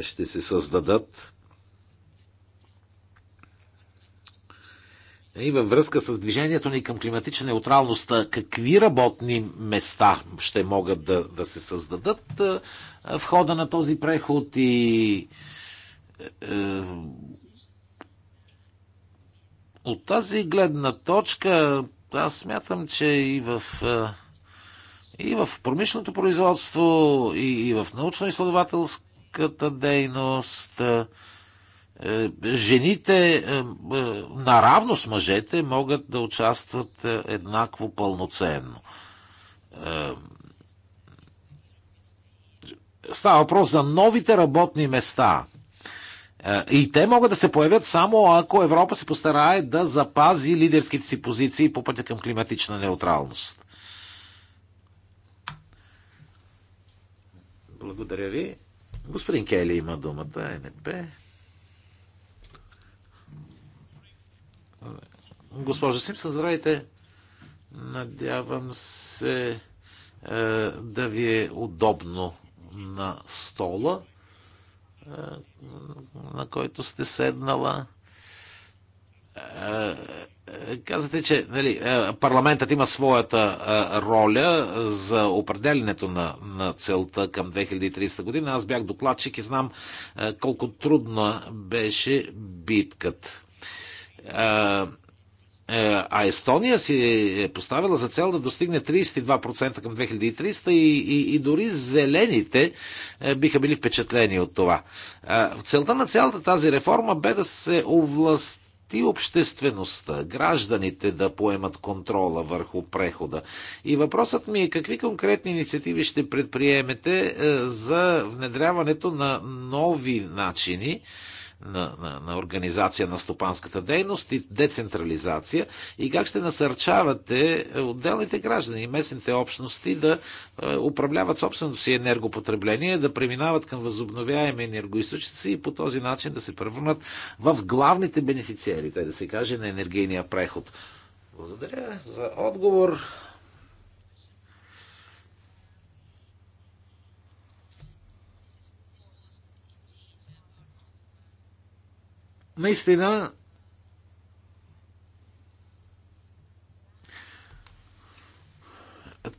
S2: ще се създадат. И във връзка с движението ни към климатична неутралност, какви работни места ще могат да, да се създадат в хода на този преход и е, е, от тази гледна точка аз смятам, че и в, е, и в промишленото производство, и, и в научно-изследователската дейност, е, е, жените наравно с мъжете могат да участват еднакво пълноценно. Става въпрос за новите работни места, е, и те могат да се появят само ако Европа се постарае да запази лидерските си позиции по пътя към климатична неутралност. Благодаря ви. Господин Кели има думата, НП. Госпожо Симса, здравейте. Надявам се е, да ви е удобно на стола. Е, на който сте седнала. Е, е, казвате, че нали, парламентът има своята роля за определенето на, на целта към 2030 година. Аз бях докладчик и знам колко трудна беше битката. Е, а Естония си е поставила за цел да достигне 32% към 2300 и, и, и дори зелените е, биха били впечатлени от това. Е, целта на цялата тази реформа бе да се овласти и обществеността, гражданите да поемат контрола върху прехода. И въпросът ми е какви конкретни инициативи ще предприемете за внедряването на нови начини на, на, на организация на стопанската дейност и децентрализация и как ще насърчавате е, отделните граждани и местните общности да е, управляват собственото си енергопотребление, да преминават към възобновяеми енергоисточници и по този начин да се превърнат в главните бенефициери, да се каже, на енергийния преход. Благодаря за отговор. Наистина,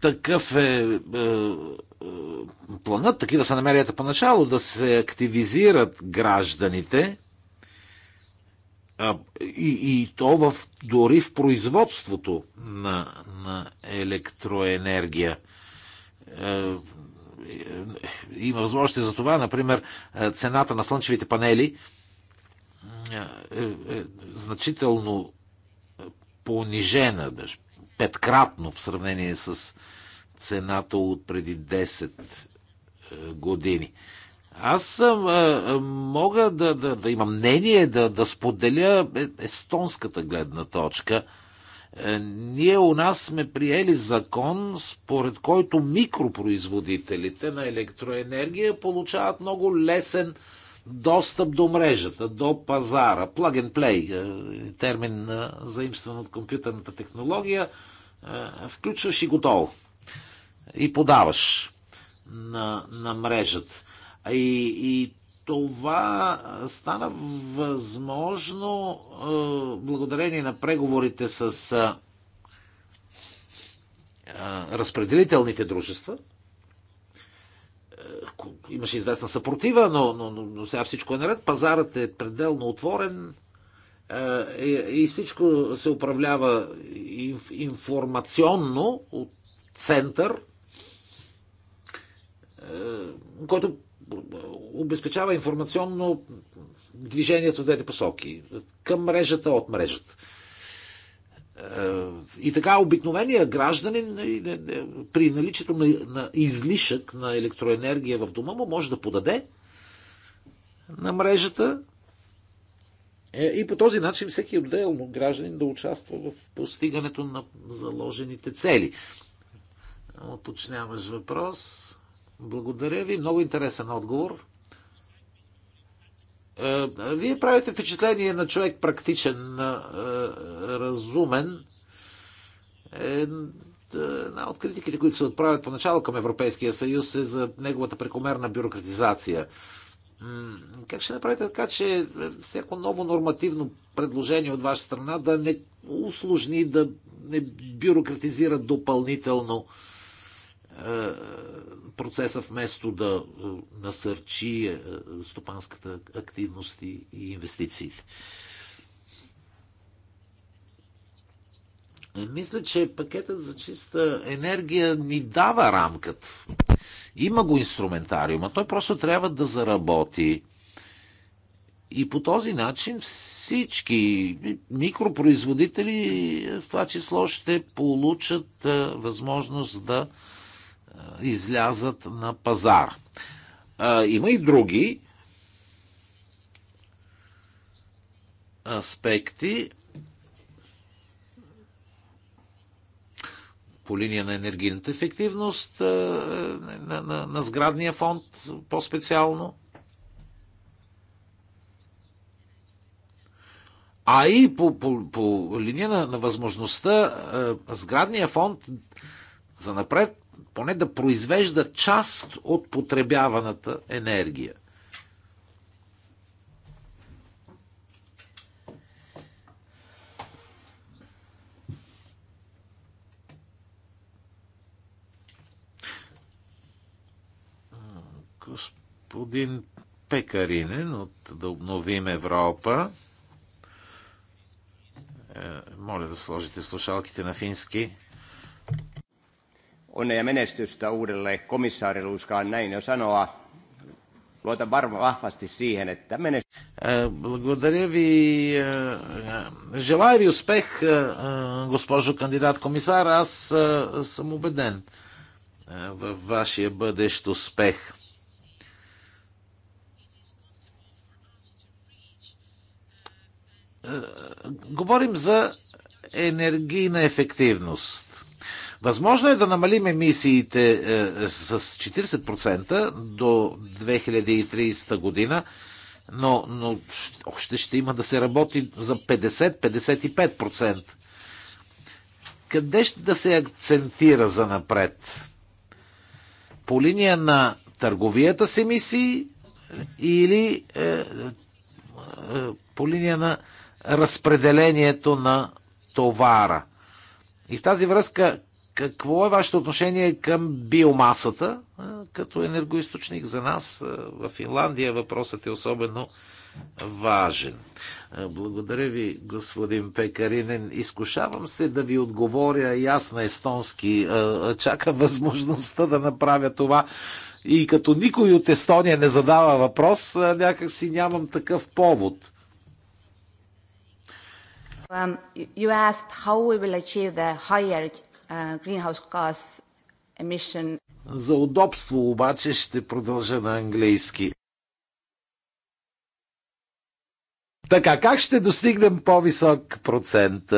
S2: такъв е, е, е планът, такива са намерията поначало, да се активизират гражданите а, и, и то в, дори в производството на, на електроенергия. Е, е има възможности за това, например, е, цената на слънчевите панели е, е, е значително понижена, беше петкратно в сравнение с цената от преди 10 е, години. Аз съм, а, е, мога да, да, да имам мнение, да, да споделя естонската гледна точка. Ние у нас сме приели закон, според който микропроизводителите на електроенергия получават много лесен достъп до мрежата, до пазара, plug and play, е, термин е, заимстван от компютърната технология, е, включваш и готово. И подаваш на, на мрежата. И, и това стана възможно благодарение на преговорите с разпределителните дружества, имаше известна съпротива, но, но, но, но сега всичко е наред. Пазарът е пределно отворен е, е, и всичко се управлява инф, информационно от център, е, който обезпечава информационно движението в двете посоки. Към мрежата, от мрежата. Е, и така обикновения гражданин е, е, при наличието на, на излишък на електроенергия в дома му може да подаде на мрежата и по този начин всеки отделно гражданин да участва в постигането на заложените цели. Оточняваш въпрос. Благодаря ви. Много интересен отговор. Е, вие правите впечатление на човек практичен, е, разумен. Е, една от критиките, които се отправят поначало към Европейския съюз е за неговата прекомерна бюрократизация. Как ще направите така, че всяко ново нормативно предложение от ваша страна да не усложни, да не бюрократизира допълнително е, процеса вместо да е, насърчи е, стопанската активност и инвестициите. Мисля, че пакетът за чиста енергия ни дава рамката. Има го инструментариума. Той просто трябва да заработи. И по този начин всички микропроизводители, в това число, ще получат възможност да е, излязат на А, Има и други аспекти, по линия на енергийната ефективност, на, на, на сградния фонд по-специално. А и по, по, по линия на, на възможността сградния фонд за напред поне да произвежда част от потребяваната енергия. Господин Пекаринен от Да обновим Европа. Е, моля да сложите слушалките на фински onnea ja menestystä uudelle komissaarille, uskaan näin jo sanoa. Luotan varma vahvasti siihen, että menestys... Е, благодаря ви. Е, е, желая ви успех, госпожо кандидат комисар. Аз съм убеден в вашия бъдещ успех. Говорим за енергийна ефективност Възможно е да намалим емисиите е, с 40% до 2030 година, но, но още ще има да се работи за 50-55%. Къде ще да се акцентира за напред? По линия на търговията с емисии или е, е, по линия на разпределението на товара? И в тази връзка, какво е вашето отношение към биомасата като енергоисточник за нас? В Финландия въпросът е особено важен. Благодаря ви, господин Пекаринен. Изкушавам се да ви отговоря и аз на естонски. Чакам възможността да направя това. И като никой от Естония не задава въпрос, някак си нямам такъв повод.
S1: Um, you asked how we will achieve the higher
S2: за удобство обаче ще продължа на английски. Така, как ще достигнем по-висок процент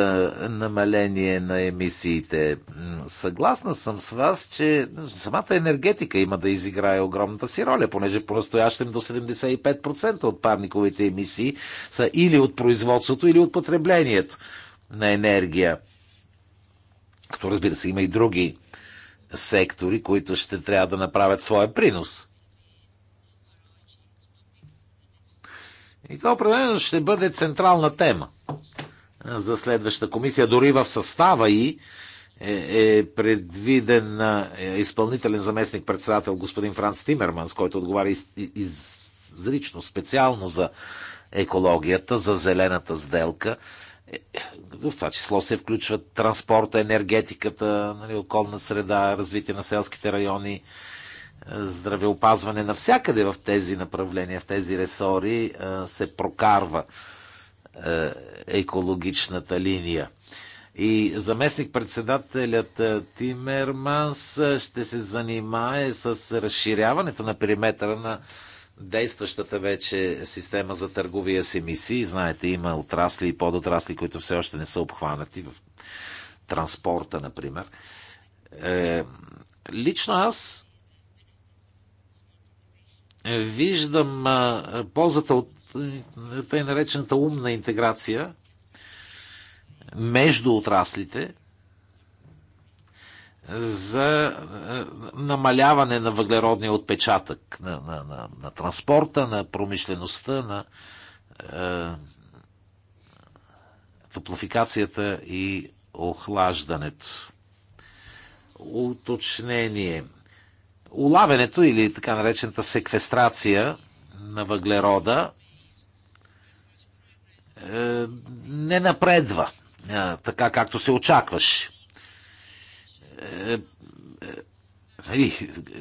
S2: намаление на емисиите? Съгласна съм с вас, че самата енергетика има да изиграе огромната си роля, понеже по-настоящем до 75% от парниковите емисии са или от производството, или от потреблението на енергия като разбира се има и други сектори, които ще трябва да направят своя принос. И това определено ще бъде централна тема за следваща комисия. Дори в състава и е, е предвиден е, изпълнителен заместник-председател господин Франц Тимерманс, който отговаря из, изрично, специално за екологията, за зелената сделка. В това число се включват транспорта, енергетиката, нали, околна среда, развитие на селските райони, е, здравеопазване. Навсякъде в тези направления, в тези ресори е, се прокарва е, екологичната линия. И заместник-председателят Тимерманс ще се занимае с разширяването на периметъра на действащата вече система за търговия с емисии. Знаете, има отрасли и подотрасли, които все още не са обхванати в транспорта, например. Е, лично аз виждам а, ползата от тъй наречената умна интеграция между отраслите, за е, намаляване на въглеродния отпечатък на, на, на, на транспорта, на промишлеността, на е, топлофикацията и охлаждането. Уточнение. Улавянето или така наречената секвестрация на въглерода е, не напредва е, така както се очакваше е,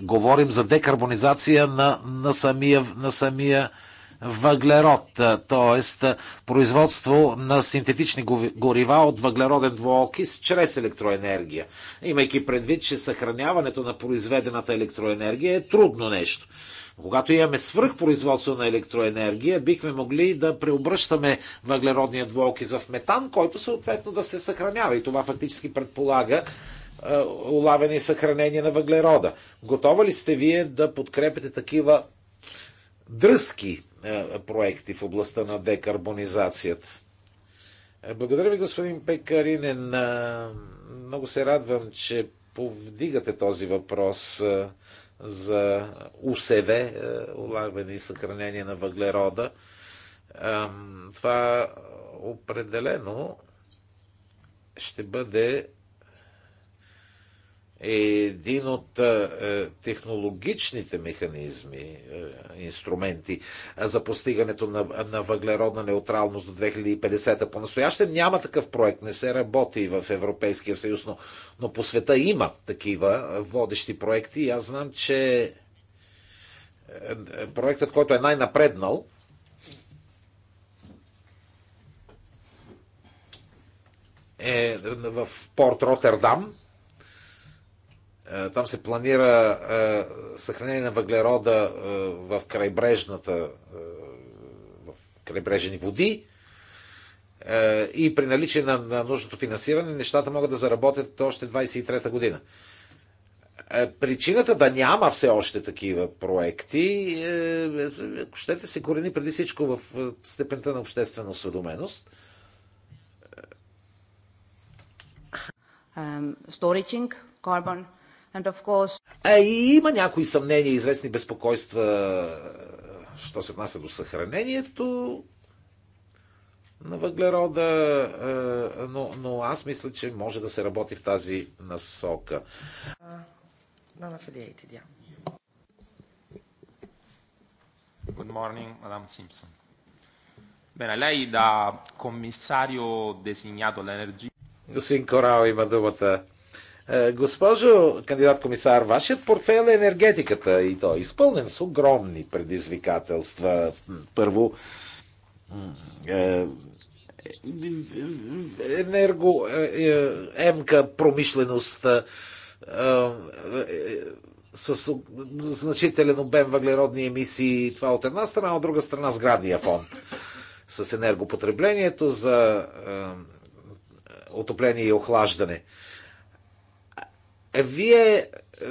S2: говорим за декарбонизация на, на самия, на самия въглерод, т.е. производство на синтетични горива от въглероден двуокис чрез електроенергия. Имайки предвид, че съхраняването на произведената електроенергия е трудно нещо. Когато имаме свръхпроизводство на електроенергия, бихме могли да преобръщаме въглеродния двуокис в метан, който съответно да се съхранява. И това фактически предполага е, улавяне и съхранение на въглерода. Готова ли сте вие да подкрепите такива дръзки е, проекти в областта на декарбонизацията? Е, благодаря ви, господин Пекаринен. Много се радвам, че повдигате този въпрос за УСВ, улавяне и съхранение на въглерода. Това определено ще бъде е един от е, е, технологичните механизми, е, инструменти за постигането на, на въглеродна неутралност до 2050. По-настояще няма такъв проект, не се работи в Европейския съюз, но, но по света има такива водещи проекти. И аз знам, че проектът, който е най-напреднал, е в порт Роттердам, е, там се планира е, съхранение на въглерода е, в крайбрежната, в крайбрежени води и при наличие на, на нужното финансиране нещата могат да заработят още 23-та година. Причината да няма все още такива проекти, ако щете, се корени преди всичко в степента на обществена осведоменост.
S1: Um, карбон. carbon
S2: Course... А и има някои съмнения, известни безпокойства, що се отнася до съхранението на въглерода, но, но аз мисля, че може да се работи в тази насока. Non-affiliated, yeah. Good morning, Madam Simpson. Bene, lei da commissario designato all'energia... Господин Корал има думата. Е, госпожо кандидат-комисар, вашият портфейл е енергетиката и то е изпълнен с огромни предизвикателства. Първо, е, е, енергоемка промишленост с значителен обем въглеродни емисии. Това от една страна, от друга страна сградния фонд с енергопотреблението за отопление и охлаждане. Вие е,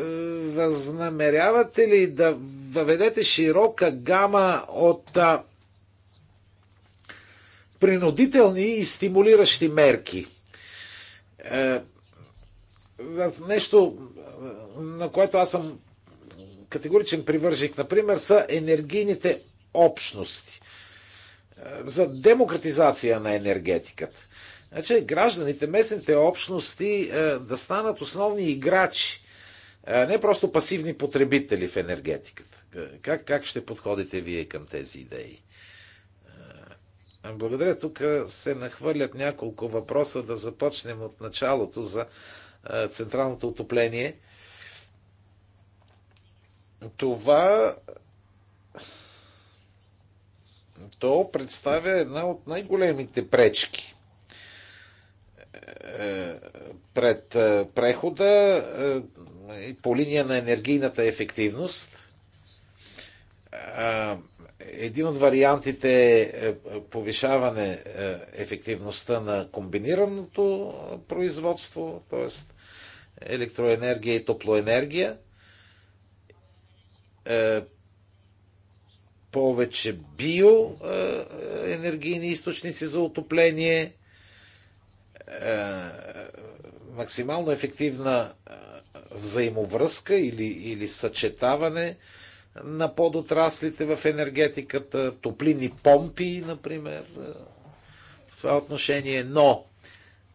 S2: възнамерявате ли да въведете широка гама от принудителни и стимулиращи мерки? Е, нещо, на което аз съм категоричен привържик, например, са енергийните общности е, за демократизация на енергетиката. Значи гражданите, местните общности е, да станат основни играчи, е, не просто пасивни потребители в енергетиката. Е, как, как ще подходите вие към тези идеи? Благодаря. Тук се нахвърлят няколко въпроса. Да започнем от началото за централното отопление. Това то представя една от най-големите пречки е, пред е, прехода е, по линия на енергийната ефективност. Един от вариантите е повишаване ефективността на комбинираното производство, т.е. електроенергия и топлоенергия. Повече биоенергийни източници за отопление – е, максимално ефективна е, взаимовръзка или, или съчетаване на подотраслите в енергетиката, топлини помпи, например, е, в това отношение. Но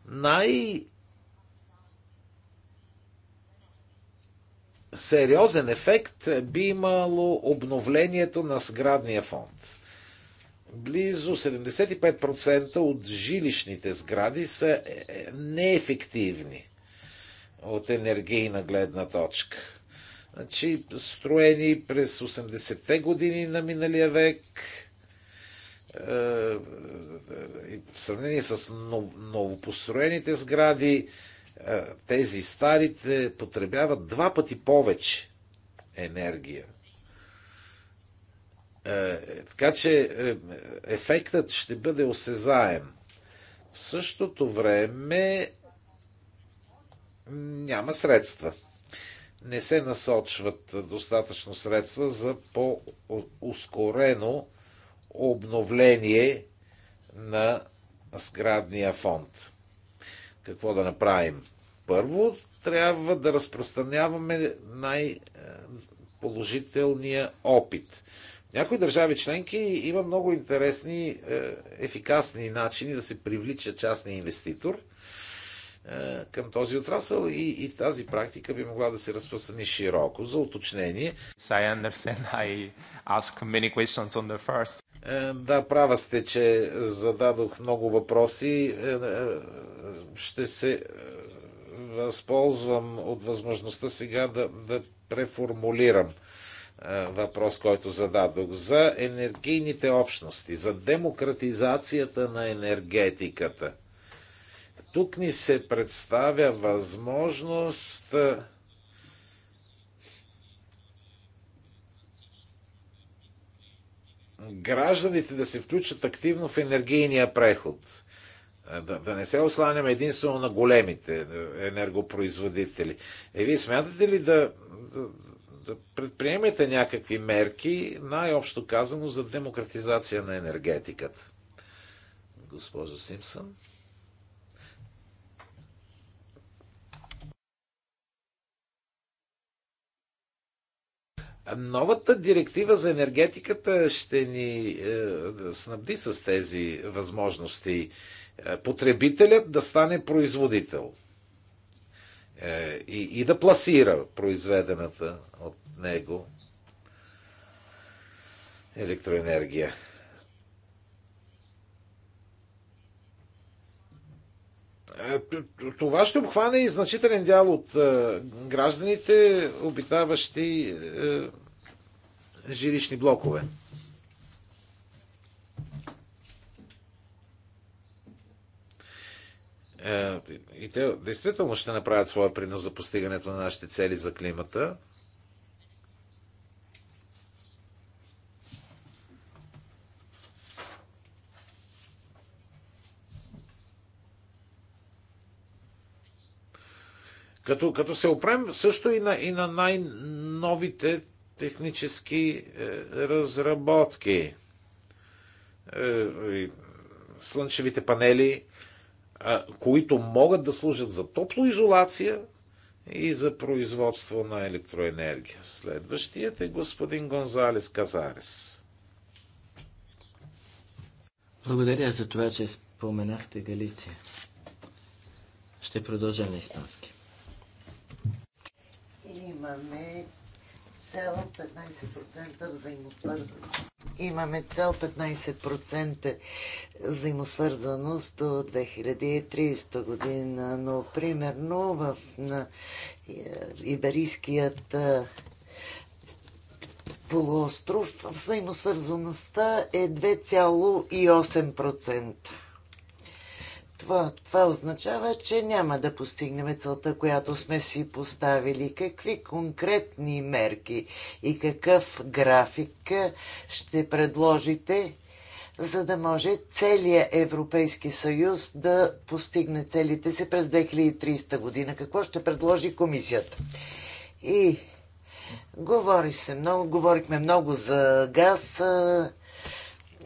S2: най- сериозен ефект би имало обновлението на сградния фонд близо 75% от жилищните сгради са е, е, неефективни от енергийна гледна точка. Значи, строени през 80-те години на миналия век, е, в сравнение с новопостроените сгради, тези старите потребяват два пъти повече енергия е, така че е, ефектът ще бъде осезаем. В същото време няма средства. Не се насочват достатъчно средства за по-ускорено обновление на сградния фонд. Какво да направим? Първо, трябва да разпространяваме най-положителния е, опит. Някои държави членки има много интересни, е, ефикасни начини да се привлича частния инвеститор е, към този отрасъл и, и тази практика би могла да се разпространи широко. За уточнение. I I е, да, права сте, че зададох много въпроси. Ще се възползвам от възможността сега да, да преформулирам е, въпрос, който зададох, за енергийните общности, за демократизацията на енергетиката. Тук ни се представя възможност е, гражданите да се включат активно в енергийния преход. Е, да, да не се осланяме единствено на големите енергопроизводители. Е, вие смятате ли да, да предприемете някакви мерки, най-общо казано, за демократизация на енергетиката. Госпожо Симпсън. Новата директива за енергетиката ще ни е, снабди с тези възможности. Е, потребителят да стане производител. Е, и, и да пласира произведената от него електроенергия. Е, това ще обхване и значителен дял от е, гражданите, обитаващи жилищни блокове. Е, и те действително ще направят своя принос за постигането на нашите цели за климата. Като, като се опрем също и на, и на най-новите технически е, разработки. Е, слънчевите панели, които могат да служат за топлоизолация и за производство на електроенергия. Следващият е господин Гонзалес Казарес.
S3: Благодаря за това, че споменахте Галиция. Ще продължа на испански.
S4: Имаме 15% взаимосвързаност. Имаме цел 15% взаимосвързаност до 2030 година, но примерно в на, е, Иберийският е, полуостров взаимосвързаността е 2,8%. Това, това означава, че няма да постигнем целта, която сме си поставили. Какви конкретни мерки и какъв график ще предложите, за да може целият Европейски съюз да постигне целите си през 2030 година? Какво ще предложи комисията? И говори се много, говорихме много за газ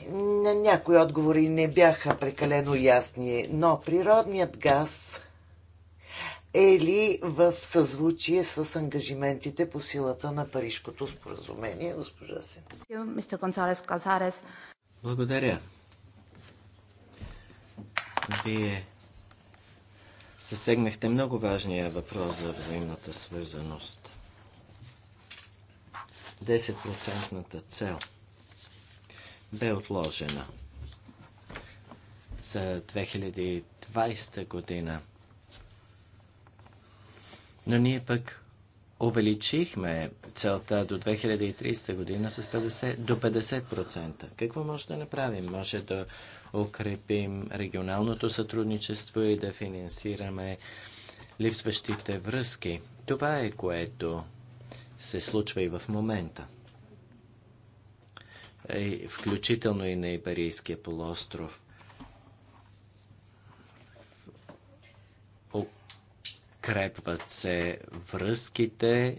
S4: на някои отговори не бяха прекалено ясни, но природният газ е ли в съзвучие с ангажиментите по силата на Парижкото споразумение, госпожа Симс?
S1: Мистер
S3: Благодаря. Вие засегнахте много важния въпрос за взаимната свързаност. 10 цел – бе отложена за 2020 година. Но ние пък увеличихме целта до 2030 година с 50, до 50%. Какво може да направим? Може да укрепим регионалното сътрудничество и да финансираме липсващите връзки. Това е което се случва и в момента. Е, включително и на Иберийския полуостров. Укрепват се връзките,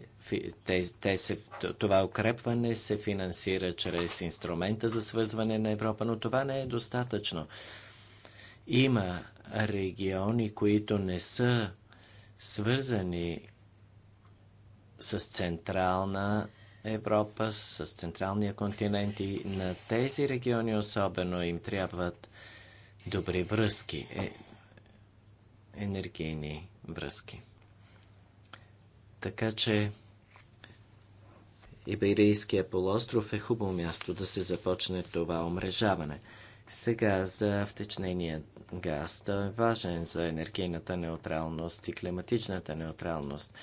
S3: те, те се, това укрепване се финансира чрез инструмента за свързване на Европа, но това не е достатъчно. Има региони, които не са свързани с централна Европа, с Централния континент и на тези региони особено им трябват добри връзки, е, енергийни връзки. Така че Иберийския полуостров е хубаво място да се започне това омрежаване. Сега за втечнения газ. Той е важен за енергийната неутралност и климатичната неутралност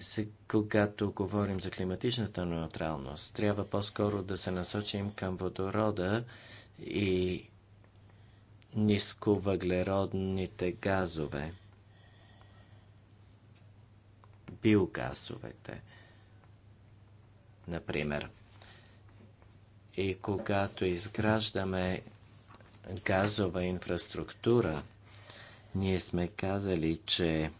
S3: се, когато говорим за климатичната неутралност, трябва по-скоро да се насочим към водорода и нисковъглеродните газове, биогазовете, например. И когато изграждаме газова инфраструктура, ние сме казали, че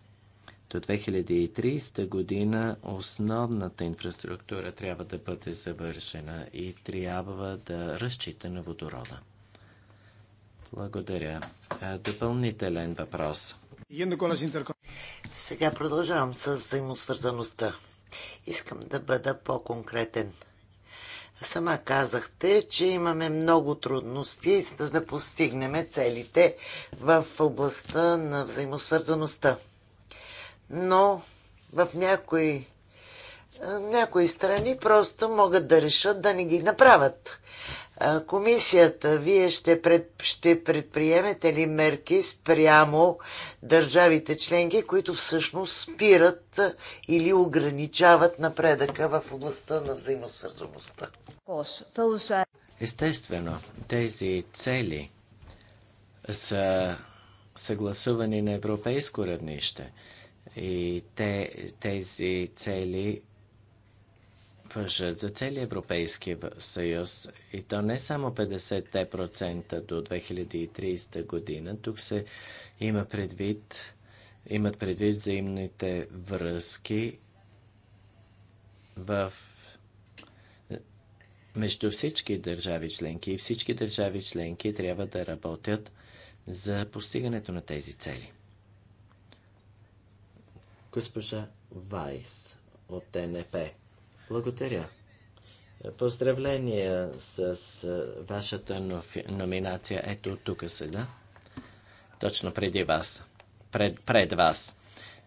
S3: до 2030 година основната инфраструктура трябва да бъде завършена и трябва да разчита на водорода. Благодаря. Допълнителен въпрос.
S4: Сега продължавам с взаимосвързаността. Искам да бъда по-конкретен. Сама казахте, че имаме много трудности за да постигнем целите в областта на взаимосвързаността но в някои, някои страни просто могат да решат да не ги направят. Комисията, вие ще, пред, ще предприемете ли мерки спрямо държавите членки, които всъщност спират или ограничават напредъка в областта на взаимосвързаността?
S3: Естествено, тези цели са съгласувани на европейско равнище – и те, тези цели вършат за цели Европейски съюз и то не само 50% до 2030 година. Тук се има предвид, имат предвид взаимните връзки в между всички държави членки и всички държави членки трябва да работят за постигането на тези цели. Госпожа Вайс от ТНП. Благодаря. Поздравления с вашата номинация. Ето тук сега. Точно преди вас. Пред, пред вас.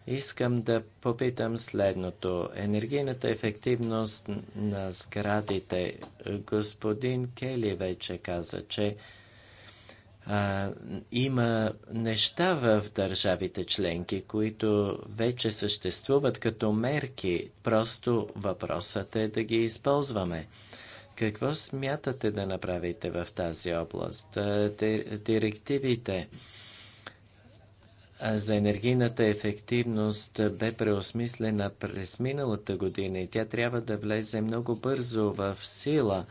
S3: Искам да попитам следното. Енергийната ефективност на сградите. Господин Кели вече каза, че а, има неща в държавите членки, които вече съществуват като мерки. Просто въпросът е да ги използваме. Какво смятате да направите в тази област? Директивите за енергийната ефективност бе преосмислена през миналата година и тя трябва да влезе много бързо в сила.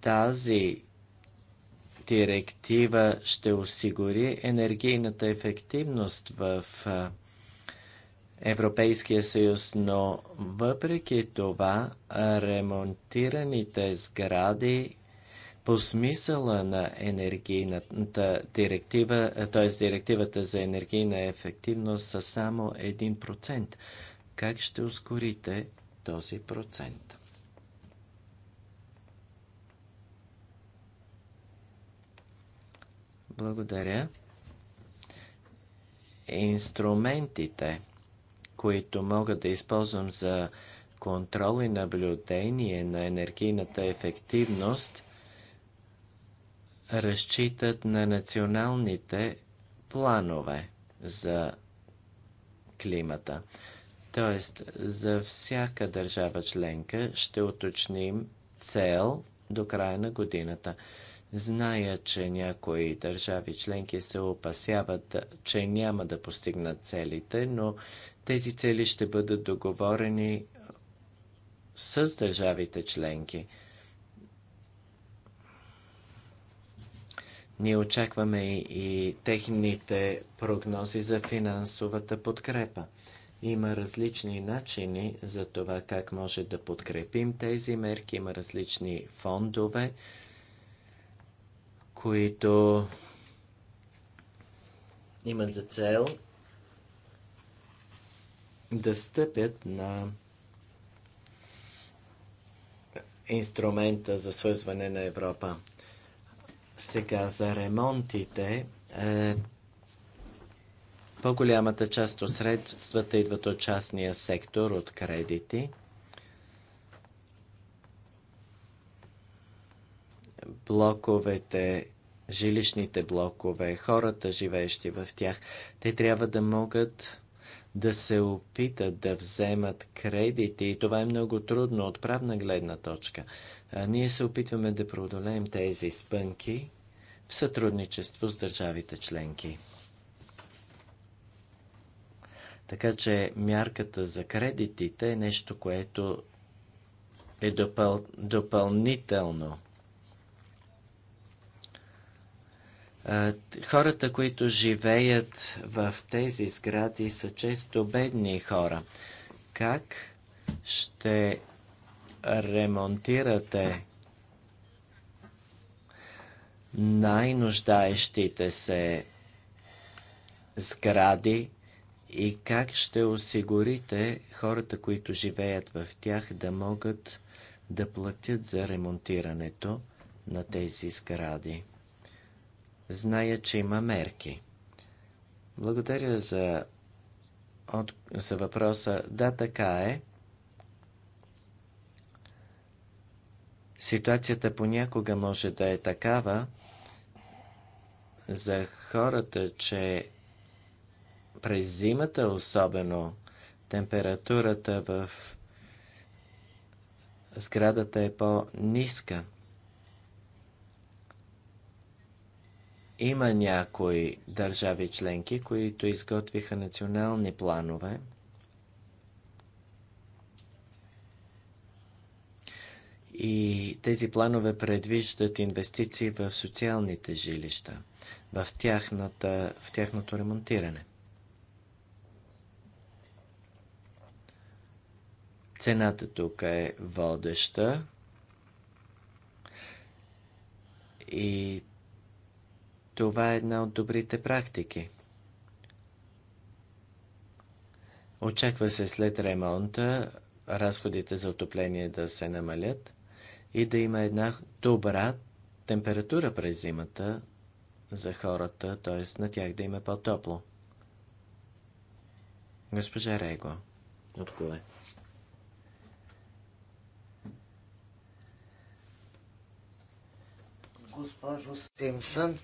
S3: тази директива ще осигури енергийната ефективност в Европейския съюз, но въпреки това ремонтираните сгради по смисъла на енергийната директива, т.е. директивата за енергийна ефективност са само 1%. Как ще ускорите този процент? Благодаря. Инструментите, които мога да използвам за контрол и наблюдение на енергийната ефективност, разчитат на националните планове за климата. Тоест, за всяка държава членка ще уточним цел до края на годината. Зная, че някои държави членки се опасяват, че няма да постигнат целите, но тези цели ще бъдат договорени с държавите членки. Ние очакваме и техните прогнози за финансовата подкрепа. Има различни начини за това как може да подкрепим тези мерки. Има различни фондове които имат за цел да стъпят на инструмента за свързване на Европа. Сега за ремонтите. Е, по-голямата част от средствата идват от частния сектор, от кредити. Блоковете жилищните блокове, хората, живеещи в тях. Те трябва да могат да се опитат да вземат кредити и това е много трудно от правна гледна точка. А, ние се опитваме да преодолеем тези спънки в сътрудничество с държавите членки. Така че мярката за кредитите е нещо, което е допъл... допълнително. Хората, които живеят в тези сгради, са често бедни хора. Как ще ремонтирате най-нуждаещите се сгради и как ще осигурите хората, които живеят в тях, да могат да платят за ремонтирането на тези сгради? зная, че има мерки. Благодаря за, от, за въпроса. Да, така е. Ситуацията понякога може да е такава за хората, че през зимата особено температурата в сградата е по-ниска. Има някои държави членки, които изготвиха национални планове. И тези планове предвиждат инвестиции в социалните жилища, в, тяхната, в тяхното ремонтиране. Цената тук е водеща и това е една от добрите практики. Очаква се след ремонта разходите за отопление да се намалят и да има една добра температура през зимата за хората, т.е. на тях да им е по-топло. Госпожа Рего, кое?
S4: госпожо Симсън.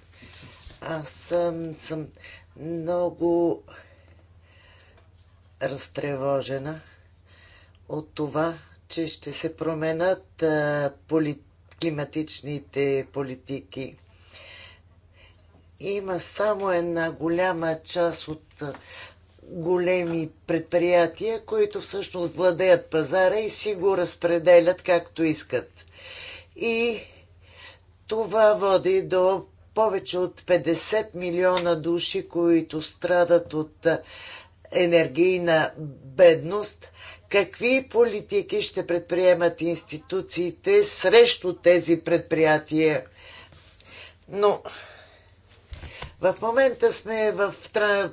S4: Аз съм, съм много разтревожена от това, че ще се променят а, поли, климатичните политики. Има само една голяма част от големи предприятия, които всъщност владеят пазара и си го разпределят както искат. И това води до повече от 50 милиона души, които страдат от енергийна бедност. Какви политики ще предприемат институциите срещу тези предприятия? Но в момента сме в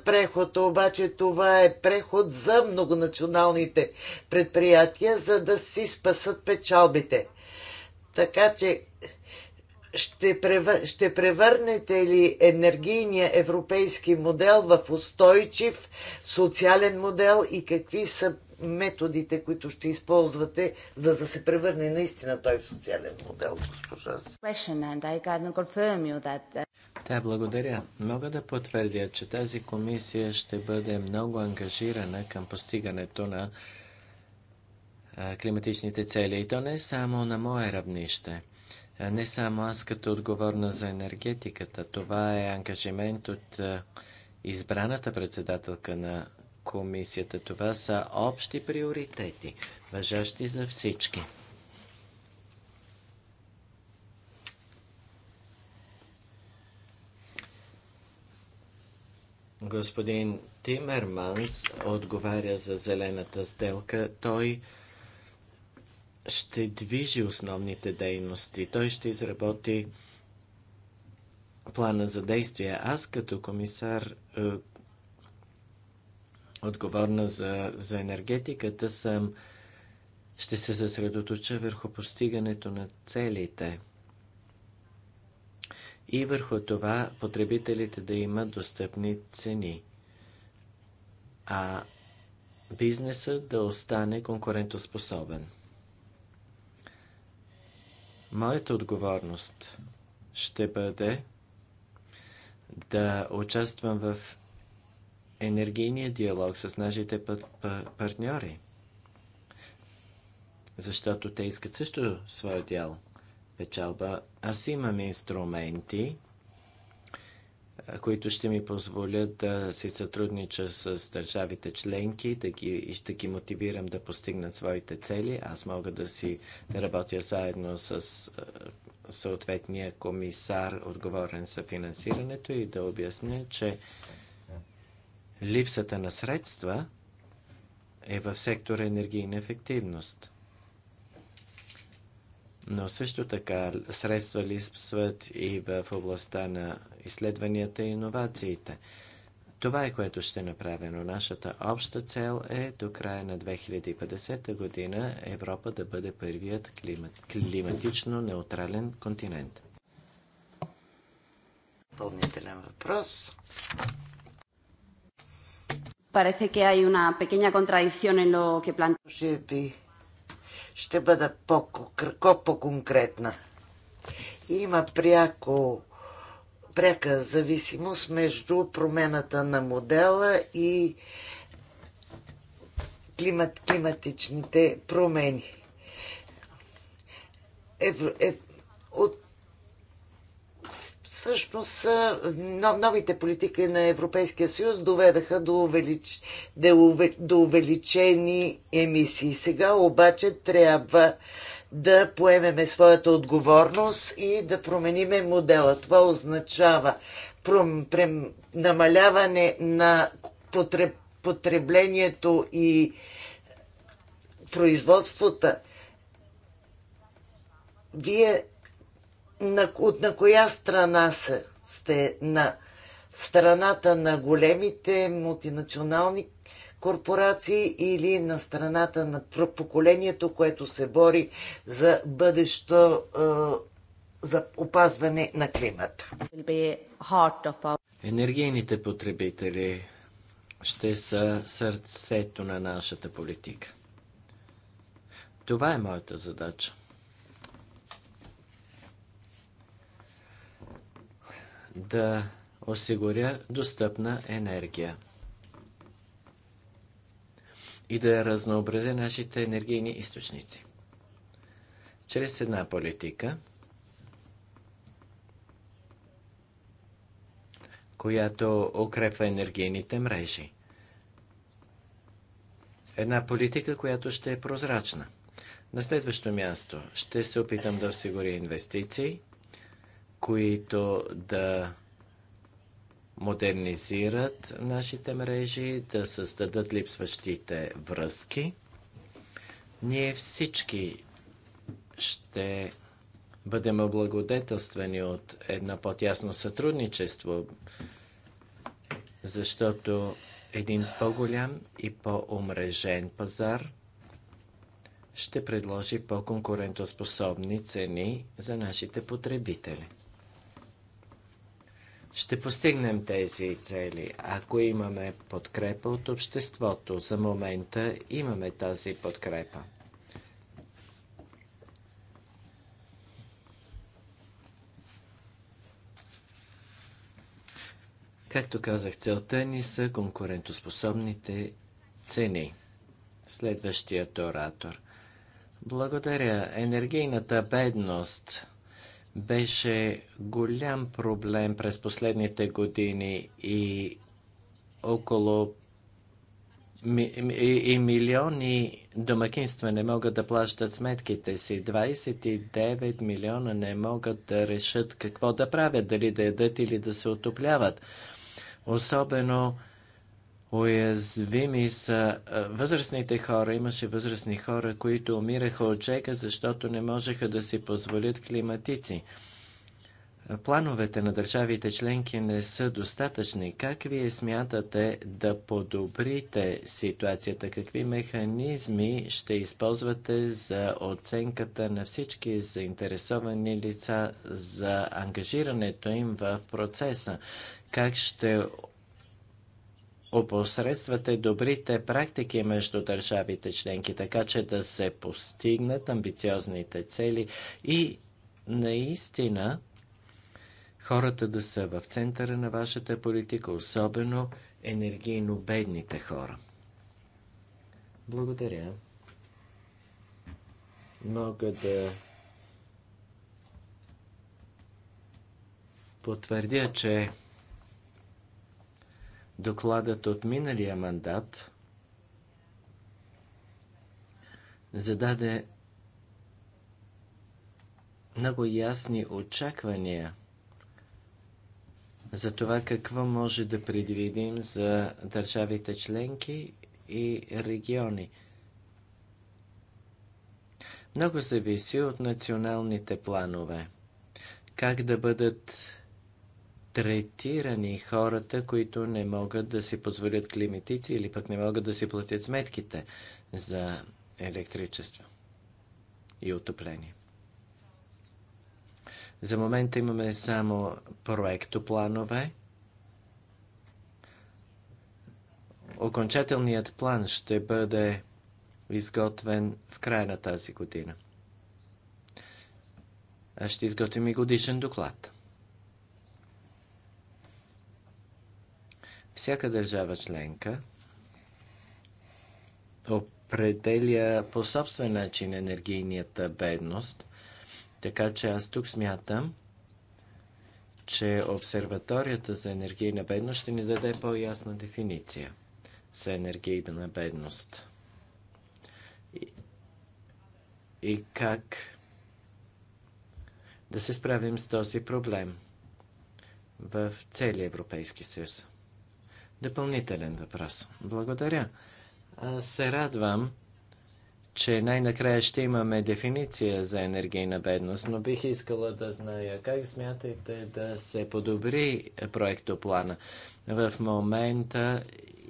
S4: преход, обаче това е преход за многонационалните предприятия, за да си спасат печалбите. Така че ще, превърнете ли енергийния европейски модел в устойчив социален модел и какви са методите, които ще използвате, за да се превърне наистина той в социален модел, госпожа?
S3: Да, uh, благодаря. Мога да потвърдя, че тази комисия ще бъде много ангажирана към постигането на климатичните цели. И то не само на мое равнище не само аз като отговорна за енергетиката. Това е ангажимент от избраната председателка на комисията. Това са общи приоритети, въжащи за всички. Господин Тимерманс отговаря за зелената сделка. Той ще движи основните дейности. Той ще изработи плана за действие. Аз като комисар е, отговорна за, за енергетиката съм ще се съсредоточа върху постигането на целите и върху това потребителите да имат достъпни цени, а бизнесът да остане конкурентоспособен. Моята отговорност ще бъде да участвам в енергийния диалог с нашите партньори, защото те искат също своя дял печалба. Аз имам инструменти, които ще ми позволят да си сътруднича с държавите членки да ги, и ще ги мотивирам да постигнат своите цели. Аз мога да си да работя заедно с съответния комисар, отговорен за финансирането и да обясня, че липсата на средства е в сектора енергийна ефективност. Но също така средства липсват и в областта на изследванията и иновациите. Това е което ще направя, но нашата обща цел е до края на 2050 година Европа да бъде първият климат, климатично неутрален континент. Допълнителен въпрос.
S1: Parece que hay una pequeña contradicción en lo que plantea.
S4: Ще бъда по-конкретна. Има пряко пряка зависимост между промената на модела и климат, климатичните промени. Евро, е, от, всъщност новите политики на Европейския съюз доведаха до, увелич, до увеличени емисии. Сега обаче трябва да поемеме своята отговорност и да промениме модела. Това означава пром, прем, намаляване на потреб, потреблението и производствата. Вие на, от на коя страна сте? На страната на големите мултинационални корпорации или на страната на поколението, което се бори за бъдещо е, за опазване на климата.
S3: Енергийните потребители ще са сърцето на нашата политика. Това е моята задача. Да осигуря достъпна енергия и да разнообразя нашите енергийни източници. Чрез една политика, която укрепва енергийните мрежи. Една политика, която ще е прозрачна. На следващо място ще се опитам да осигуря инвестиции, които да модернизират нашите мрежи, да създадат липсващите връзки. Ние всички ще бъдем облагодетелствени от едно по-тясно сътрудничество, защото един по-голям и по-умрежен пазар ще предложи по-конкурентоспособни цени за нашите потребители ще постигнем тези цели, ако имаме подкрепа от обществото. За момента имаме тази подкрепа. Както казах, целта ни са конкурентоспособните цени. Следващият оратор. Благодаря. Енергийната бедност – беше голям проблем през последните години и около и, и милиони домакинства не могат да плащат сметките си. 29 милиона не могат да решат какво да правят, дали да ядат или да се отопляват. Особено Уязвими са възрастните хора. Имаше възрастни хора, които умираха от чека, защото не можеха да си позволят климатици. Плановете на държавите членки не са достатъчни. Как вие смятате да подобрите ситуацията? Какви механизми ще използвате за оценката на всички заинтересовани лица за ангажирането им в процеса? Как ще опосредствате добрите практики между държавите членки, така че да се постигнат амбициозните цели и наистина хората да са в центъра на вашата политика, особено енергийно бедните хора. Благодаря. Мога да потвърдя, че Докладът от миналия мандат зададе много ясни очаквания за това какво може да предвидим за държавите членки и региони. Много зависи от националните планове. Как да бъдат третирани хората, които не могат да си позволят климатици или пък не могат да си платят сметките за електричество и отопление. За момента имаме само проектопланове. Окончателният план ще бъде изготвен в края на тази година. Аз ще изготвим и годишен доклад. Всяка държава членка определя по собствен начин енергийната бедност, така че аз тук смятам, че обсерваторията за енергийна бедност ще ни даде по-ясна дефиниция за енергийна бедност. И, и как да се справим с този проблем в целия Европейски съюз. Допълнителен въпрос. Благодаря. Аз се радвам, че най-накрая ще имаме дефиниция за енергийна бедност, но бих искала да зная как смятате да се подобри проектоплана. В момента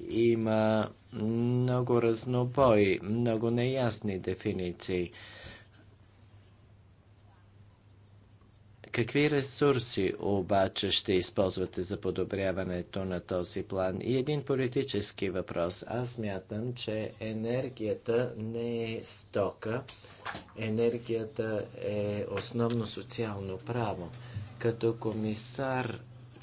S3: има много разнобой, много неясни дефиниции. Какви ресурси обаче ще използвате за подобряването на този план? И един политически въпрос. Аз мятам, че енергията не е стока. Енергията е основно социално право. Като комисар,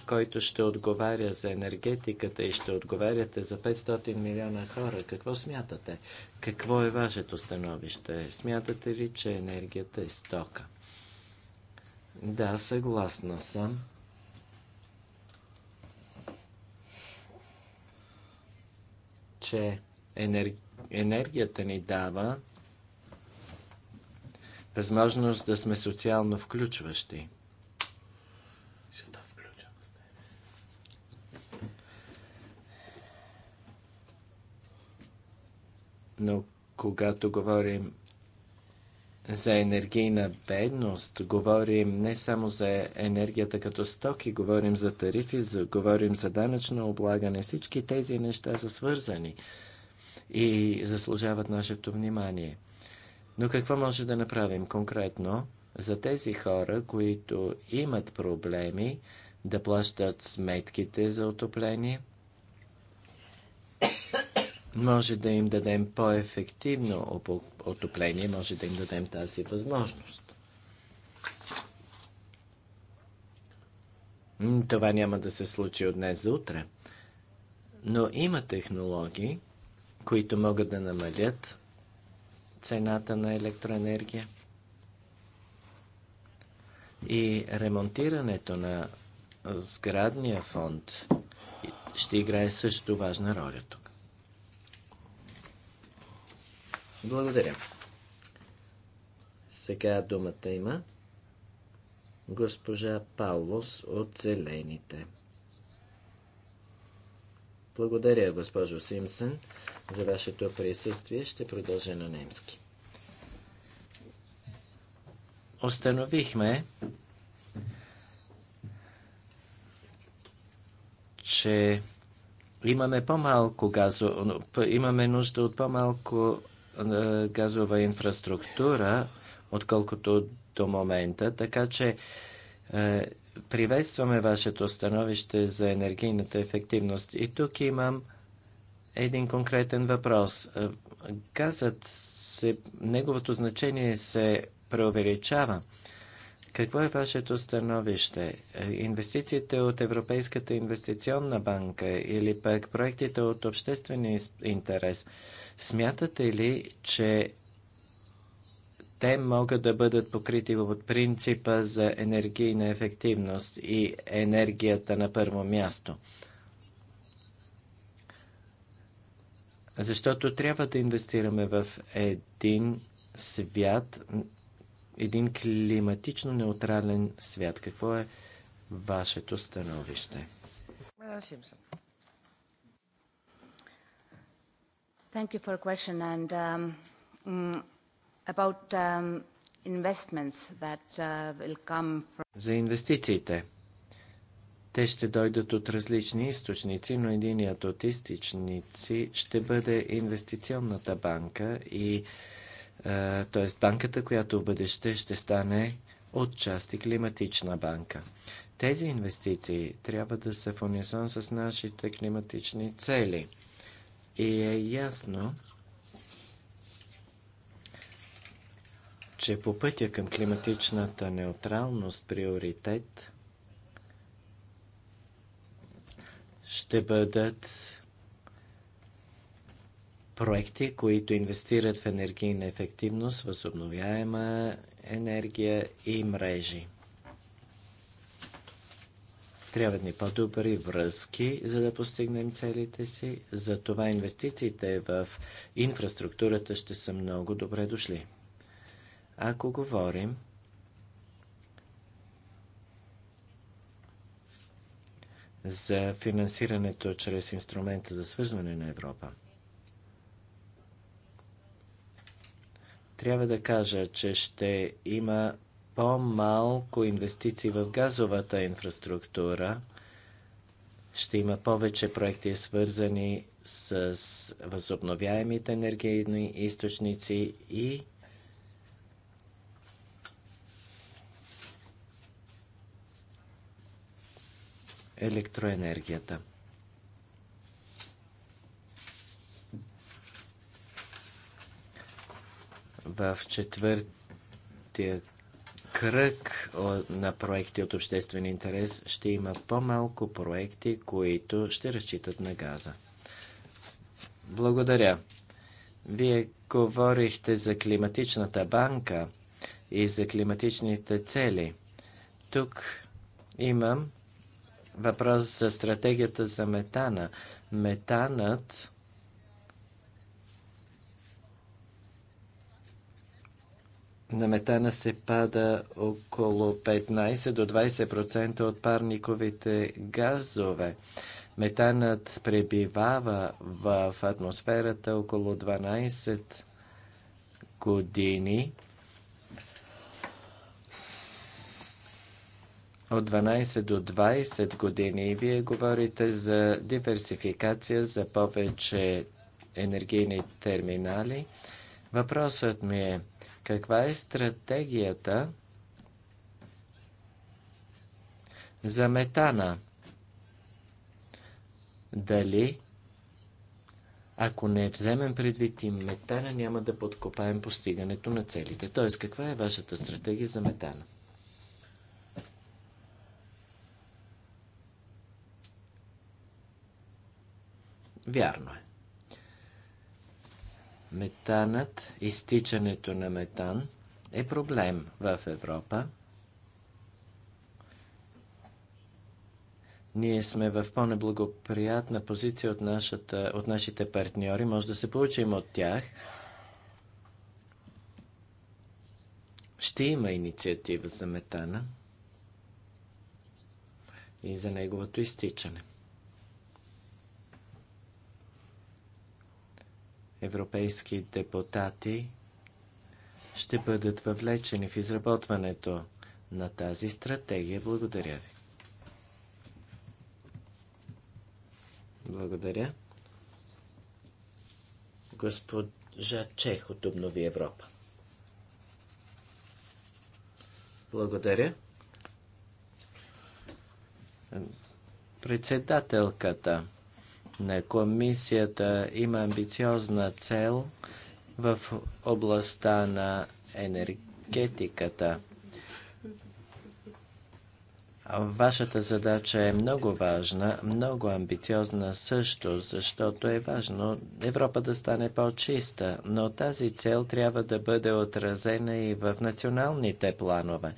S3: който ще отговаря за енергетиката и ще отговаряте за 500 милиона хора, какво смятате? Какво е вашето становище? Смятате ли, че енергията е стока? Да, съгласна съм. че енер... енергията ни дава възможност да сме социално включващи. Но когато говорим за енергийна бедност, говорим не само за енергията като стоки, говорим за тарифи, за, говорим за данъчно облагане. Всички тези неща са свързани и заслужават нашето внимание. Но какво може да направим конкретно за тези хора, които имат проблеми да плащат сметките за отопление? Може да им дадем по-ефективно отопление, може да им дадем тази възможност. Това няма да се случи от днес за утре. Но има технологии, които могат да намалят цената на електроенергия. И ремонтирането на сградния фонд ще играе също важна роля тук. Благодаря. Сега думата има госпожа Паулос от Зелените. Благодаря, госпожо Симсън, за вашето присъствие. Ще продължа на немски. Остановихме. че имаме по-малко газо, имаме нужда от по-малко е, газова инфраструктура, отколкото до момента. Така че е, приветстваме вашето становище за енергийната ефективност. И тук имам един конкретен въпрос. Е, газът, се, неговото значение се преувеличава. Какво е вашето становище? Инвестициите от Европейската инвестиционна банка или пък проектите от обществен интерес – Смятате ли, че те могат да бъдат покрити от принципа за енергийна ефективност и енергията на първо място? Защото трябва да инвестираме в един свят, един климатично неутрален свят. Какво е вашето становище? Мадам
S1: Thank you for your question. And um, mm, about um, investments that uh, will come from...
S3: За инвестициите. Те ще дойдат от различни източници, но единият от източници ще бъде инвестиционната банка и т.е. банката, която в бъдеще ще стане от части климатична банка. Тези инвестиции трябва да са в унисон с нашите климатични цели. И е ясно, че по пътя към климатичната неутралност приоритет ще бъдат проекти, които инвестират в енергийна ефективност, възобновяема енергия и мрежи. Трябват ни по-добри връзки, за да постигнем целите си. Затова инвестициите в инфраструктурата ще са много добре дошли. Ако говорим за финансирането чрез инструмента за свързване на Европа. Трябва да кажа, че ще има по-малко инвестиции в газовата инфраструктура. Ще има повече проекти, свързани с възобновяемите енергийни източници и електроенергията. В четвъртия кръг на проекти от обществен интерес ще има по-малко проекти, които ще разчитат на газа. Благодаря. Вие говорихте за климатичната банка и за климатичните цели. Тук имам въпрос за стратегията за метана. Метанът на метана се пада около 15 до 20% от парниковите газове. Метанът пребивава в атмосферата около 12 години. От 12 до 20 години вие говорите за диверсификация, за повече енергийни терминали. Въпросът ми е, каква е стратегията за метана? Дали ако не вземем предвид и метана, няма да подкопаем постигането на целите. Т.е. каква е вашата стратегия за метана? Вярно е. Метанът, изтичането на метан е проблем в Европа. Ние сме в по-неблагоприятна позиция от, нашата, от нашите партньори. Може да се получим от тях. Ще има инициатива за метана и за неговото изтичане. европейски депутати ще бъдат въвлечени в изработването на тази стратегия. Благодаря ви. Благодаря. Госпожа Чех от Обнови Европа. Благодаря. Председателката на комисията има амбициозна цел в областта на енергетиката. Вашата задача е много важна, много амбициозна също, защото е важно Европа да стане по-чиста, но тази цел трябва да бъде отразена и в националните планове.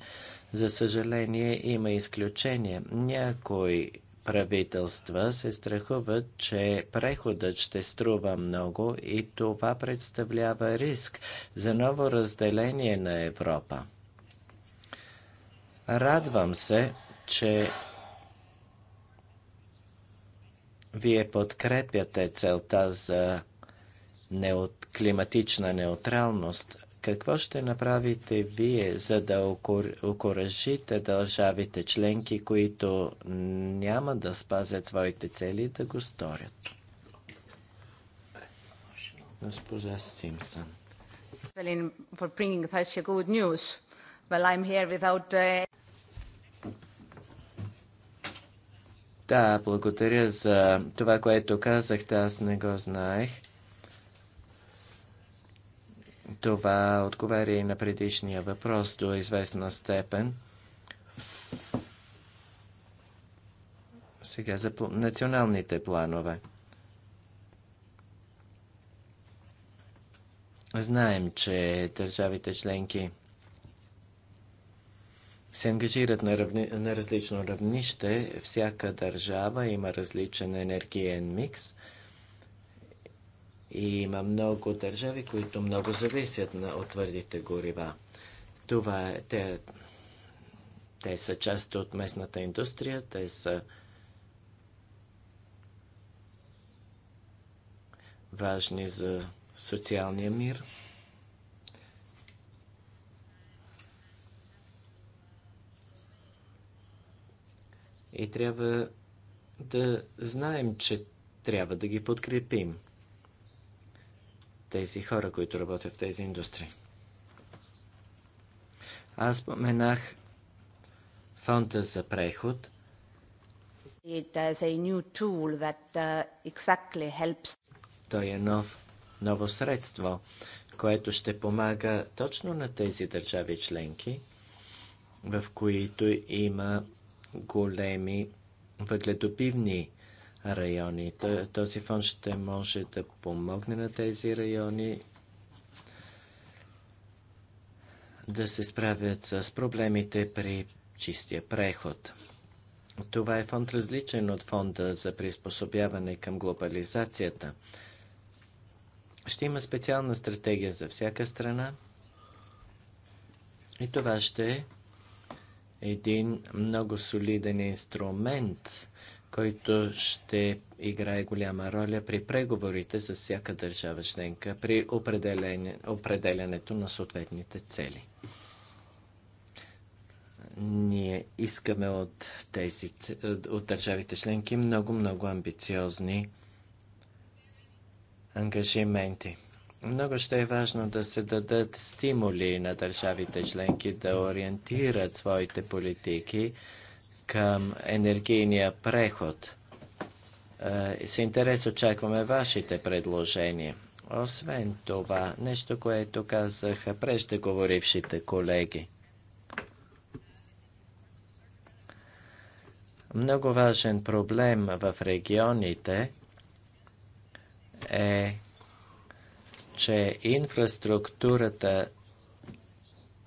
S3: За съжаление има изключение. Някои правителства се страхуват, че преходът ще струва много и това представлява риск за ново разделение на Европа. Радвам се, че вие подкрепяте целта за неот... климатична неутралност. Какво ще направите вие, за да окоръжите държавите членки, които няма да спазят своите цели, да го сторят? Госпожа Симсън. Uh, да, благодаря за това, което казахте. Аз не го знаех. Това отговаря и на предишния въпрос до известна степен. Сега за националните планове. Знаем, че държавите членки се ангажират на, равни, на различно равнище. Всяка държава има различен енергиен микс – и има много държави, които много зависят на, от твърдите горива. Това е, те, те са част от местната индустрия, те са важни за социалния мир. И трябва да знаем, че трябва да ги подкрепим тези хора, които работят в тези индустрии. Аз споменах фонда за преход.
S1: That, uh,
S3: Той е нов, ново средство, което ще помага точно на тези държави членки, в които има големи въгледобивни райони. Този фонд ще може да помогне на тези райони да се справят с проблемите при чистия преход. Това е фонд различен от фонда за приспособяване към глобализацията. Ще има специална стратегия за всяка страна и това ще е един много солиден инструмент, който ще играе голяма роля при преговорите за всяка държава членка при определянето на съответните цели. Ние искаме от, тези, от държавите членки много-много амбициозни ангажименти. Много ще е важно да се дадат стимули на държавите членки да ориентират своите политики към енергийния преход. Е, с интерес очакваме вашите предложения. Освен това, нещо, което казаха преждеговорившите колеги. Много важен проблем в регионите е, че инфраструктурата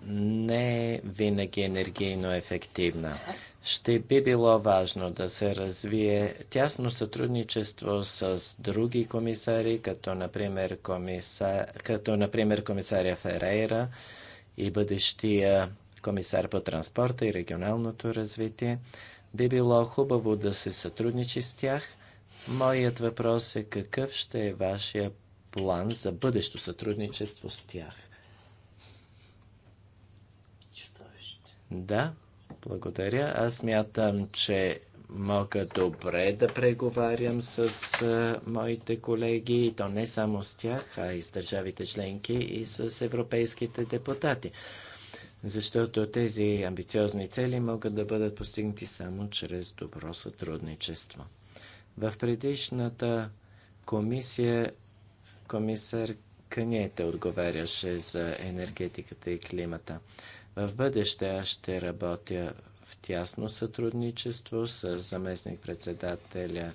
S3: не е винаги енергийно ефективна ще би било важно да се развие тясно сътрудничество с други комисари, като например, комисар, като, например комисаря Ферейра и бъдещия комисар по транспорта и регионалното развитие. Би било хубаво да се сътрудничи с тях. Моят въпрос е какъв ще е вашия план за бъдещо сътрудничество с тях? Да. Благодаря. Аз мятам, че мога добре да преговарям с моите колеги, и то не само с тях, а и с държавите членки и с европейските депутати. Защото тези амбициозни цели могат да бъдат постигнати само чрез добро сътрудничество. В предишната комисия комисар Кънете отговаряше за енергетиката и климата. В бъдеще аз ще работя в тясно сътрудничество с заместник-председателя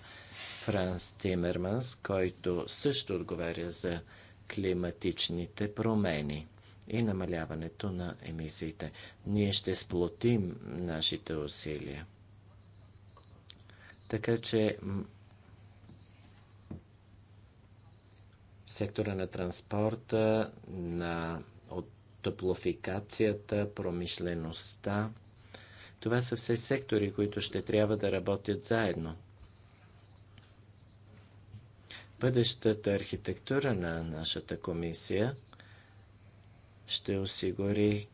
S3: Франс Тимерманс, който също отговаря за климатичните промени и намаляването на емисиите. Ние ще сплотим нашите усилия. Така че сектора на транспорта, на топлофикацията, промишлеността. Това са все сектори, които ще трябва да работят заедно. Бъдещата архитектура на нашата комисия ще осигури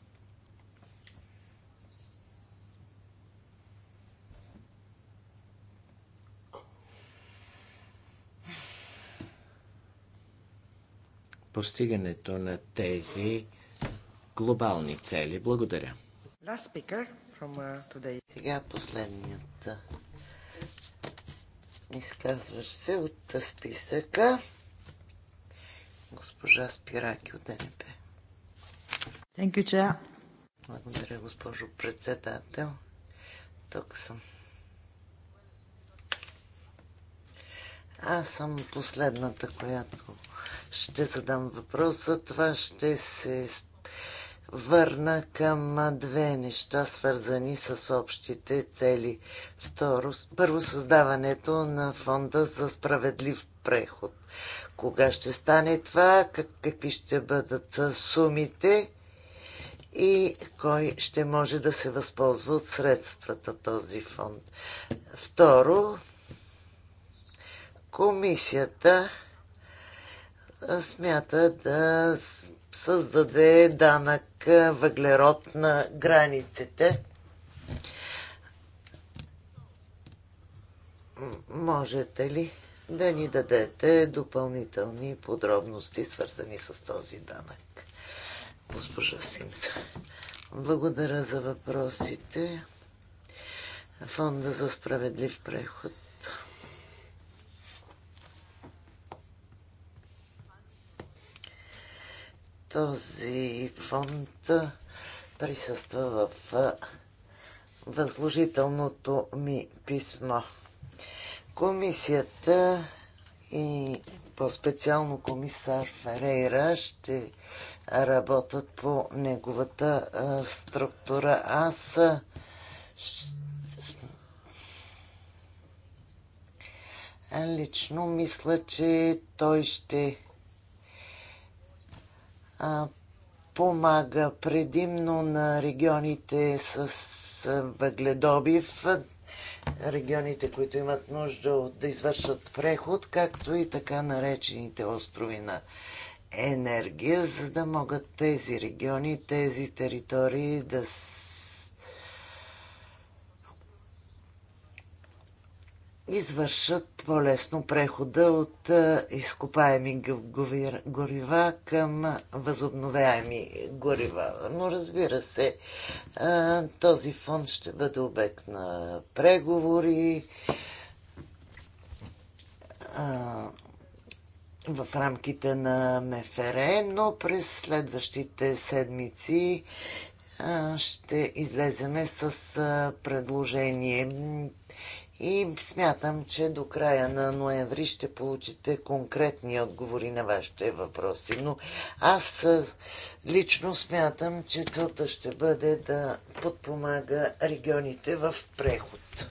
S3: постигането на тези глобални цели. Благодаря.
S1: Uh, Сега
S4: последният изказващ се от списъка госпожа Спираки от НП. Thank you, Chair. Благодаря, госпожо председател. Тук съм. Аз съм последната, която ще задам въпрос, за това ще се спра върна към две неща, свързани с общите цели. Второ, първо създаването на фонда за справедлив преход. Кога ще стане това, как, какви ще бъдат сумите и кой ще може да се възползва от средствата този фонд. Второ, комисията смята да създаде данък е, въглерод на границите. Можете ли да ни дадете допълнителни подробности, свързани с този данък? Госпожа Симса, благодаря за въпросите. Фонда за справедлив преход Този фонд присъства в възложителното ми писмо. Комисията и по-специално комисар Ферейра ще работят по неговата структура. Аз лично мисля, че той ще помага предимно на регионите с въгледобив, регионите, които имат нужда да извършат преход, както и така наречените острови на енергия, за да могат тези региони, тези територии да извършат по-лесно прехода от е, изкопаеми горива към възобновяеми горива. Но разбира се, е, този фонд ще бъде обект на преговори е, в рамките на МФР, но през следващите седмици ще излеземе с предложение и смятам, че до края на ноември ще получите конкретни отговори на вашите въпроси. Но аз лично смятам, че целта ще бъде да подпомага регионите в преход.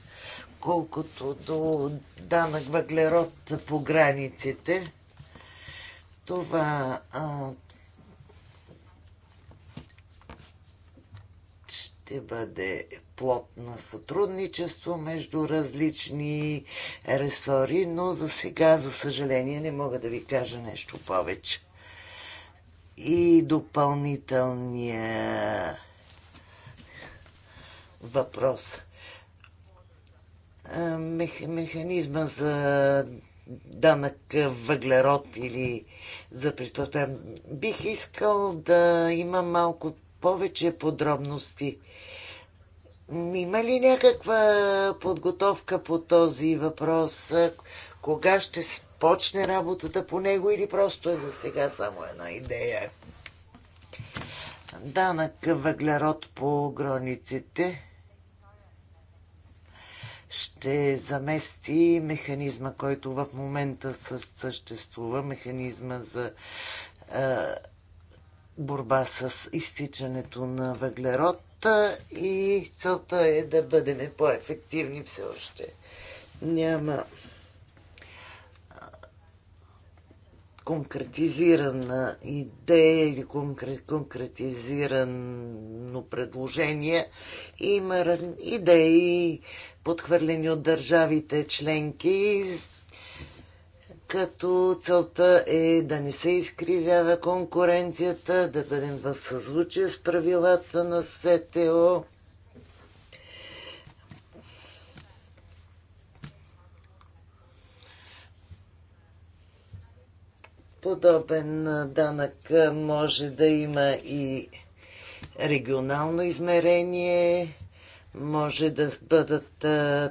S4: Колкото до данък въглерод по границите, това ще бъде плод на сътрудничество между различни ресори, но за сега, за съжаление, не мога да ви кажа нещо повече. И допълнителния въпрос. Механизма за данък въглерод или за приспособяване. Бих искал да има малко повече подробности има ли някаква подготовка по този въпрос? Кога ще почне работата по него или просто е за сега само една идея? Данък въглерод по границите ще замести механизма, който в момента съществува, механизма за борба с изтичането на въглерод и целта е да бъдем по-ефективни все още. Няма конкретизирана идея или конкретизирано предложение. Има идеи, подхвърлени от държавите членки, като целта е да не се изкривява конкуренцията, да бъдем в съзвучие с правилата на СТО. Подобен данък може да има и регионално измерение, може да бъдат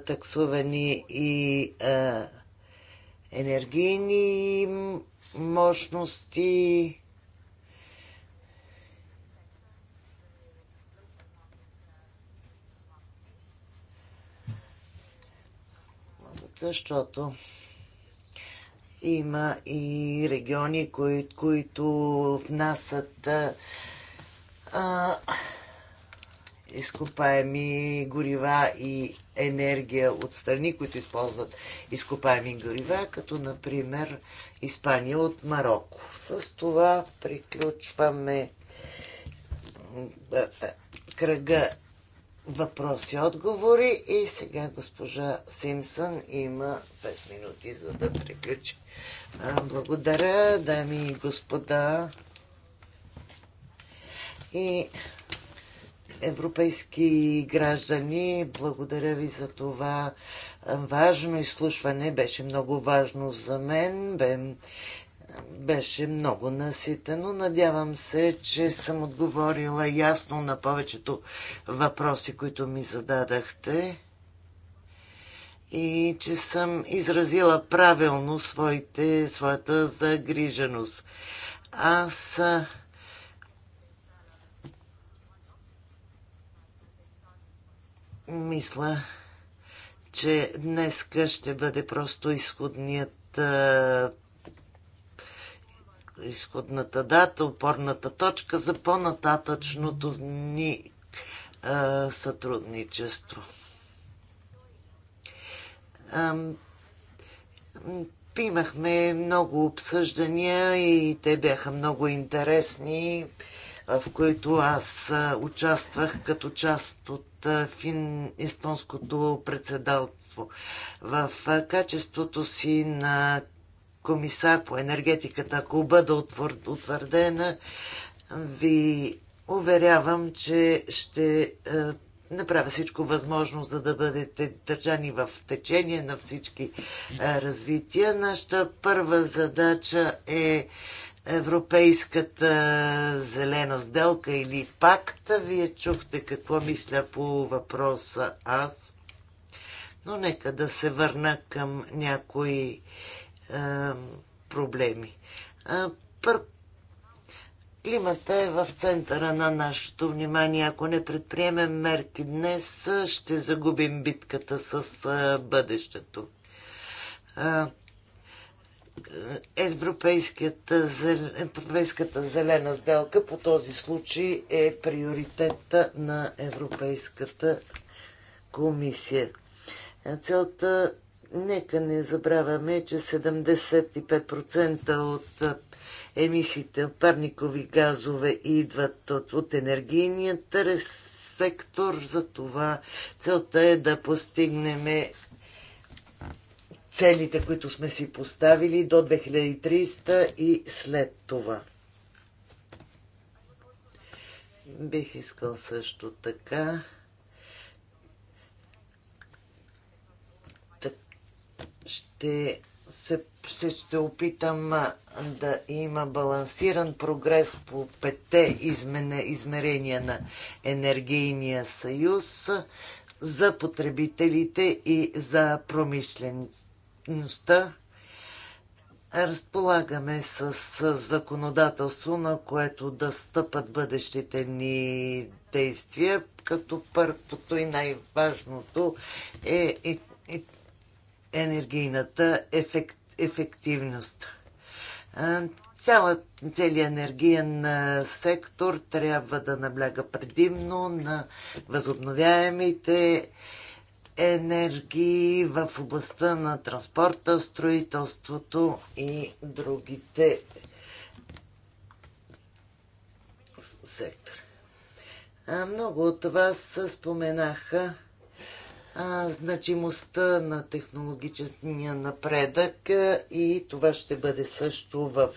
S4: таксувани и енергийни мощности. Защото има и региони, кои, които внасят а, изкопаеми горива и енергия от страни, които използват изкопаеми горива, като например Испания от Марокко. С това приключваме е, е, кръга въпроси отговори и сега госпожа Симсън има 5 минути, за да приключи. Благодаря, дами и господа. И европейски граждани. Благодаря ви за това важно изслушване. Беше много важно за мен. Бе, беше много наситено. Надявам се, че съм отговорила ясно на повечето въпроси, които ми зададахте и че съм изразила правилно своите, своята загриженост. Аз мисля, че днеска ще бъде просто изходният изходната дата, опорната точка за по-нататъчното ни а, сътрудничество. А, имахме много обсъждания и те бяха много интересни, в които аз участвах като част от фин... естонското председателство. В качеството си на комисар по енергетиката, ако бъда утвърдена, ви уверявам, че ще направя всичко възможно, за да бъдете държани в течение на всички развития. Нашата първа задача е Европейската зелена сделка или пакта. Вие чухте какво мисля по въпроса аз. Но нека да се върна към някои е, проблеми. Е, пър... Климата е в центъра на нашето внимание. Ако не предприемем мерки днес, ще загубим битката с е, бъдещето. Е, Европейската, Европейската зелена сделка по този случай е приоритета на Европейската комисия. Целта, нека не забравяме, че 75% от емисиите от парникови газове идват от, от енергийният сектор, за това целта е да постигнем целите, които сме си поставили до 2300 и след това. Бих искал също така ще се, ще, ще опитам да има балансиран прогрес по пете измене, измерения на енергийния съюз за потребителите и за промишлениците престъпността. Разполагаме с, с законодателство, на което да стъпат бъдещите ни действия, като първото и най-важното е, е, е енергийната ефект, ефективност. Цялата целият енергиен сектор трябва да набляга предимно на възобновяемите енергии, в областта на транспорта, строителството и другите сектори. Много от вас споменаха значимостта на технологичния напредък и това ще бъде също в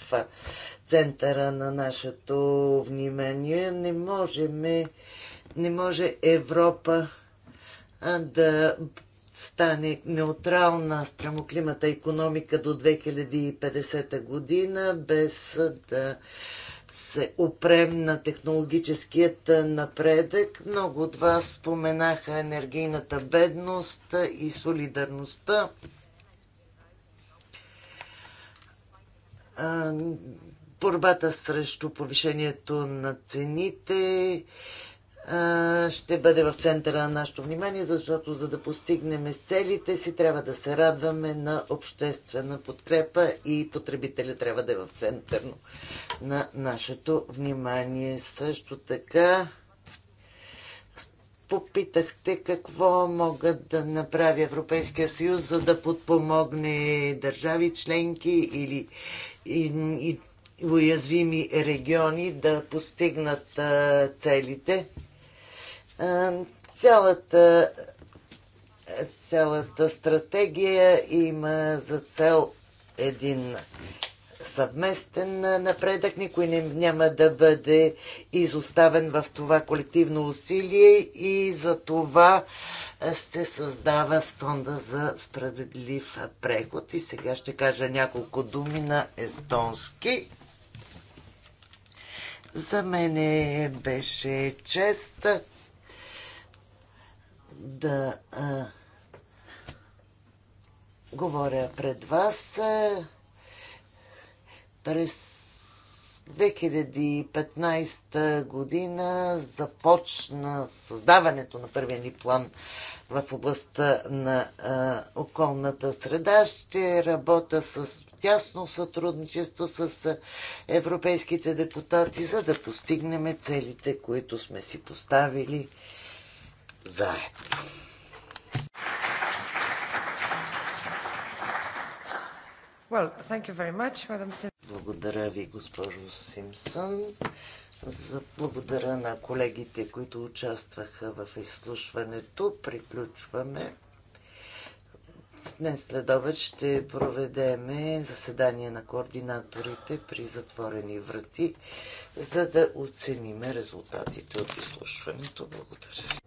S4: центъра на нашето внимание. Не можем, не може Европа да стане неутрална спрямо климата економика до 2050 година, без да се опрем на технологическият напредък. Много от вас споменаха енергийната бедност и солидарността. Борбата срещу повишението на цените, ще бъде в центъра на нашето внимание, защото за да постигнем с целите си, трябва да се радваме на обществена подкрепа и потребителя трябва да е в център на нашето внимание. Също така попитахте какво могат да направи Европейския съюз, за да подпомогне държави членки или и, и уязвими региони да постигнат а, целите. Цялата, цялата стратегия има за цел един съвместен напредък. Никой не, няма да бъде изоставен в това колективно усилие и за това се създава сонда за справедлив преход. И сега ще кажа няколко думи на естонски. За мене беше чест да а, говоря пред вас. През 2015 година започна създаването на първия ни план в областта на а, околната среда. Ще работя с тясно сътрудничество с европейските депутати, за да постигнем целите, които сме си поставили заедно.
S1: Well, thank you very
S4: much, Madam Благодаря ви, госпожо Симпсън. За благодаря на колегите, които участваха в изслушването. Приключваме. Днес след обед ще проведеме заседание на координаторите при затворени врати, за да оценим резултатите от изслушването. Благодаря.